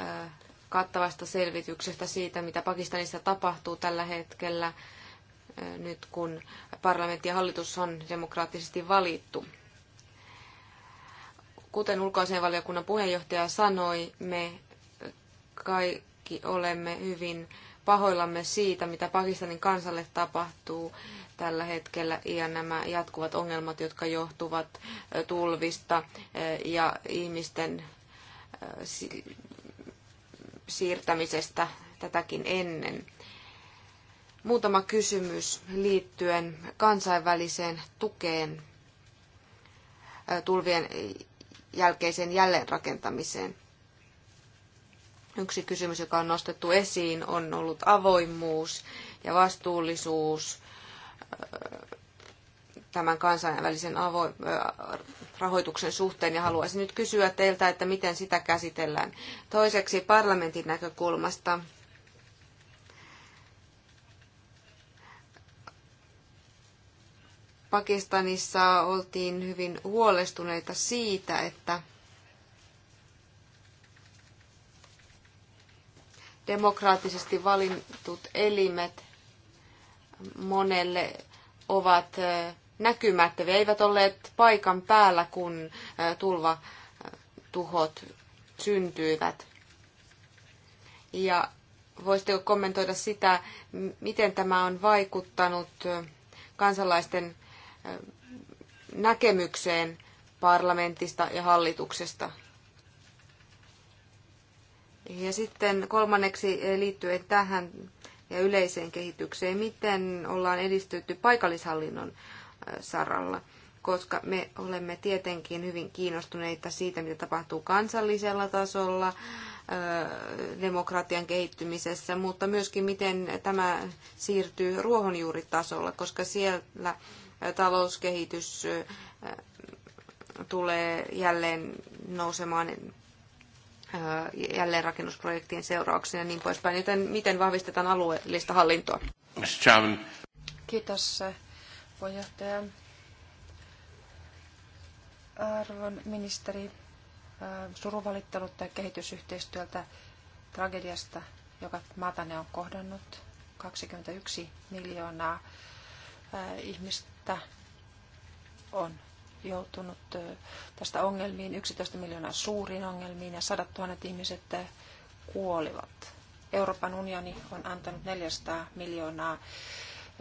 äh, kattavasta selvityksestä siitä, mitä Pakistanissa tapahtuu tällä hetkellä, äh, nyt kun parlamentti ja hallitus on demokraattisesti valittu. Kuten ulkoasianvaliokunnan puheenjohtaja sanoi, me kaikki olemme hyvin pahoillamme siitä, mitä Pakistanin kansalle tapahtuu tällä hetkellä ja nämä jatkuvat ongelmat, jotka johtuvat tulvista ja ihmisten siirtämisestä tätäkin ennen. Muutama kysymys liittyen kansainväliseen tukeen tulvien jälkeiseen jälleenrakentamiseen. Yksi kysymys, joka on nostettu esiin, on ollut avoimuus ja vastuullisuus äh, tämän kansainvälisen äh, rahoituksen suhteen ja haluaisin nyt kysyä teiltä, että miten sitä käsitellään. Toiseksi parlamentin näkökulmasta Pakistanissa oltiin hyvin huolestuneita siitä, että demokraattisesti valintut elimet monelle ovat näkymättäviä, eivät olleet paikan päällä, kun tulvatuhot syntyivät. Ja voisitteko kommentoida sitä, miten tämä on vaikuttanut kansalaisten näkemykseen parlamentista ja hallituksesta? Ja sitten kolmanneksi liittyen tähän ja yleiseen kehitykseen, miten ollaan edistytty paikallishallinnon saralla, koska me olemme tietenkin hyvin kiinnostuneita siitä, mitä tapahtuu kansallisella tasolla, demokratian kehittymisessä, mutta myöskin miten tämä siirtyy ruohonjuuritasolla, koska siellä talouskehitys tulee jälleen nousemaan jälleenrakennusprojektien seurauksena ja niin poispäin. Joten miten vahvistetaan alueellista hallintoa? Kiitos eh, puheenjohtaja. Arvon ministeri, suruvalittelut tai kehitysyhteistyöltä tragediasta, joka maatanne on kohdannut. 21 miljoonaa ihmistä on joutunut tästä ongelmiin, 11 miljoonaa suuriin ongelmiin ja sadat tuhannet ihmiset kuolivat. Euroopan unioni on antanut 400 miljoonaa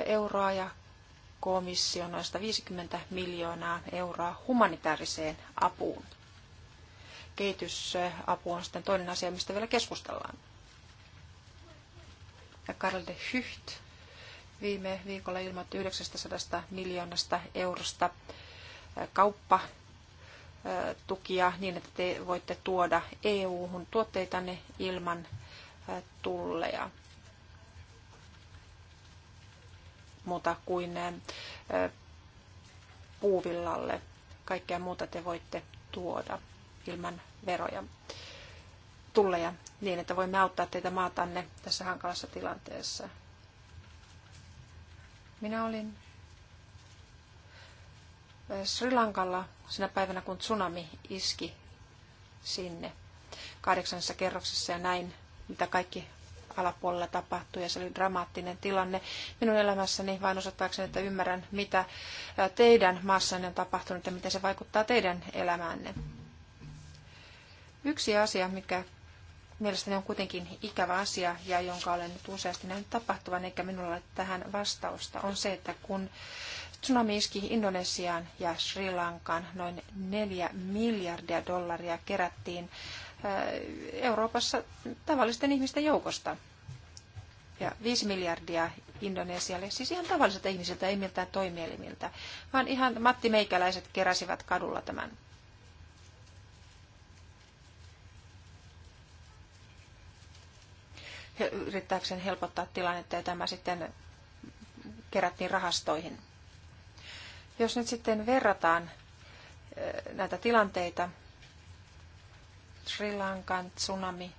euroa ja komissio noin 150 miljoonaa euroa humanitaariseen apuun. Kehitysapu on sitten toinen asia, mistä vielä keskustellaan. Ja Karl de Hyht viime viikolla ilmoitti 900 miljoonasta eurosta kauppatukia niin, että te voitte tuoda EU-hun tuotteitanne ilman tulleja muuta kuin puuvillalle. Kaikkea muuta te voitte tuoda ilman veroja tulleja niin, että voimme auttaa teitä maatanne tässä hankalassa tilanteessa. Minä olin Sri Lankalla sinä päivänä, kun tsunami iski sinne kahdeksannessa kerroksessa ja näin, mitä kaikki alapuolella tapahtui ja se oli dramaattinen tilanne minun elämässäni vain osoittaakseni, että ymmärrän, mitä teidän maassanne on tapahtunut ja miten se vaikuttaa teidän elämäänne. Yksi asia, mikä mielestäni on kuitenkin ikävä asia ja jonka olen nyt useasti nähnyt tapahtuvan, eikä minulla ole tähän vastausta, on se, että kun Tsunami iski Indonesiaan ja Sri Lankaan. Noin 4 miljardia dollaria kerättiin äh, Euroopassa tavallisten ihmisten joukosta. Ja 5 miljardia Indonesialle, siis ihan tavallisilta ihmisiltä, ei miltään toimielimiltä, vaan ihan Matti Meikäläiset keräsivät kadulla tämän. yrittääkseen helpottaa tilannetta ja tämä sitten kerättiin rahastoihin. Jos nyt sitten verrataan näitä tilanteita, Sri Lankan tsunami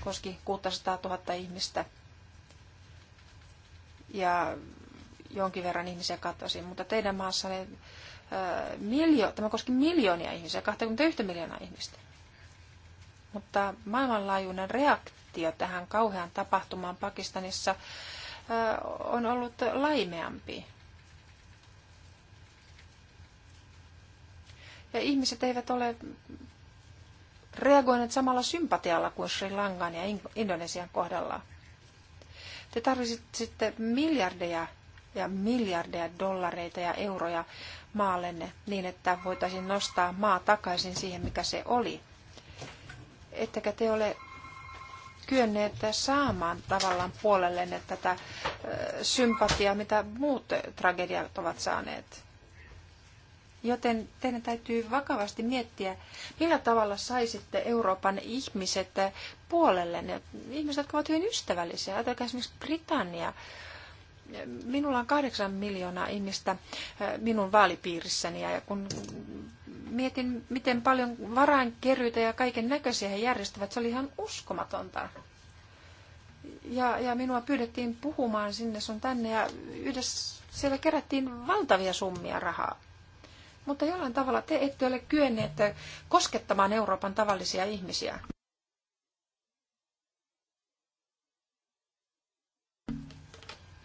koski 600 000 ihmistä ja jonkin verran ihmisiä katosi, mutta teidän maassanne miljo, tämä koski miljoonia ihmisiä, 21 miljoonaa ihmistä. Mutta maailmanlaajuinen reaktio tähän kauhean tapahtumaan Pakistanissa on ollut laimeampi. Ja ihmiset eivät ole reagoineet samalla sympatialla kuin Sri Lankan ja Indonesian kohdalla. Te tarvitsitte miljardeja ja miljardeja dollareita ja euroja maallenne niin, että voitaisiin nostaa maa takaisin siihen, mikä se oli. Ettekä te ole kyenneet saamaan tavallaan puolellenne tätä sympatiaa, mitä muut tragediat ovat saaneet. Joten teidän täytyy vakavasti miettiä, millä tavalla saisitte Euroopan ihmiset puolelle. Ne ihmiset, jotka ovat hyvin ystävällisiä. Ajatelkaa esimerkiksi Britannia. Minulla on kahdeksan miljoonaa ihmistä minun vaalipiirissäni ja kun mietin, miten paljon varainkeryitä ja kaiken näköisiä he järjestävät, se oli ihan uskomatonta. Ja, ja minua pyydettiin puhumaan sinne sun tänne ja yhdessä siellä kerättiin valtavia summia rahaa mutta jollain tavalla te ette ole kyenneet koskettamaan Euroopan tavallisia ihmisiä.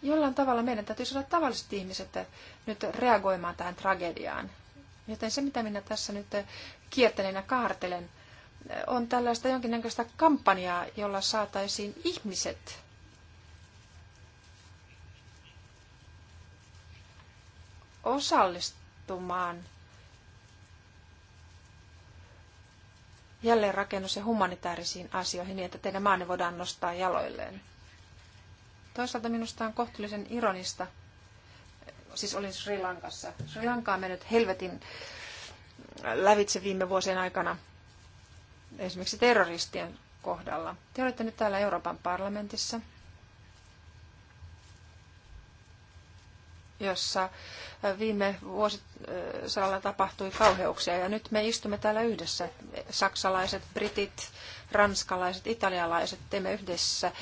Jollain tavalla meidän täytyy saada tavalliset ihmiset nyt reagoimaan tähän tragediaan. Joten se, mitä minä tässä nyt kiertelen ja kaartelen, on tällaista jonkinnäköistä kampanjaa, jolla saataisiin ihmiset osallistumaan jälleenrakennus- ja humanitaarisiin asioihin niin, että teidän maanne voidaan nostaa jaloilleen. Toisaalta minusta on kohtuullisen ironista, siis olin Sri Lankassa. Sri Lanka on mennyt helvetin lävitse viime vuosien aikana esimerkiksi terroristien kohdalla. Te olette nyt täällä Euroopan parlamentissa – jossa viime vuosisadalla tapahtui kauheuksia. Ja nyt me istumme täällä yhdessä, saksalaiset, britit, ranskalaiset, italialaiset, teemme yhdessä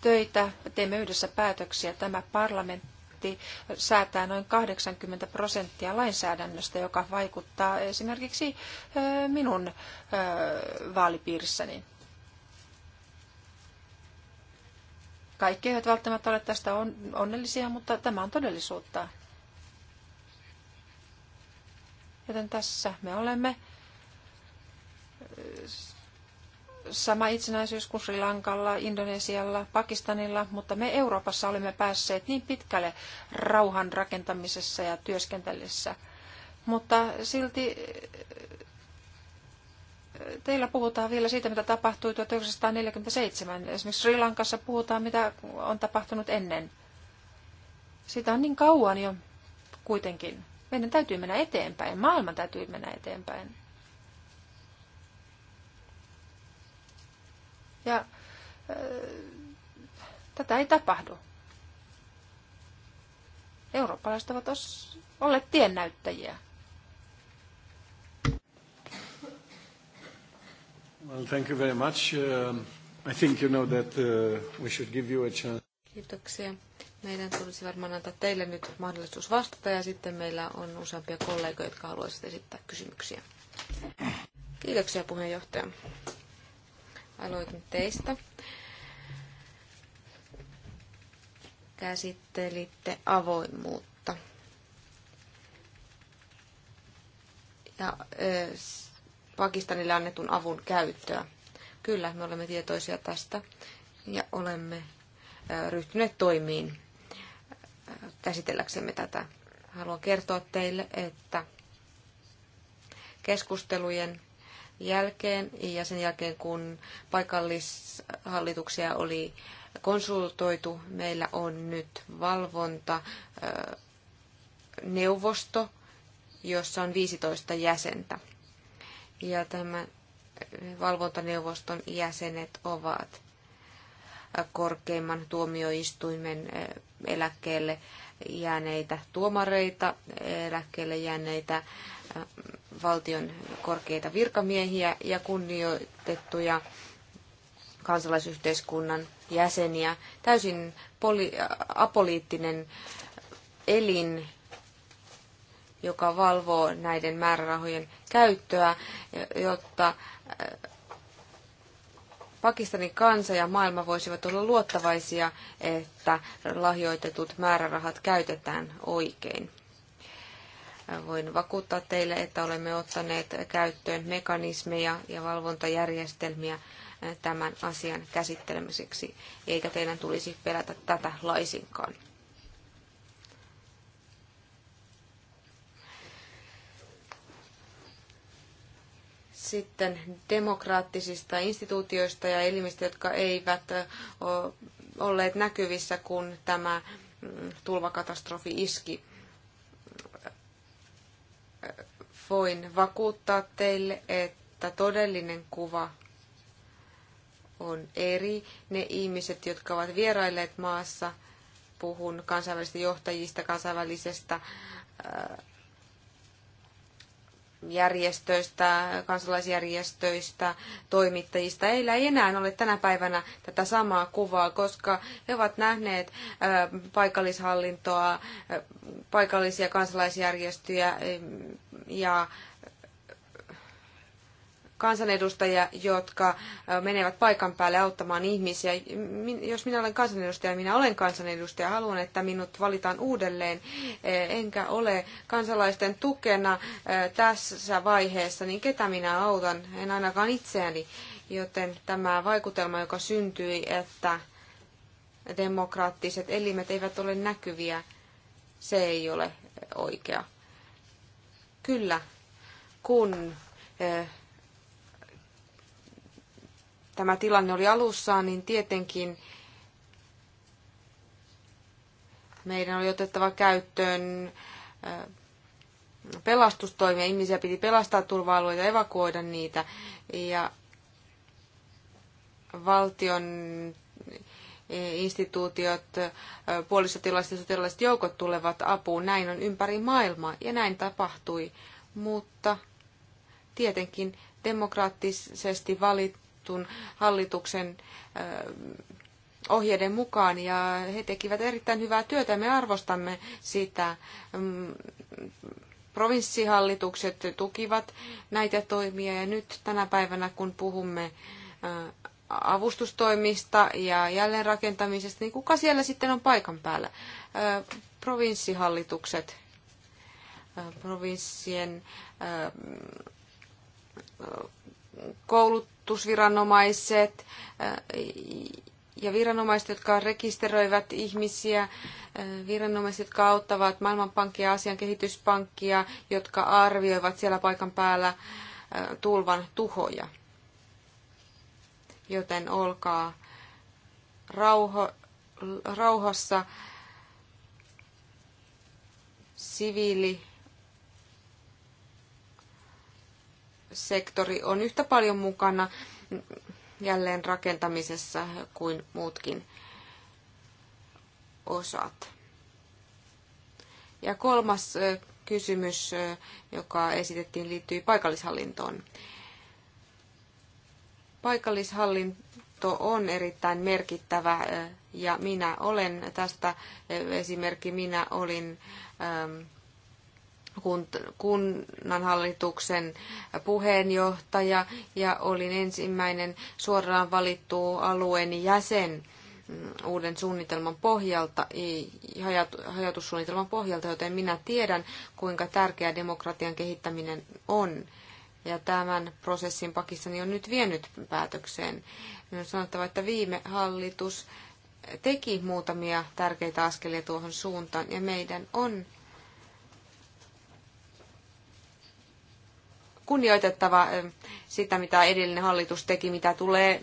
töitä, teemme yhdessä päätöksiä. Tämä parlamentti säätää noin 80 prosenttia lainsäädännöstä, joka vaikuttaa esimerkiksi minun vaalipiirissäni. Kaikki eivät välttämättä ole tästä on, onnellisia, mutta tämä on todellisuutta. Joten tässä me olemme sama itsenäisyys kuin Sri Lankalla, Indonesialla, Pakistanilla, mutta me Euroopassa olemme päässeet niin pitkälle rauhan rakentamisessa ja työskentelyssä. Mutta silti teillä puhutaan vielä siitä, mitä tapahtui 1947. Esimerkiksi Sri Lankassa puhutaan, mitä on tapahtunut ennen. Sitä on niin kauan jo kuitenkin. Meidän täytyy mennä eteenpäin. Maailman täytyy mennä eteenpäin. Ja äh, tätä ei tapahdu. Eurooppalaiset ovat olleet tiennäyttäjiä. Well, thank you very much. Uh, I think you know that uh, we should give you a chance. Kiitoksia. Meidän tulisi varmaan antaa teille nyt mahdollisuus vastata ja sitten meillä on useampia kollegoja, jotka haluaisivat esittää kysymyksiä. Kiitoksia puheenjohtaja. Aloitan teistä. Käsittelitte avoimuutta. Ja Pakistanille annetun avun käyttöä. Kyllä, me olemme tietoisia tästä ja olemme ryhtyneet toimiin käsitelläksemme tätä. Haluan kertoa teille, että keskustelujen jälkeen ja sen jälkeen, kun paikallishallituksia oli konsultoitu, meillä on nyt valvonta neuvosto, jossa on 15 jäsentä ja tämän valvontaneuvoston jäsenet ovat korkeimman tuomioistuimen eläkkeelle jääneitä tuomareita, eläkkeelle jääneitä valtion korkeita virkamiehiä ja kunnioitettuja kansalaisyhteiskunnan jäseniä. Täysin poli- apoliittinen elin, joka valvoo näiden määrärahojen käyttöä, jotta äh, Pakistanin kansa ja maailma voisivat olla luottavaisia, että lahjoitetut määrärahat käytetään oikein. Voin vakuuttaa teille, että olemme ottaneet käyttöön mekanismeja ja valvontajärjestelmiä äh, tämän asian käsittelemiseksi, eikä teidän tulisi pelätä tätä laisinkaan. Sitten demokraattisista instituutioista ja elimistä, jotka eivät olleet näkyvissä, kun tämä mm, tulvakatastrofi iski. Voin vakuuttaa teille, että todellinen kuva on eri. Ne ihmiset, jotka ovat vierailleet maassa, puhun kansainvälisistä johtajista, kansainvälisestä järjestöistä, kansalaisjärjestöistä, toimittajista. Heillä ei enää ole tänä päivänä tätä samaa kuvaa, koska he ovat nähneet paikallishallintoa, paikallisia kansalaisjärjestöjä ja kansanedustajia, jotka menevät paikan päälle auttamaan ihmisiä. Jos minä olen kansanedustaja, minä olen kansanedustaja. Haluan, että minut valitaan uudelleen, e, enkä ole kansalaisten tukena tässä vaiheessa, niin ketä minä autan? En ainakaan itseäni. Joten tämä vaikutelma, joka syntyi, että demokraattiset elimet eivät ole näkyviä, se ei ole oikea. Kyllä, kun tämä tilanne oli alussa, niin tietenkin meidän oli otettava käyttöön pelastustoimia. Ihmisiä piti pelastaa turva-alueita, evakuoida niitä. Ja valtion e, instituutiot, puolisotilaiset ja sotilaiset joukot tulevat apuun. Näin on ympäri maailmaa ja näin tapahtui. Mutta tietenkin demokraattisesti valit, annetun hallituksen ohjeiden mukaan ja he tekivät erittäin hyvää työtä. Me arvostamme sitä. Mm, provinssihallitukset tukivat näitä toimia ja nyt tänä päivänä kun puhumme avustustoimista ja jälleenrakentamisesta, niin kuka siellä sitten on paikan päällä? Provinssihallitukset, provinssien koulutusviranomaiset äh, ja viranomaiset, jotka rekisteröivät ihmisiä, äh, viranomaiset, jotka auttavat Maailmanpankkia, Asian kehityspankkia, jotka arvioivat siellä paikan päällä äh, tulvan tuhoja. Joten olkaa rauho, rauhassa siviili sektori on yhtä paljon mukana jälleen rakentamisessa kuin muutkin osat. Ja kolmas kysymys, joka esitettiin, liittyi paikallishallintoon. Paikallishallinto on erittäin merkittävä ja minä olen tästä esimerkki. Minä olin ähm, kunnanhallituksen puheenjohtaja ja olin ensimmäinen suoraan valittu alueen jäsen mm, uuden suunnitelman pohjalta, hajautussuunnitelman pohjalta, joten minä tiedän, kuinka tärkeä demokratian kehittäminen on. Ja tämän prosessin Pakistani on nyt vienyt päätökseen. Minun on sanottava, että viime hallitus teki muutamia tärkeitä askelia tuohon suuntaan, ja meidän on kunnioitettava sitä, mitä edellinen hallitus teki, mitä tulee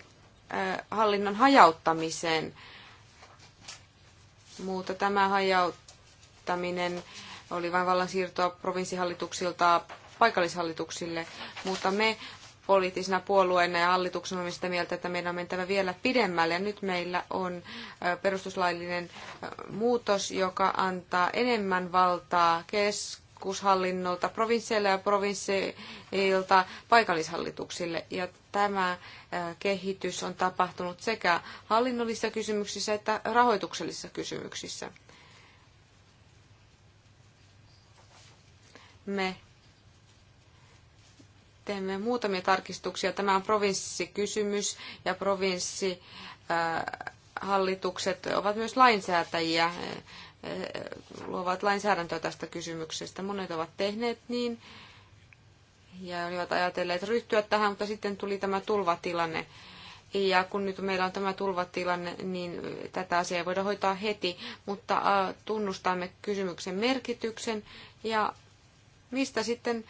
hallinnon hajauttamiseen. Mutta tämä hajauttaminen oli vain vallan siirtoa provinssihallituksilta paikallishallituksille, mutta me poliittisena puolueena ja hallituksena olemme sitä mieltä, että meidän on mentävä vielä pidemmälle. Ja nyt meillä on perustuslaillinen muutos, joka antaa enemmän valtaa kes- keskushallinnolta provinsseille ja provinsseilta paikallishallituksille. Ja tämä kehitys on tapahtunut sekä hallinnollisissa kysymyksissä että rahoituksellisissa kysymyksissä. Me teemme muutamia tarkistuksia. Tämä on provinssikysymys ja provinssihallitukset ovat myös lainsäätäjiä luovat lainsäädäntöä tästä kysymyksestä. Monet ovat tehneet niin ja olivat ajatelleet ryhtyä tähän, mutta sitten tuli tämä tulvatilanne. Ja kun nyt meillä on tämä tulvatilanne, niin tätä asiaa ei voida hoitaa heti, mutta tunnustamme kysymyksen merkityksen ja mistä sitten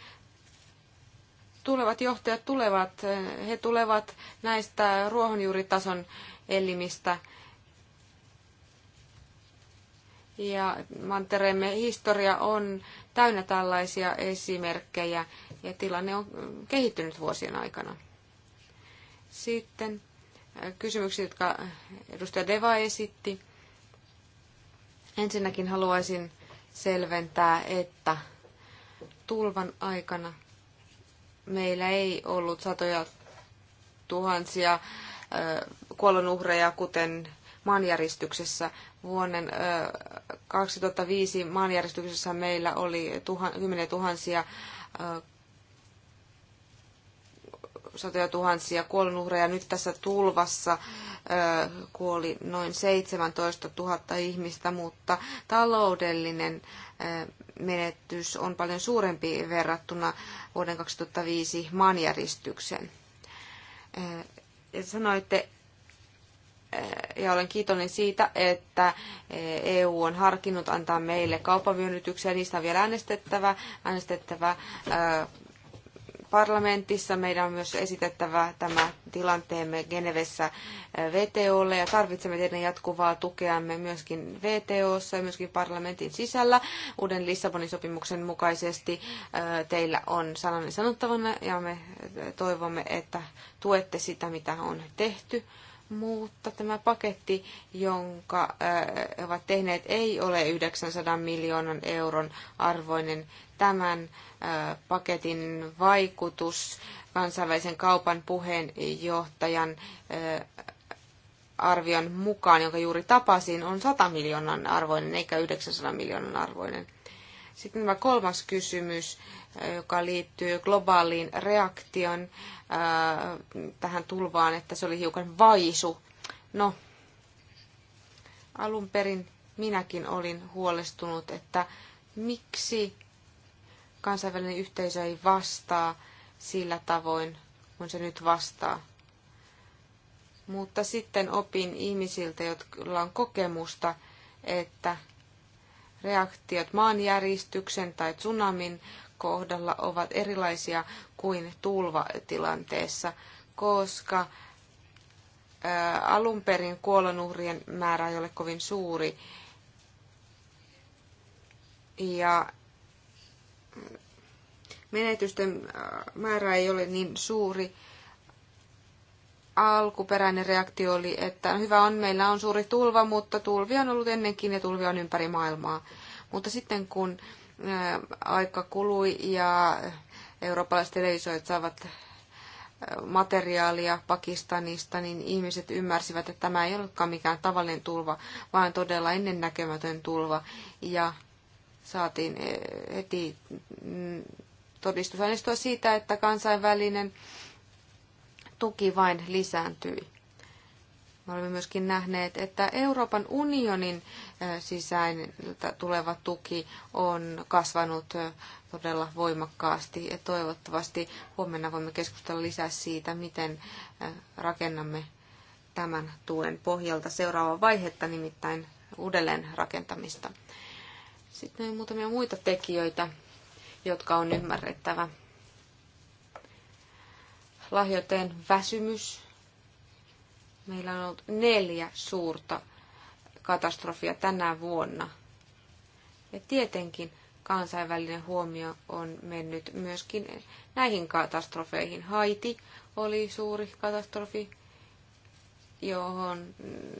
tulevat johtajat tulevat. He tulevat näistä ruohonjuuritason elimistä ja mantereemme historia on täynnä tällaisia esimerkkejä ja tilanne on kehittynyt vuosien aikana. Sitten äh, kysymyksiä, jotka edustaja Deva esitti. Ensinnäkin haluaisin selventää, että tulvan aikana meillä ei ollut satoja tuhansia äh, kuolonuhreja, kuten maanjäristyksessä. Vuoden 2005 maanjäristyksessä meillä oli kymmeniä tuhansia, satoja tuhansia kuolonuhreja. Nyt tässä tulvassa kuoli noin 17 000 ihmistä, mutta taloudellinen menetys on paljon suurempi verrattuna vuoden 2005 maanjäristykseen. Sanoitte, ja olen kiitollinen siitä, että EU e on harkinnut antaa meille kaupavyönnytyksiä. Niistä on vielä äänestettävä, äänestettävä parlamentissa. Meidän on myös esitettävä tämä tilanteemme Genevessä VTOlle ja tarvitsemme teidän jatkuvaa tukeamme myöskin VTOssa ja myöskin parlamentin sisällä. Uuden Lissabonin sopimuksen mukaisesti teillä on sananne sanottavana ja me toivomme, että tuette sitä, mitä on tehty mutta tämä paketti, jonka äh, he ovat tehneet, ei ole 900 miljoonan euron arvoinen. Tämän äh, paketin vaikutus kansainvälisen kaupan puheenjohtajan äh, arvion mukaan, jonka juuri tapasin, on 100 miljoonan arvoinen eikä 900 miljoonan arvoinen. Sitten tämä kolmas kysymys, joka liittyy globaaliin reaktion tähän tulvaan, että se oli hiukan vaisu. No, alun perin minäkin olin huolestunut, että miksi kansainvälinen yhteisö ei vastaa sillä tavoin, kun se nyt vastaa. Mutta sitten opin ihmisiltä, joilla on kokemusta, että reaktiot maanjäristyksen tai tsunamin kohdalla ovat erilaisia kuin tulvatilanteessa, koska alun perin kuolonuhrien määrä ei ole kovin suuri. Ja menetysten määrä ei ole niin suuri. Alkuperäinen reaktio oli, että no hyvä on, meillä on suuri tulva, mutta tulvi on ollut ennenkin ja tulvi on ympäri maailmaa. Mutta sitten kun aika kului ja eurooppalaiset televisiot saavat materiaalia Pakistanista, niin ihmiset ymmärsivät, että tämä ei ollutkaan mikään tavallinen tulva, vaan todella ennennäkemätön tulva. Ja saatiin heti mm, todistusaineistoa siitä, että kansainvälinen tuki vain lisääntyi. Me olemme myöskin nähneet, että Euroopan unionin sisäinen tuleva tuki on kasvanut todella voimakkaasti ja toivottavasti huomenna voimme keskustella lisää siitä, miten rakennamme tämän tuen pohjalta seuraavaa vaihetta, nimittäin uudelleen rakentamista. Sitten on muutamia muita tekijöitä, jotka on ymmärrettävä. Lahjoiteen väsymys Meillä on ollut neljä suurta katastrofia tänä vuonna. Ja tietenkin kansainvälinen huomio on mennyt myöskin näihin katastrofeihin. Haiti oli suuri katastrofi, johon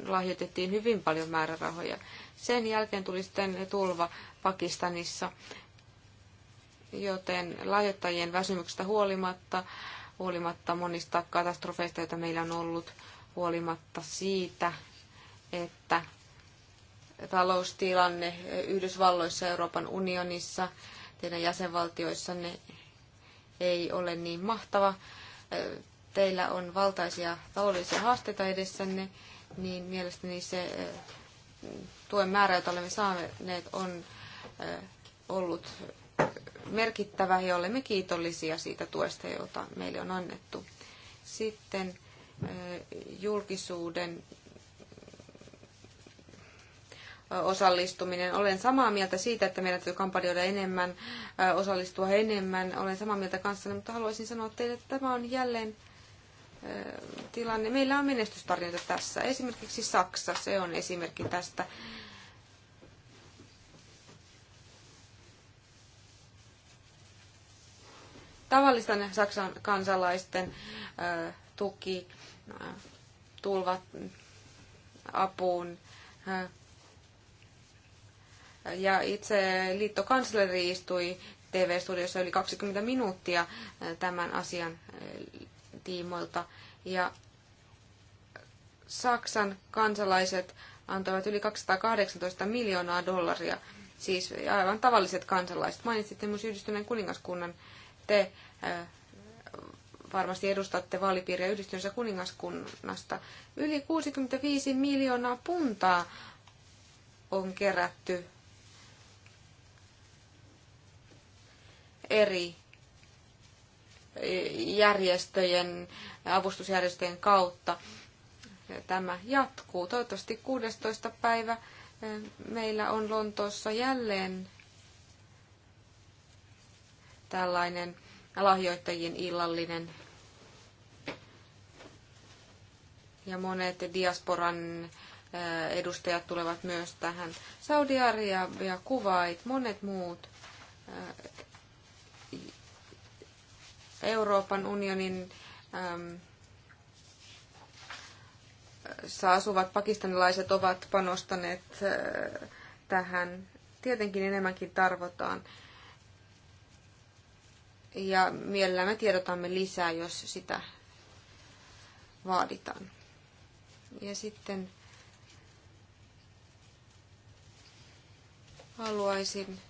lahjoitettiin hyvin paljon määrärahoja. Sen jälkeen tuli sitten tulva Pakistanissa, joten lahjoittajien väsymyksestä huolimatta, huolimatta monista katastrofeista, joita meillä on ollut, huolimatta siitä, että taloustilanne Yhdysvalloissa, Euroopan unionissa, teidän jäsenvaltioissanne ei ole niin mahtava. Teillä on valtaisia taloudellisia haasteita edessänne, niin mielestäni se eh, tuen määrä, jota olemme saaneet, on eh, ollut merkittävä ja olemme kiitollisia siitä tuesta, jota meille on annettu. Sitten julkisuuden osallistuminen. Olen samaa mieltä siitä, että meidän täytyy kampanjoida enemmän, osallistua enemmän. Olen samaa mieltä kanssanne, mutta haluaisin sanoa teille, että tämä on jälleen tilanne. Meillä on menestystarinoita tässä. Esimerkiksi Saksa, se on esimerkki tästä. Tavallisten Saksan kansalaisten tuki tulvat apuun. Ja itse liittokansleri istui TV-studiossa yli 20 minuuttia tämän asian eh, tiimoilta. Ja Saksan kansalaiset antoivat yli 218 miljoonaa dollaria, siis aivan tavalliset kansalaiset. Mainitsitte myös yhdistyneen kuningaskunnan. Te eh, varmasti edustatte vaalipiiriä yhdistyneessä kuningaskunnasta. Yli 65 miljoonaa puntaa on kerätty eri järjestöjen, avustusjärjestöjen kautta. Tämä jatkuu. Toivottavasti 16. päivä eh, meillä on Lontoossa jälleen tällainen lahjoittajien illallinen. Ja monet diasporan eh, edustajat tulevat myös tähän. Saudi-Arabia, Kuwait, monet muut. Eh, Euroopan unionin ehm, saasuvat pakistanilaiset ovat panostaneet eh, tähän. Tietenkin enemmänkin tarvotaan ja me tiedotamme lisää, jos sitä vaaditaan. Ja sitten haluaisin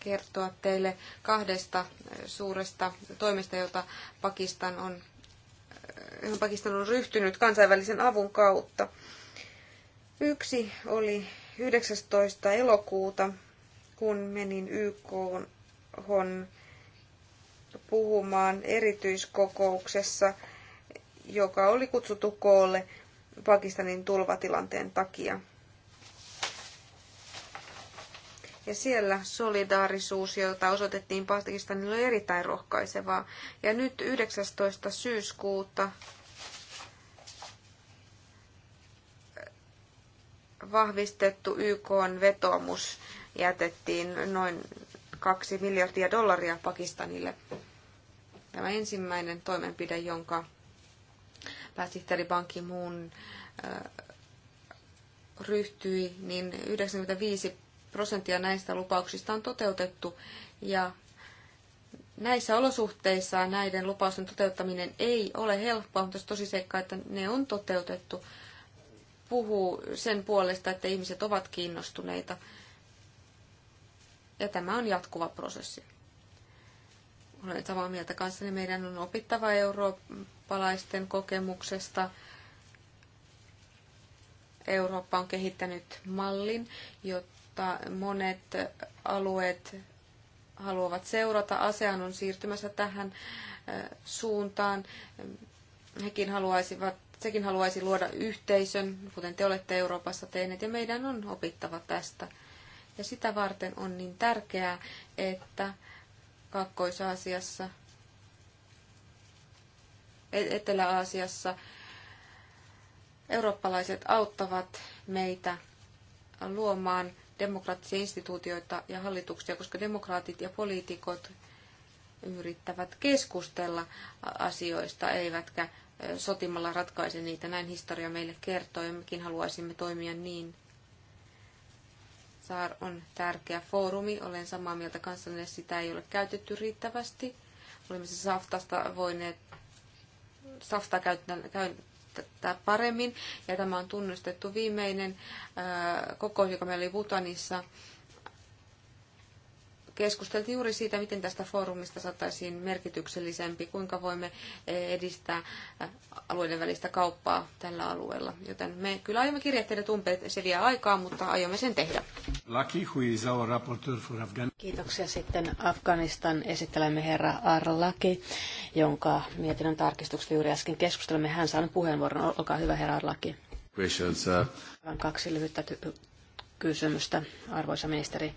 kertoa teille kahdesta suuresta toimesta, jota Pakistan on, johon Pakistan on ryhtynyt kansainvälisen avun kautta. Yksi oli 19. elokuuta, kun menin YK on puhumaan erityiskokouksessa, joka oli kutsuttu koolle Pakistanin tulvatilanteen takia. Ja siellä solidaarisuus, jota osoitettiin Pakistanille, oli erittäin rohkaisevaa. Ja nyt 19. syyskuuta vahvistettu YK vetomus jätettiin noin 2 miljardia dollaria Pakistanille. Tämä ensimmäinen toimenpide, jonka pääsihteeri Ban Ki-moon ryhtyi, niin 95 prosenttia näistä lupauksista on toteutettu ja näissä olosuhteissa näiden lupausten toteuttaminen ei ole helppoa, mutta se tosiseikka, että ne on toteutettu, puhuu sen puolesta, että ihmiset ovat kiinnostuneita ja tämä on jatkuva prosessi. Olen samaa mieltä kanssani. Meidän on opittava eurooppalaisten kokemuksesta. Eurooppa on kehittänyt mallin, jotta monet alueet haluavat seurata. ASEAN on siirtymässä tähän suuntaan. Hekin haluaisivat, sekin haluaisi luoda yhteisön, kuten te olette Euroopassa tehneet, ja meidän on opittava tästä. Ja sitä varten on niin tärkeää, että Kakkois-Aasiassa, e- Etelä-Aasiassa eurooppalaiset auttavat meitä luomaan demokraattisia instituutioita ja hallituksia, koska demokraatit ja poliitikot yrittävät keskustella asioista, eivätkä sotimalla ratkaise niitä. Näin historia meille kertoo, ja mekin haluaisimme toimia niin. Saar on tärkeä foorumi. Olen samaa mieltä kanssanne, sitä ei ole käytetty riittävästi. Olemme se Saftasta voineet Saftaa käyttää, käyttää paremmin. Ja tämä on tunnustettu viimeinen kokous, joka meillä oli Butanissa – keskusteltiin juuri siitä, miten tästä foorumista saataisiin merkityksellisempi, kuinka voimme eh, edistää eh, alueiden välistä kauppaa tällä alueella. Joten me kyllä aiomme kirjaa teidät umpeen, se vie aikaa, mutta aiomme sen tehdä. Laki, Kiitoksia sitten Afganistan. Esittelemme herra Arlaki, jonka mietinnön tarkistuksesta juuri äsken keskustelemme. Hän saanut puheenvuoron. Olkaa hyvä, herra Arlaki. Kaksi lyhyttä kysymystä, arvoisa ministeri.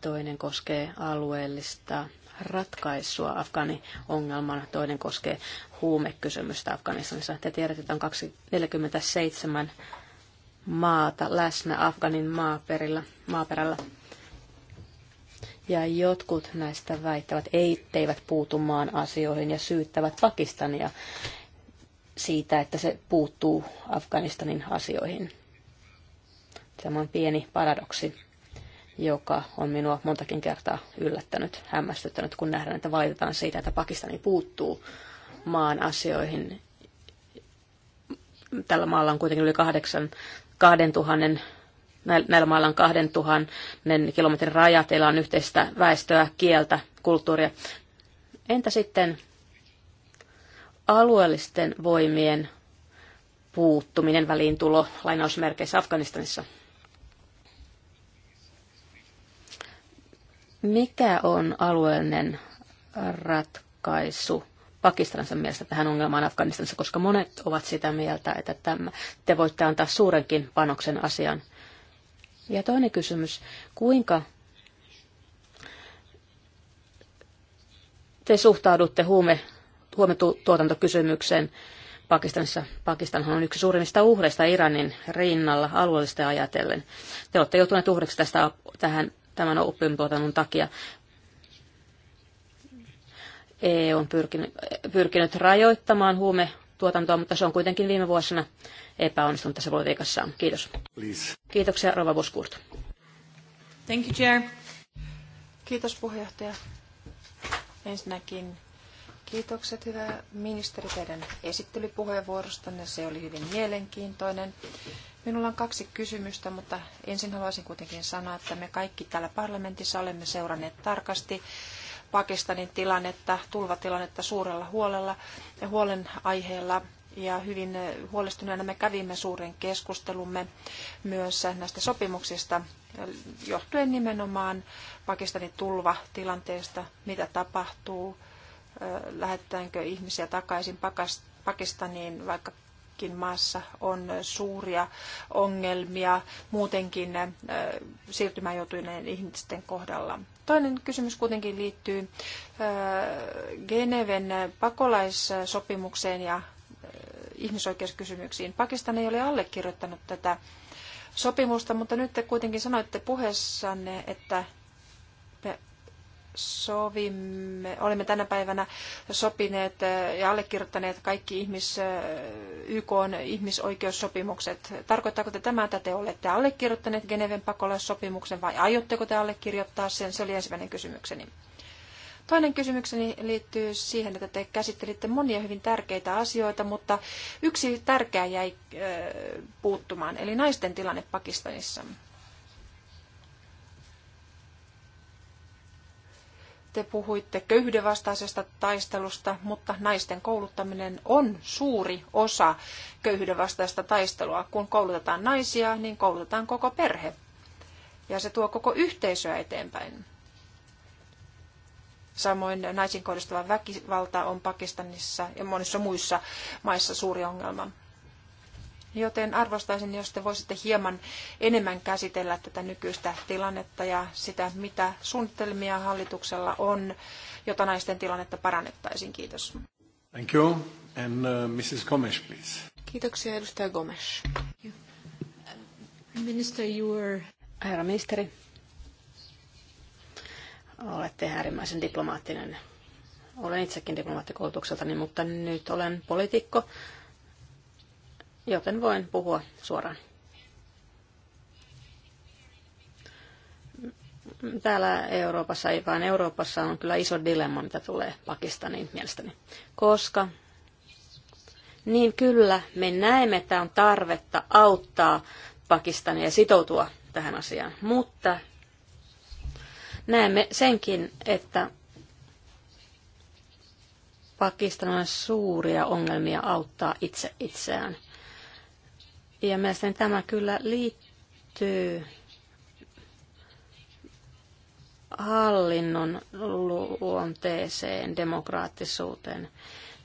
Toinen koskee alueellista ratkaisua Afgani-ongelman. Toinen koskee huumekysymystä Afganistanissa. Te tiedätte, että on 47 maata läsnä Afganin maaperillä, maaperällä. Ja jotkut näistä väittävät, etteivät puutu maan asioihin ja syyttävät Pakistania siitä, että se puuttuu Afganistanin asioihin. Tämä on pieni paradoksi joka on minua montakin kertaa yllättänyt, hämmästyttänyt, kun nähdään, että valitetaan siitä, että Pakistani puuttuu maan asioihin. Tällä maalla on kuitenkin yli kahdeksan, kahden tuhannen näillä mailla on 2000 kilometrin raja, teillä on yhteistä väestöä, kieltä, kulttuuria. Entä sitten alueellisten voimien puuttuminen väliintulo lainausmerkeissä Afganistanissa? Mikä on alueellinen ratkaisu Pakistanissa mielestä tähän ongelmaan Afganistanissa, koska monet ovat sitä mieltä, että tämä, te voitte antaa suurenkin panoksen asian. Ja toinen kysymys, kuinka te suhtaudutte huume, huometuotantokysymykseen Pakistanissa? Pakistanhan on yksi suurimmista uhreista Iranin rinnalla alueellisesti ajatellen. Te olette joutuneet uhreiksi tästä, tähän tämän opiumtuotannon takia. EU on pyrkinyt, pyrkinyt rajoittamaan huume tuotantoa, mutta se on kuitenkin viime vuosina epäonnistunut tässä politiikassaan. Kiitos. Please. Kiitoksia, Rova Buskurt. Thank you, Chair. Kiitos puheenjohtaja. Ensinnäkin Kiitokset, hyvä ministeri, teidän esittelypuheenvuorostanne. Se oli hyvin mielenkiintoinen. Minulla on kaksi kysymystä, mutta ensin haluaisin kuitenkin sanoa, että me kaikki täällä parlamentissa olemme seuranneet tarkasti Pakistanin tilannetta, tulvatilannetta suurella huolella ja huolenaiheella. Ja hyvin huolestuneena me kävimme suuren keskustelumme myös näistä sopimuksista, johtuen nimenomaan Pakistanin tulvatilanteesta, mitä tapahtuu lähetetäänkö ihmisiä takaisin Pakistaniin, vaikkakin maassa on suuria ongelmia muutenkin siirtymään joutuneiden ihmisten kohdalla. Toinen kysymys kuitenkin liittyy Geneven pakolaissopimukseen ja ihmisoikeuskysymyksiin. Pakistan ei ole allekirjoittanut tätä sopimusta, mutta nyt te kuitenkin sanoitte puheessanne, että sovimme, olemme tänä päivänä sopineet ja allekirjoittaneet kaikki ihmis, YK ihmisoikeussopimukset. Tarkoittaako te tämä, että te olette allekirjoittaneet Geneven pakolaissopimuksen vai aiotteko te allekirjoittaa sen? Se oli ensimmäinen kysymykseni. Toinen kysymykseni liittyy siihen, että te käsittelitte monia hyvin tärkeitä asioita, mutta yksi tärkeä jäi puuttumaan, eli naisten tilanne Pakistanissa. Te puhuitte köyhyyden vastaisesta taistelusta, mutta naisten kouluttaminen on suuri osa köyhyyden vastaista taistelua. Kun koulutetaan naisia, niin koulutetaan koko perhe. Ja se tuo koko yhteisöä eteenpäin. Samoin naisiin kohdistuva väkivalta on Pakistanissa ja monissa muissa maissa suuri ongelma. Joten arvostaisin, jos te voisitte hieman enemmän käsitellä tätä nykyistä tilannetta ja sitä, mitä suunnitelmia hallituksella on, jota naisten tilannetta parannettaisiin. Kiitos. Thank you. And uh, Mrs. Gomes, please. Kiitoksia, edustaja Gomes. Uh, minister, you are. Herra ministeri, olette äärimmäisen diplomaattinen. Olen itsekin diplomaattikoulutukseltani, mutta nyt olen poliitikko joten voin puhua suoraan. Täällä Euroopassa, ei vaan Euroopassa, on kyllä iso dilemma, mitä tulee Pakistaniin mielestäni. Koska, niin kyllä, me näemme, että on tarvetta auttaa Pakistania ja sitoutua tähän asiaan. Mutta näemme senkin, että Pakistan on suuria ongelmia auttaa itse itseään. Ja mielestäni tämä kyllä liittyy hallinnon luonteeseen, demokraattisuuteen.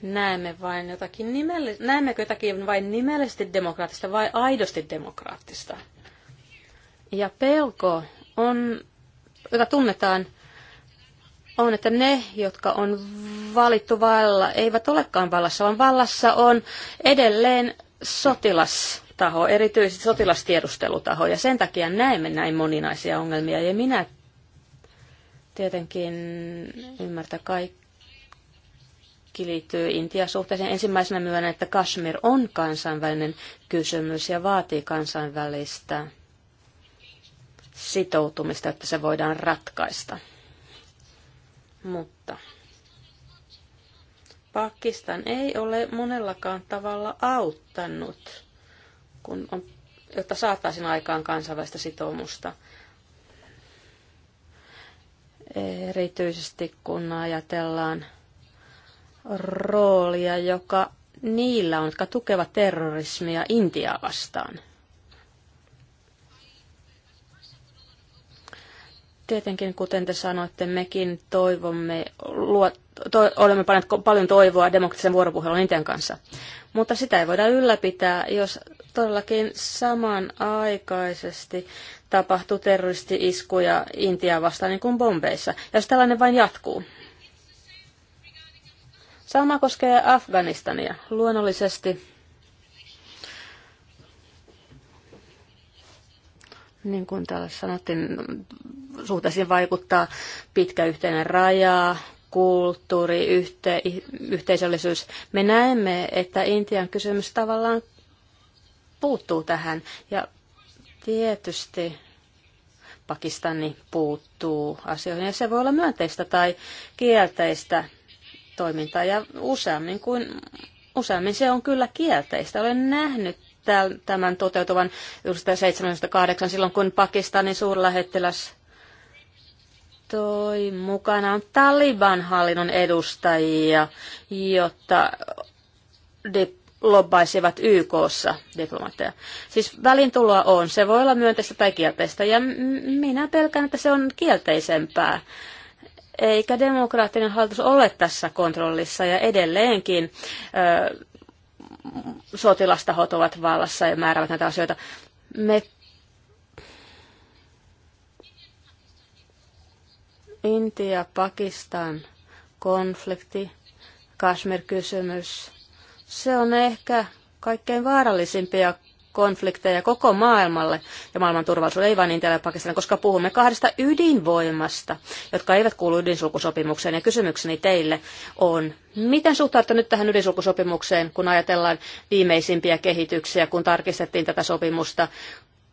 Näemme vain jotakin nimell- näemmekö jotakin vain nimellisesti demokraattista vai aidosti demokraattista? Ja pelko on, jota tunnetaan, on, että ne, jotka on valittu vallalla, eivät olekaan vallassa, vaan vallassa on edelleen sotilas taho, erityisesti sotilastiedustelutaho, ja sen takia näemme näin moninaisia ongelmia, ja minä tietenkin ymmärtä kaikki liittyy intia suhteeseen. Ensimmäisenä myönnän, että Kashmir on kansainvälinen kysymys ja vaatii kansainvälistä sitoutumista, että se voidaan ratkaista. Mutta Pakistan ei ole monellakaan tavalla auttanut kun on, jotta saataisiin aikaan kansainvälistä sitoumusta. Erityisesti kun ajatellaan roolia, joka niillä on, jotka tukevat terrorismia Intiaa vastaan. Tietenkin, kuten te sanoitte, mekin toivomme, luo, to, olemme paljon toivoa demokraattisen vuoropuhelun Intian kanssa. Mutta sitä ei voida ylläpitää, jos Todellakin samanaikaisesti tapahtui terroristi-iskuja Intiaa vastaan niin kuin Bombeissa, jos tällainen vain jatkuu. Sama koskee Afganistania. Luonnollisesti niin kuin täällä sanottiin, suhteisiin vaikuttaa pitkä yhteinen raja, kulttuuri, yhte, yhteisöllisyys. Me näemme, että Intian kysymys tavallaan puuttuu tähän. Ja tietysti Pakistani puuttuu asioihin ja se voi olla myönteistä tai kielteistä toimintaa ja useammin, kuin, useammin se on kyllä kielteistä. Olen nähnyt tämän toteutuvan 1978 silloin, kun Pakistanin suurlähettiläs toi mukanaan Taliban hallinnon edustajia, jotta dip- lobbaisivat YKssa diplomaatteja. Siis välintuloa on. Se voi olla myönteistä tai kielteistä. Ja minä pelkään, että se on kielteisempää. Eikä demokraattinen hallitus ole tässä kontrollissa ja edelleenkin ö, sotilastahot ovat vallassa ja määräävät näitä asioita. Me Intia-Pakistan konflikti, Kashmir-kysymys, se on ehkä kaikkein vaarallisimpia konflikteja koko maailmalle ja maailman turvallisuus ei vain Intialla ja Pakistanilla, koska puhumme kahdesta ydinvoimasta, jotka eivät kuulu ydinsulkusopimukseen. Ja kysymykseni teille on, miten suhtaudutte nyt tähän ydinsulkusopimukseen, kun ajatellaan viimeisimpiä kehityksiä, kun tarkistettiin tätä sopimusta,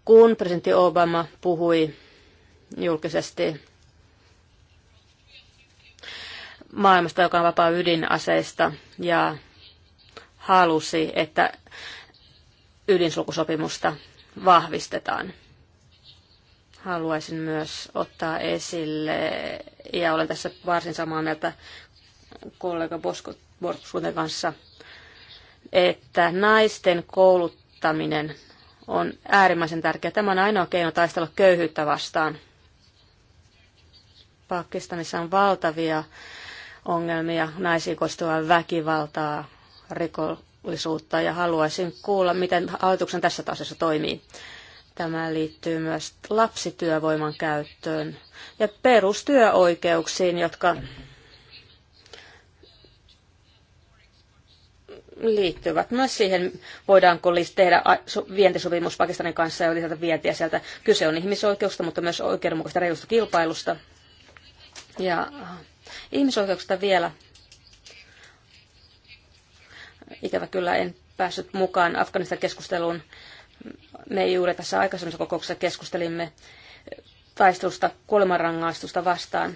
kun presidentti Obama puhui julkisesti maailmasta, joka on vapaa ydinaseista ja halusi, että ydinsulkusopimusta vahvistetaan. Haluaisin myös ottaa esille, ja olen tässä varsin samaa mieltä kollega Boskuten kanssa, että naisten kouluttaminen on äärimmäisen tärkeää. Tämä on ainoa keino taistella köyhyyttä vastaan. Pakistanissa on valtavia ongelmia, naisiin koostuvaa väkivaltaa, rikollisuutta ja haluaisin kuulla, miten hallituksen tässä asiassa toimii. Tämä liittyy myös lapsityövoiman käyttöön ja perustyöoikeuksiin, jotka liittyvät myös siihen, voidaanko tehdä vientisopimus Pakistanin kanssa ja lisätä vientiä sieltä. Kyse on ihmisoikeuksista, mutta myös oikeudenmukaista reilusta kilpailusta. Ja ihmisoikeuksista vielä Ikävä kyllä en päässyt mukaan Afganistan keskusteluun. Me juuri tässä aikaisemmassa kokouksessa keskustelimme taistelusta kuolemanrangaistusta vastaan.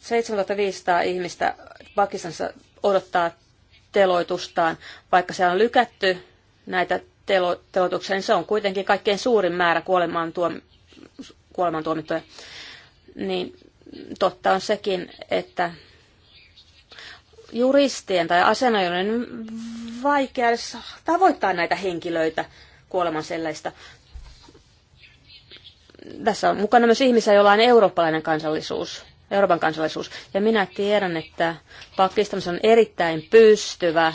7500 ihmistä Pakistanissa odottaa teloitustaan, vaikka se on lykätty näitä telo, teloituksia, niin se on kuitenkin kaikkein suurin määrä kuolemaan, tuom, tuomittuja. Niin totta on sekin, että juristien tai asianajojen niin vaikea edes tavoittaa näitä henkilöitä sellaista. Tässä on mukana myös ihmisiä, joilla on eurooppalainen kansallisuus, Euroopan kansallisuus. Ja minä tiedän, että Pakistan on erittäin pystyvä,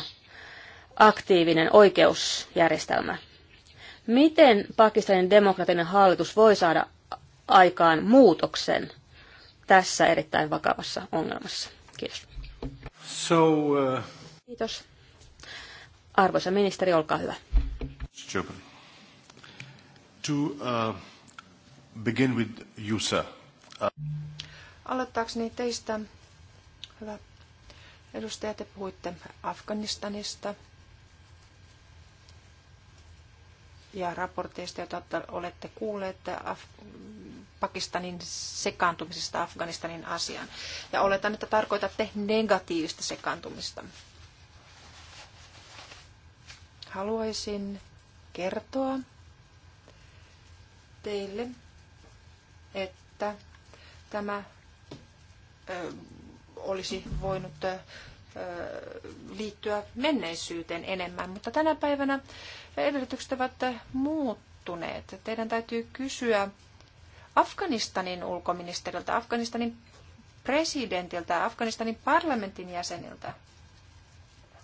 aktiivinen oikeusjärjestelmä. Miten Pakistanin demokratinen hallitus voi saada aikaan muutoksen tässä erittäin vakavassa ongelmassa? Kiitos. So, uh... Kiitos. Arvoisa ministeri, olkaa hyvä. To uh, begin with you, sir. Uh... Aloittaakseni teistä, hyvä edustaja, te puhuitte Afganistanista ja raporteista, joita olette kuulleet Af- Pakistanin sekaantumisesta Afganistanin asiaan. Ja oletan, että tarkoitatte negatiivista sekaantumista. Haluaisin kertoa teille, että tämä ö, olisi voinut ö, liittyä menneisyyteen enemmän, mutta tänä päivänä edellytykset ovat muuttuneet. Teidän täytyy kysyä Afganistanin ulkoministeriltä, Afganistanin presidentiltä, Afganistanin parlamentin jäseniltä.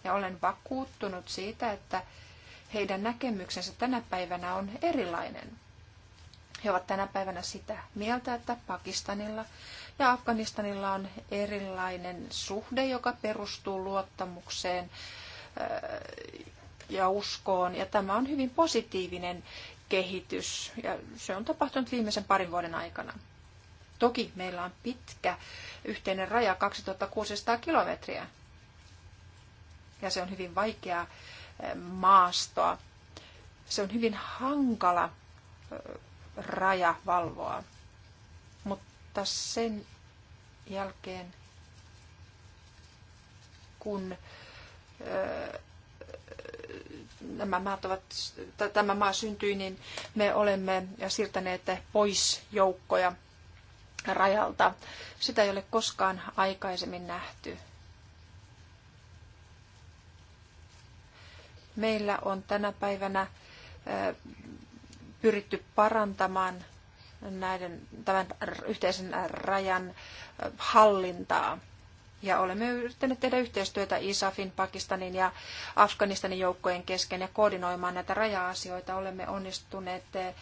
Ja olen vakuuttunut siitä, että heidän näkemyksensä tänä päivänä on erilainen. He ovat tänä päivänä sitä mieltä, että Pakistanilla ja Afganistanilla on erilainen suhde, joka perustuu luottamukseen äh, ja uskoon. Ja tämä on hyvin positiivinen kehitys ja se on tapahtunut viimeisen parin vuoden aikana. Toki meillä on pitkä yhteinen raja 2600 kilometriä ja se on hyvin vaikea eh, maastoa. Se on hyvin hankala eh, raja valvoa, mutta sen jälkeen kun eh, nämä maat ovat, tämä maa syntyi, niin me olemme siirtäneet pois joukkoja rajalta. Sitä ei ole koskaan aikaisemmin nähty. Meillä on tänä päivänä pyritty parantamaan näiden, tämän yhteisen rajan hallintaa. Ja olemme yrittäneet tehdä yhteistyötä ISAFin, Pakistanin ja Afganistanin joukkojen kesken ja koordinoimaan näitä raja-asioita. Olemme onnistuneet eh,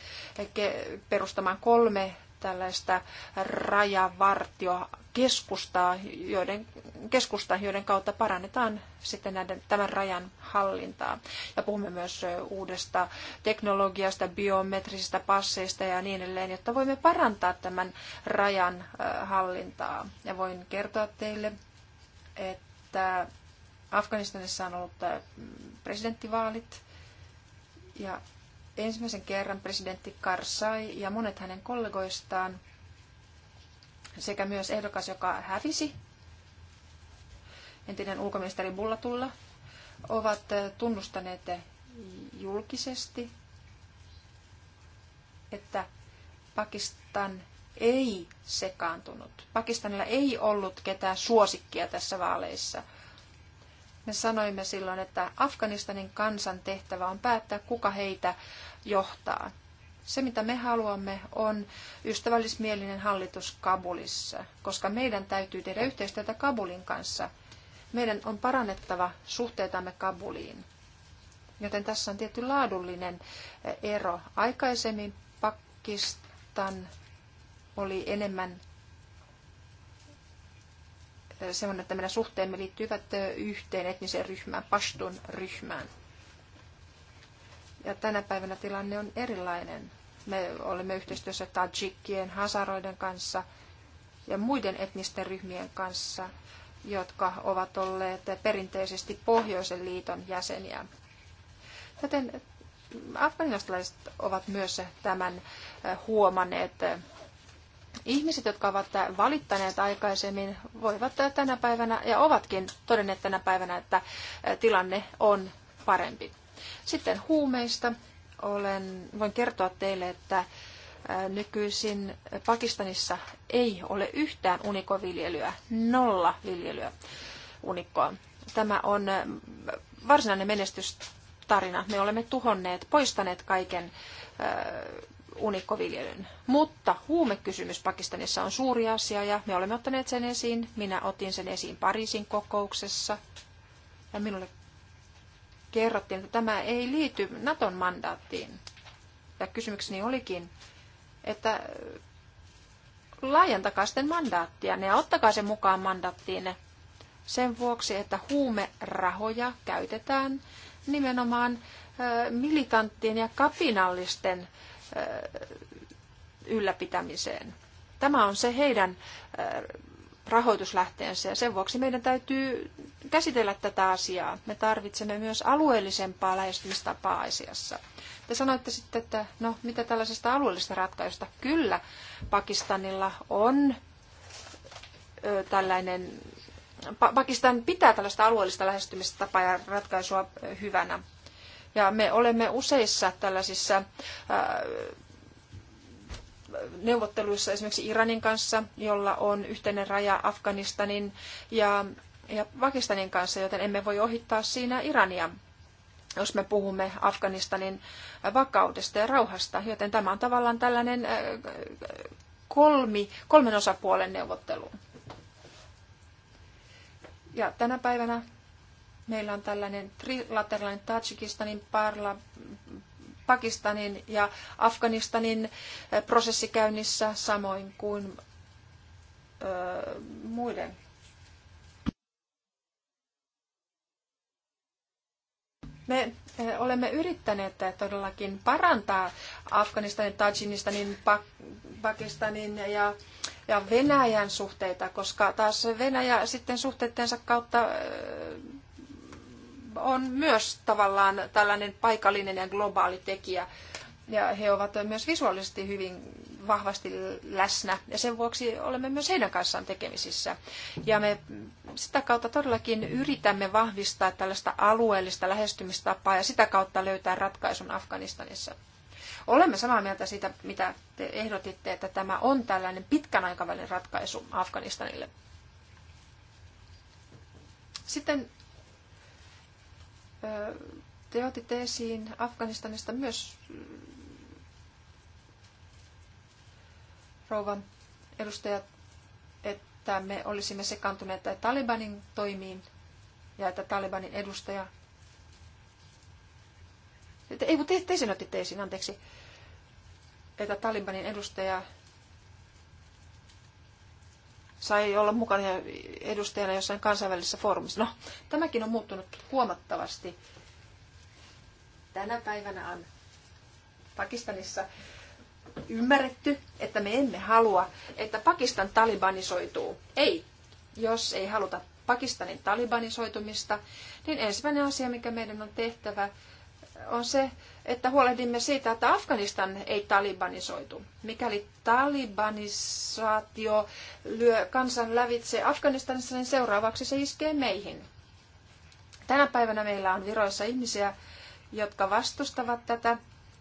perustamaan kolme tällaista rajavartiokeskusta, joiden, keskusta, joiden kautta parannetaan sitten näiden, tämän rajan hallintaa. Ja puhumme myös eh, uudesta teknologiasta, biometrisistä passeista ja niin edelleen, jotta voimme parantaa tämän rajan eh, hallintaa. Ja voin kertoa teille että Afganistanissa on ollut äh, presidenttivaalit ja ensimmäisen kerran presidentti Karzai ja monet hänen kollegoistaan sekä myös ehdokas, joka hävisi, entinen ulkoministeri Bullatulla, ovat äh, tunnustaneet julkisesti, että Pakistan ei sekaantunut. Pakistanilla ei ollut ketään suosikkia tässä vaaleissa. Me sanoimme silloin, että Afganistanin kansan tehtävä on päättää, kuka heitä johtaa. Se, mitä me haluamme, on ystävällismielinen hallitus Kabulissa, koska meidän täytyy tehdä yhteistyötä Kabulin kanssa. Meidän on parannettava suhteitamme Kabuliin. Joten tässä on tietty laadullinen eh, ero. Aikaisemmin Pakistan oli enemmän semmoinen, että meidän suhteemme liittyvät yhteen etniseen ryhmään, Pashtun ryhmään. Ja tänä päivänä tilanne on erilainen. Me olemme yhteistyössä tajikkien, hasaroiden kanssa ja muiden etnisten ryhmien kanssa, jotka ovat olleet perinteisesti Pohjoisen liiton jäseniä. Joten afganistalaiset ovat myös tämän huomanneet Ihmiset, jotka ovat valittaneet aikaisemmin, voivat tänä päivänä ja ovatkin todenneet tänä päivänä, että tilanne on parempi. Sitten huumeista. Olen, voin kertoa teille, että nykyisin Pakistanissa ei ole yhtään unikoviljelyä, nolla viljelyä unikkoa. Tämä on varsinainen menestystarina. Me olemme tuhonneet, poistaneet kaiken unikkoviljelyn. Mutta huumekysymys Pakistanissa on suuri asia ja me olemme ottaneet sen esiin. Minä otin sen esiin Pariisin kokouksessa ja minulle kerrottiin, että tämä ei liity Naton mandaattiin. Ja kysymykseni olikin, että laajentakaa sitten mandaattia ja ottakaa se mukaan mandaattiin sen vuoksi, että huumerahoja käytetään nimenomaan militanttien ja kapinallisten ylläpitämiseen. Tämä on se heidän rahoituslähteensä ja sen vuoksi meidän täytyy käsitellä tätä asiaa. Me tarvitsemme myös alueellisempaa lähestymistapaa asiassa. Te sanoitte sitten, että no mitä tällaisesta alueellisesta ratkaisusta? Kyllä, Pakistanilla on ö, tällainen, Pakistan pitää tällaista alueellista lähestymistapaa ja ratkaisua hyvänä. Ja me olemme useissa tällaisissa äh, neuvotteluissa esimerkiksi Iranin kanssa, jolla on yhteinen raja Afganistanin ja, ja Pakistanin kanssa, joten emme voi ohittaa siinä Irania, jos me puhumme Afganistanin vakaudesta ja rauhasta. Joten tämä on tavallaan tällainen äh, kolmi, kolmen osapuolen neuvottelu. Ja tänä päivänä Meillä on tällainen trilateraalinen Tajikistanin, parla, Pakistanin ja Afganistanin prosessi käynnissä, samoin kuin ö, muiden Me olemme yrittäneet todellakin parantaa Afganistanin, Tajikistanin, Pakistanin ja, ja Venäjän suhteita, koska taas Venäjä sitten suhteittensa kautta on myös tavallaan tällainen paikallinen ja globaali tekijä. Ja he ovat myös visuaalisesti hyvin vahvasti läsnä ja sen vuoksi olemme myös heidän kanssaan tekemisissä. Ja me sitä kautta todellakin yritämme vahvistaa tällaista alueellista lähestymistapaa ja sitä kautta löytää ratkaisun Afganistanissa. Olemme samaa mieltä siitä, mitä te ehdotitte, että tämä on tällainen pitkän aikavälin ratkaisu Afganistanille. Sitten te otitte esiin Afganistanista myös mm, rouvan edustajat, että me olisimme sekaantuneet Talibanin toimiin ja että Talibanin edustaja... Että, ei, mutta te, te sen otitte esiin, anteeksi. Että Talibanin edustaja sai olla mukana edustajana jossain kansainvälisessä foorumissa. No, tämäkin on muuttunut huomattavasti. Tänä päivänä on Pakistanissa ymmärretty, että me emme halua, että Pakistan talibanisoituu. Ei. Jos ei haluta Pakistanin talibanisoitumista, niin ensimmäinen asia, mikä meidän on tehtävä, on se, että huolehdimme siitä, että Afganistan ei talibanisoitu. Mikäli talibanisaatio lyö kansan lävitse Afganistanissa, niin seuraavaksi se iskee meihin. Tänä päivänä meillä on viroissa ihmisiä, jotka vastustavat tätä,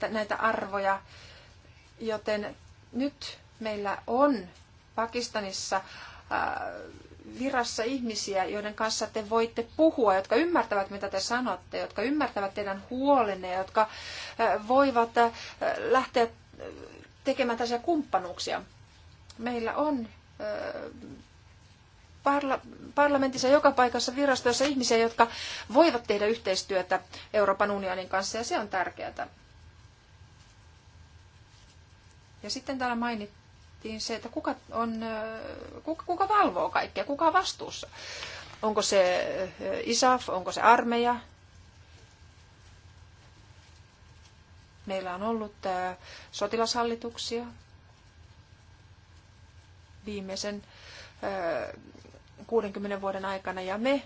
näitä arvoja, joten nyt meillä on Pakistanissa virassa ihmisiä, joiden kanssa te voitte puhua, jotka ymmärtävät, mitä te sanotte, jotka ymmärtävät teidän huolenne, jotka voivat lähteä tekemään tällaisia kumppanuuksia. Meillä on parla- parlamentissa joka paikassa virastoissa ihmisiä, jotka voivat tehdä yhteistyötä Euroopan unionin kanssa, ja se on tärkeää. Ja sitten täällä mainittiin, pohdittiin se, että kuka, on, kuka, kuka valvoo kaikkea, kuka on vastuussa. Onko se ISAF, onko se armeija? Meillä on ollut sotilashallituksia viimeisen 60 vuoden aikana ja me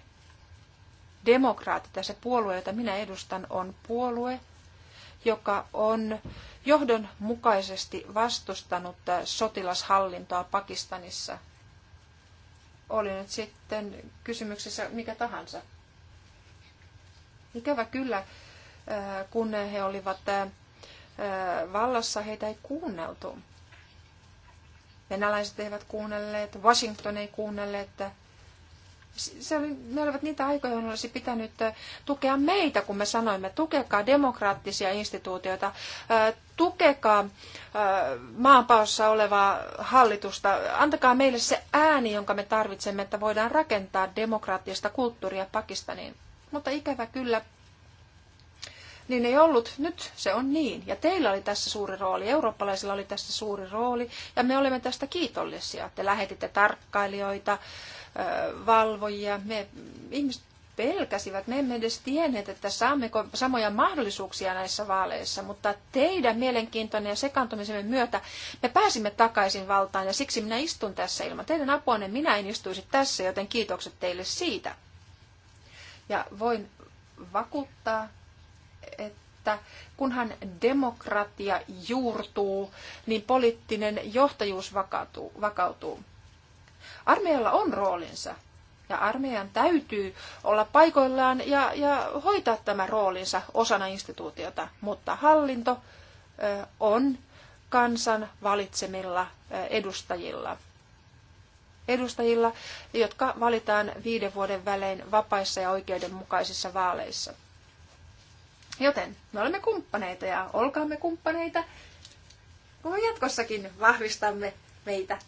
demokraatit ja se puolue, jota minä edustan, on puolue, joka on johdonmukaisesti vastustanut äh, sotilashallintoa Pakistanissa. Oli nyt sitten kysymyksessä mikä tahansa. Ikävä kyllä, äh, kun he olivat äh, vallassa, heitä ei kuunneltu. Venäläiset eivät kuunnelleet, Washington ei kuunnelleet, se oli, ne olivat niitä aikoja, joihin olisi pitänyt tukea meitä, kun me sanoimme, tukekaa demokraattisia instituutioita, tukekaa maanpaossa olevaa hallitusta, antakaa meille se ääni, jonka me tarvitsemme, että voidaan rakentaa demokraattista kulttuuria Pakistaniin. Mutta ikävä kyllä, niin ei ollut. Nyt se on niin. Ja teillä oli tässä suuri rooli, eurooppalaisilla oli tässä suuri rooli, ja me olemme tästä kiitollisia. Te lähetitte tarkkailijoita, valvojia. Me ihmiset pelkäsivät, me emme edes tienneet, että saammeko samoja mahdollisuuksia näissä vaaleissa, mutta teidän mielenkiintoinen ja sekaantumisemme myötä me pääsimme takaisin valtaan ja siksi minä istun tässä ilman teidän apuanne, minä en istuisi tässä, joten kiitokset teille siitä. Ja voin vakuuttaa, että kunhan demokratia juurtuu, niin poliittinen johtajuus vakautuu. vakautuu. Armeijalla on roolinsa ja armeijan täytyy olla paikoillaan ja, ja hoitaa tämä roolinsa osana instituutiota, mutta hallinto on kansan valitsemilla edustajilla. Edustajilla, jotka valitaan viiden vuoden välein vapaissa ja oikeudenmukaisissa vaaleissa. Joten me olemme kumppaneita ja olkaamme kumppaneita, kun jatkossakin vahvistamme meitä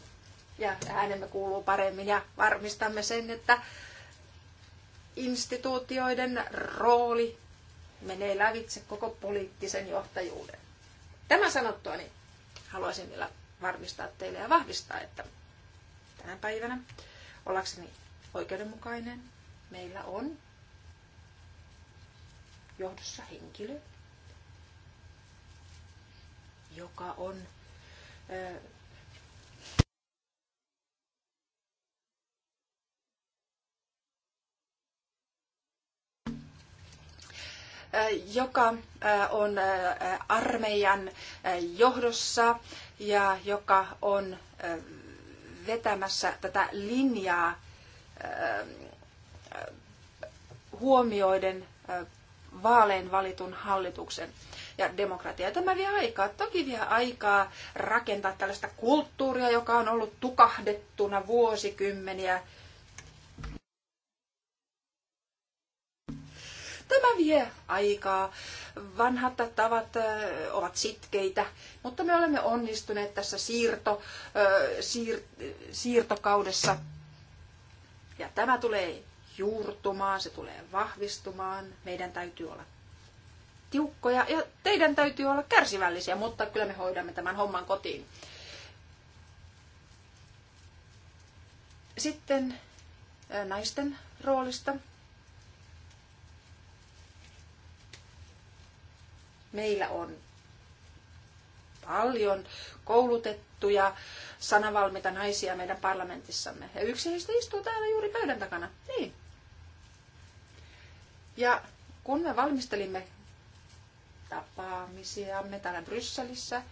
ja äänemme kuuluu paremmin ja varmistamme sen, että instituutioiden rooli menee lävitse koko poliittisen johtajuuden. Tämä sanottua, niin haluaisin vielä varmistaa teille ja vahvistaa, että tänä päivänä ollakseni oikeudenmukainen meillä on johdossa henkilö, joka on joka on armeijan johdossa ja joka on vetämässä tätä linjaa huomioiden vaaleen valitun hallituksen ja demokratia. Tämä vie aikaa, toki vie aikaa rakentaa tällaista kulttuuria, joka on ollut tukahdettuna vuosikymmeniä Tämä vie aikaa. Vanhat tavat ovat sitkeitä, mutta me olemme onnistuneet tässä siirto, siir, siirtokaudessa. Ja tämä tulee juurtumaan, se tulee vahvistumaan. Meidän täytyy olla tiukkoja ja teidän täytyy olla kärsivällisiä, mutta kyllä me hoidamme tämän homman kotiin. Sitten naisten roolista. Meillä on paljon koulutettuja, sanavalmiita naisia meidän parlamentissamme. Ja yksi heistä istuu täällä juuri pöydän takana. Niin. Ja kun me valmistelimme tapaamisiamme täällä Brysselissä,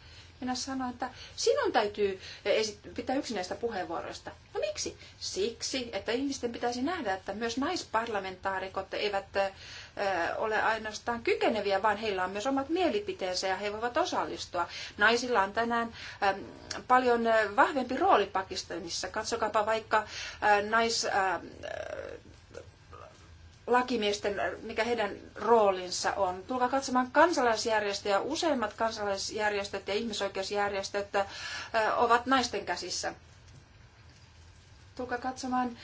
minä sanoin, että sinun täytyy eh, pitää yksi näistä puheenvuoroista. No miksi? Siksi, että ihmisten pitäisi nähdä, että myös naisparlamentaarikot eivät eh, eh, ole ainoastaan kykeneviä, vaan heillä on myös omat mielipiteensä ja he voivat osallistua. Naisilla on tänään paljon vahvempi rooli Pakistanissa. Katsokaapa vaikka nais lakimiesten, mikä heidän roolinsa on. Tulkaa katsomaan kansalaisjärjestöjä. Useimmat kansalaisjärjestöt ja ihmisoikeusjärjestöt ovat naisten käsissä. Tulkaa katsomaan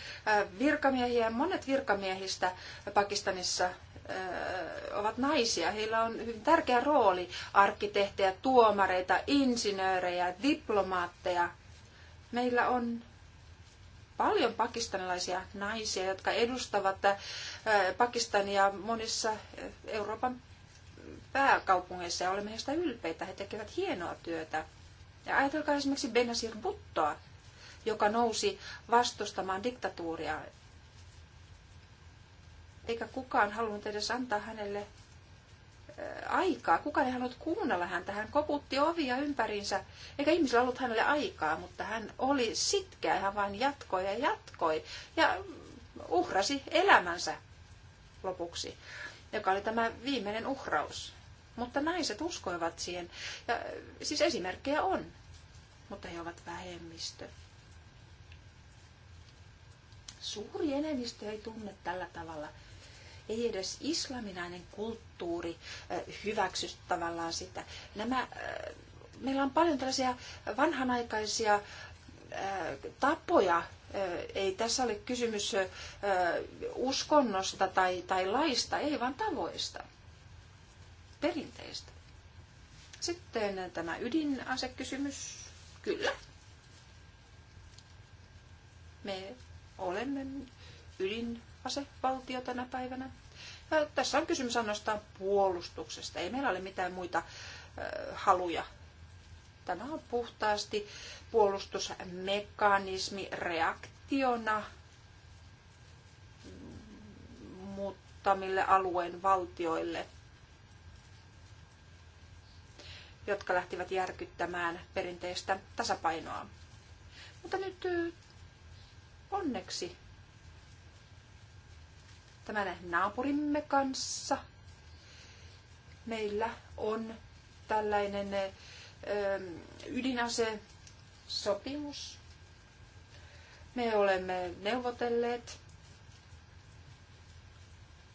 virkamiehiä. Monet virkamiehistä Pakistanissa ovat naisia. Heillä on hyvin tärkeä rooli arkkitehtejä, tuomareita, insinöörejä, diplomaatteja. Meillä on paljon pakistanilaisia naisia, jotka edustavat äh, Pakistania monissa äh, Euroopan pääkaupungeissa ja olemme heistä ylpeitä. He tekevät hienoa työtä. Ja ajatelkaa esimerkiksi Benazir Buttoa, joka nousi vastustamaan diktatuuria. Eikä kukaan halunnut edes antaa hänelle Äh, aikaa. Kukaan ei halunnut kuunnella häntä. Hän koputti ovia ympäriinsä, eikä ihmisillä ollut hänelle aikaa, mutta hän oli sitkeä. Hän vain jatkoi ja jatkoi ja uhrasi elämänsä lopuksi, joka oli tämä viimeinen uhraus. Mutta naiset uskoivat siihen. Ja, äh, siis esimerkkejä on, mutta he ovat vähemmistö. Suuri enemmistö ei tunne tällä tavalla – ei edes islaminainen kulttuuri hyväksy tavallaan sitä. Nämä, meillä on paljon tällaisia vanhanaikaisia tapoja. Ei tässä ole kysymys uskonnosta tai, tai laista, ei vaan tavoista, perinteistä. Sitten tämä ydinasekysymys, kyllä. Me olemme ydinasevaltio tänä päivänä. Äh, tässä on kysymys ainoastaan puolustuksesta. Ei meillä ole mitään muita äh, haluja. Tämä on puhtaasti puolustusmekanismi reaktiona muuttamille alueen valtioille, jotka lähtivät järkyttämään perinteistä tasapainoa. Mutta nyt äh, onneksi tämän naapurimme kanssa. Meillä on tällainen ydinase sopimus. Me olemme neuvotelleet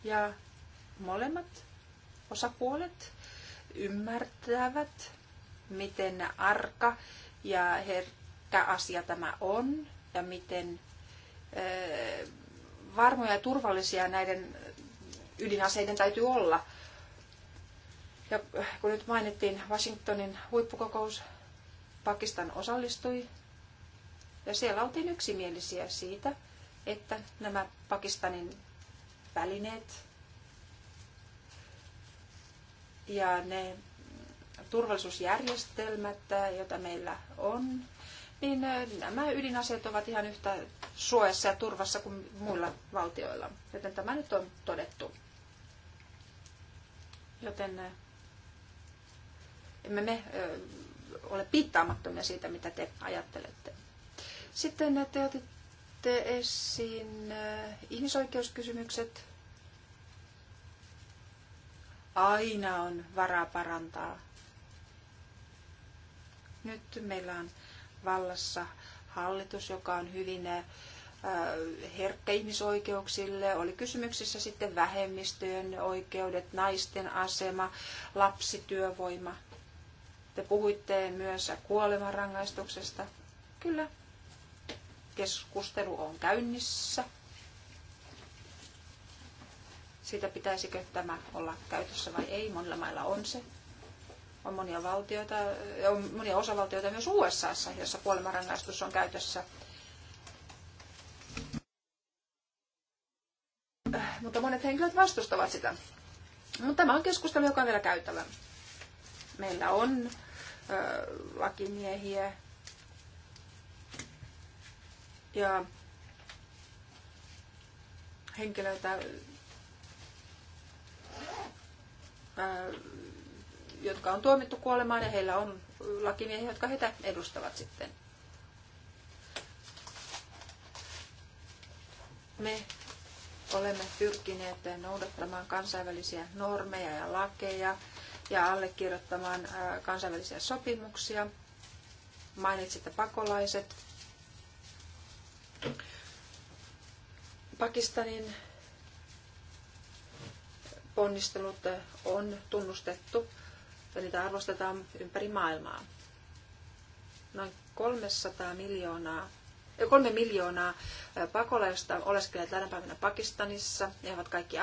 ja molemmat osapuolet ymmärtävät, miten arka ja herkkä asia tämä on ja miten varmoja ja turvallisia näiden ydinaseiden täytyy olla. Ja kun nyt mainittiin Washingtonin huippukokous, Pakistan osallistui ja siellä oltiin yksimielisiä siitä, että nämä Pakistanin välineet ja ne turvallisuusjärjestelmät, joita meillä on, niin nämä ydinaseet ovat ihan yhtä suojassa ja turvassa kuin muilla valtioilla. Joten tämä nyt on todettu. Joten emme me ole piittaamattomia siitä, mitä te ajattelette. Sitten te otitte esiin ihmisoikeuskysymykset. Aina on varaa parantaa. Nyt meillä on vallassa hallitus, joka on hyvin äh, herkkä ihmisoikeuksille, oli kysymyksissä sitten vähemmistöjen oikeudet, naisten asema, lapsityövoima. Te puhuitte myös kuolemanrangaistuksesta. Kyllä, keskustelu on käynnissä. Siitä pitäisikö tämä olla käytössä vai ei. Monilla mailla on se on monia, valtioita, on monia osavaltioita myös USAssa, jossa kuolemanrangaistus on käytössä. Mutta monet henkilöt vastustavat sitä. Mutta tämä on keskustelu, joka on vielä käytävä. Meillä on ö, lakimiehiä ja henkilöitä, jotka on tuomittu kuolemaan ja heillä on lakimiehiä, jotka heitä edustavat sitten. Me olemme pyrkineet noudattamaan kansainvälisiä normeja ja lakeja ja allekirjoittamaan kansainvälisiä sopimuksia. Mainitsitte pakolaiset. Pakistanin ponnistelut on tunnustettu ja niitä arvostetaan ympäri maailmaa. Noin 300 miljoonaa, 3 miljoonaa pakolaista oleskelee tänä päivänä Pakistanissa. Ne ovat kaikki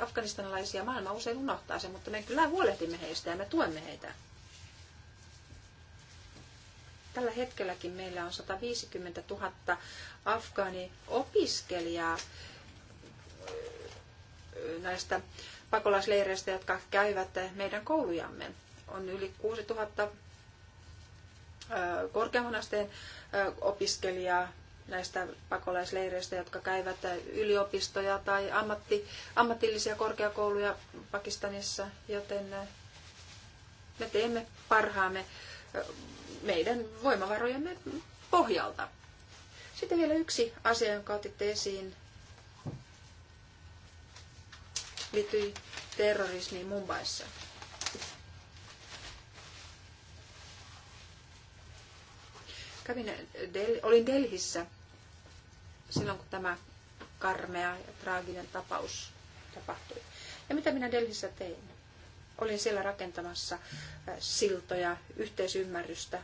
afganistanilaisia. Maailma usein unohtaa sen, mutta me kyllä huolehdimme heistä ja me tuemme heitä. Tällä hetkelläkin meillä on 150 000 opiskelijaa näistä pakolaisleireistä, jotka käyvät meidän koulujamme. On yli 6000 korkeamman asteen opiskelijaa näistä pakolaisleireistä, jotka käyvät yliopistoja tai ammatti, ammatillisia korkeakouluja Pakistanissa, joten me teemme parhaamme meidän voimavarojemme pohjalta. Sitten vielä yksi asia, jonka otitte esiin, liittyi terrorismiin Mumbaissa. Kävin Del- olin Delhissä silloin, kun tämä karmea ja traaginen tapaus tapahtui. Ja mitä minä Delhissä tein? Olin siellä rakentamassa äh, siltoja, yhteisymmärrystä,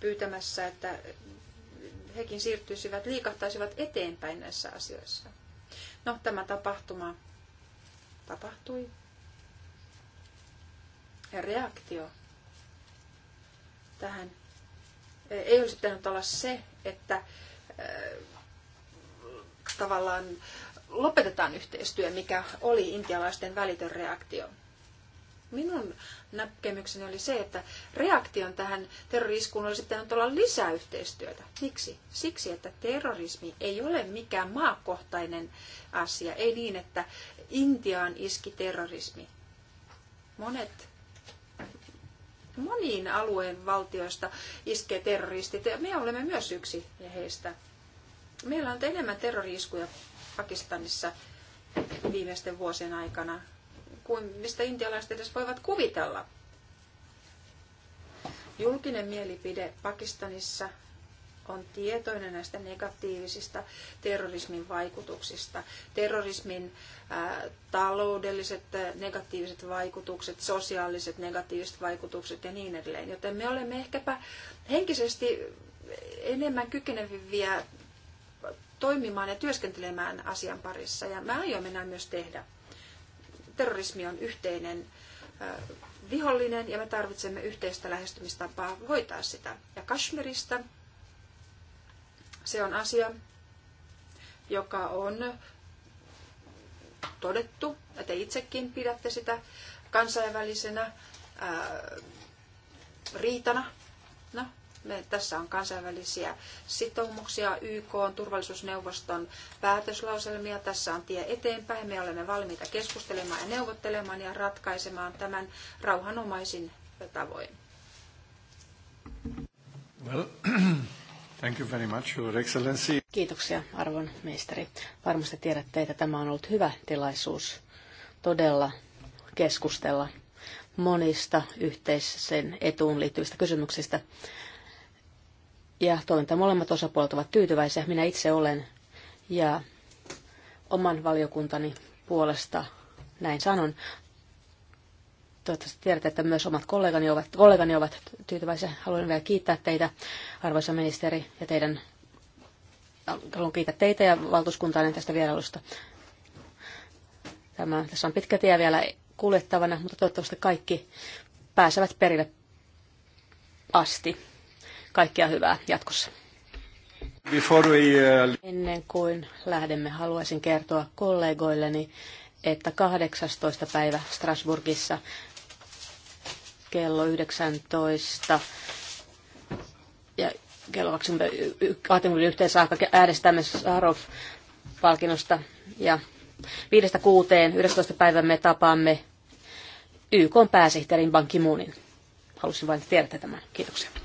pyytämässä, että hekin siirtyisivät, liikahtaisivat eteenpäin näissä asioissa. No, tämä tapahtuma tapahtui. Ja reaktio tähän e, ei olisi pitänyt olla se, että e, tavallaan lopetetaan yhteistyö, mikä oli intialaisten välitön reaktio. Minun näkemykseni oli se, että reaktion tähän terroriskuun olisi pitänyt olla lisää yhteistyötä. Miksi? Siksi, että terrorismi ei ole mikään maakohtainen asia. Ei niin, että Intiaan iski terrorismi. Monet moniin alueen valtioista iskee terroristit. Me olemme myös yksi heistä. Meillä on enemmän terroriskuja Pakistanissa viimeisten vuosien aikana kuin mistä intialaiset edes voivat kuvitella. Julkinen mielipide Pakistanissa on tietoinen näistä negatiivisista terrorismin vaikutuksista. Terrorismin ää, taloudelliset negatiiviset vaikutukset, sosiaaliset negatiiviset vaikutukset ja niin edelleen. Joten me olemme ehkäpä henkisesti enemmän kykeneviä toimimaan ja työskentelemään asian parissa. Ja me aiomme näin myös tehdä terrorismi on yhteinen vihollinen ja me tarvitsemme yhteistä lähestymistapaa hoitaa sitä. Ja Kashmirista se on asia, joka on todettu, ja te itsekin pidätte sitä kansainvälisenä ää, riitana. No, me, tässä on kansainvälisiä sitoumuksia, YK on turvallisuusneuvoston päätöslauselmia, tässä on tie eteenpäin. Me olemme valmiita keskustelemaan ja neuvottelemaan ja ratkaisemaan tämän rauhanomaisin tavoin. Well, thank you very much, Your Excellency. Kiitoksia, arvon ministeri. Varmasti tiedätte, että tämä on ollut hyvä tilaisuus todella keskustella monista yhteisen etuun liittyvistä kysymyksistä ja toivon, että molemmat osapuolet ovat tyytyväisiä. Minä itse olen ja oman valiokuntani puolesta näin sanon. Toivottavasti tiedätte, että myös omat kollegani ovat, kollegani ovat tyytyväisiä. Haluan vielä kiittää teitä, arvoisa ministeri, ja teidän, haluan kiittää teitä ja valtuuskuntaanne tästä vierailusta. Tämä, tässä on pitkä tie vielä kuljettavana, mutta toivottavasti kaikki pääsevät perille asti. Kaikkea hyvää jatkossa. Uh, Ennen kuin lähdemme, haluaisin kertoa kollegoilleni, että 18. päivä Strasburgissa kello 19 ja kello 21 yhteen saakka äänestämme Sarov-palkinnosta ja 5.6. 11. päivä me tapaamme YK pääsihteerin Ban Ki-moonin. Halusin vain tietää tämän. Kiitoksia.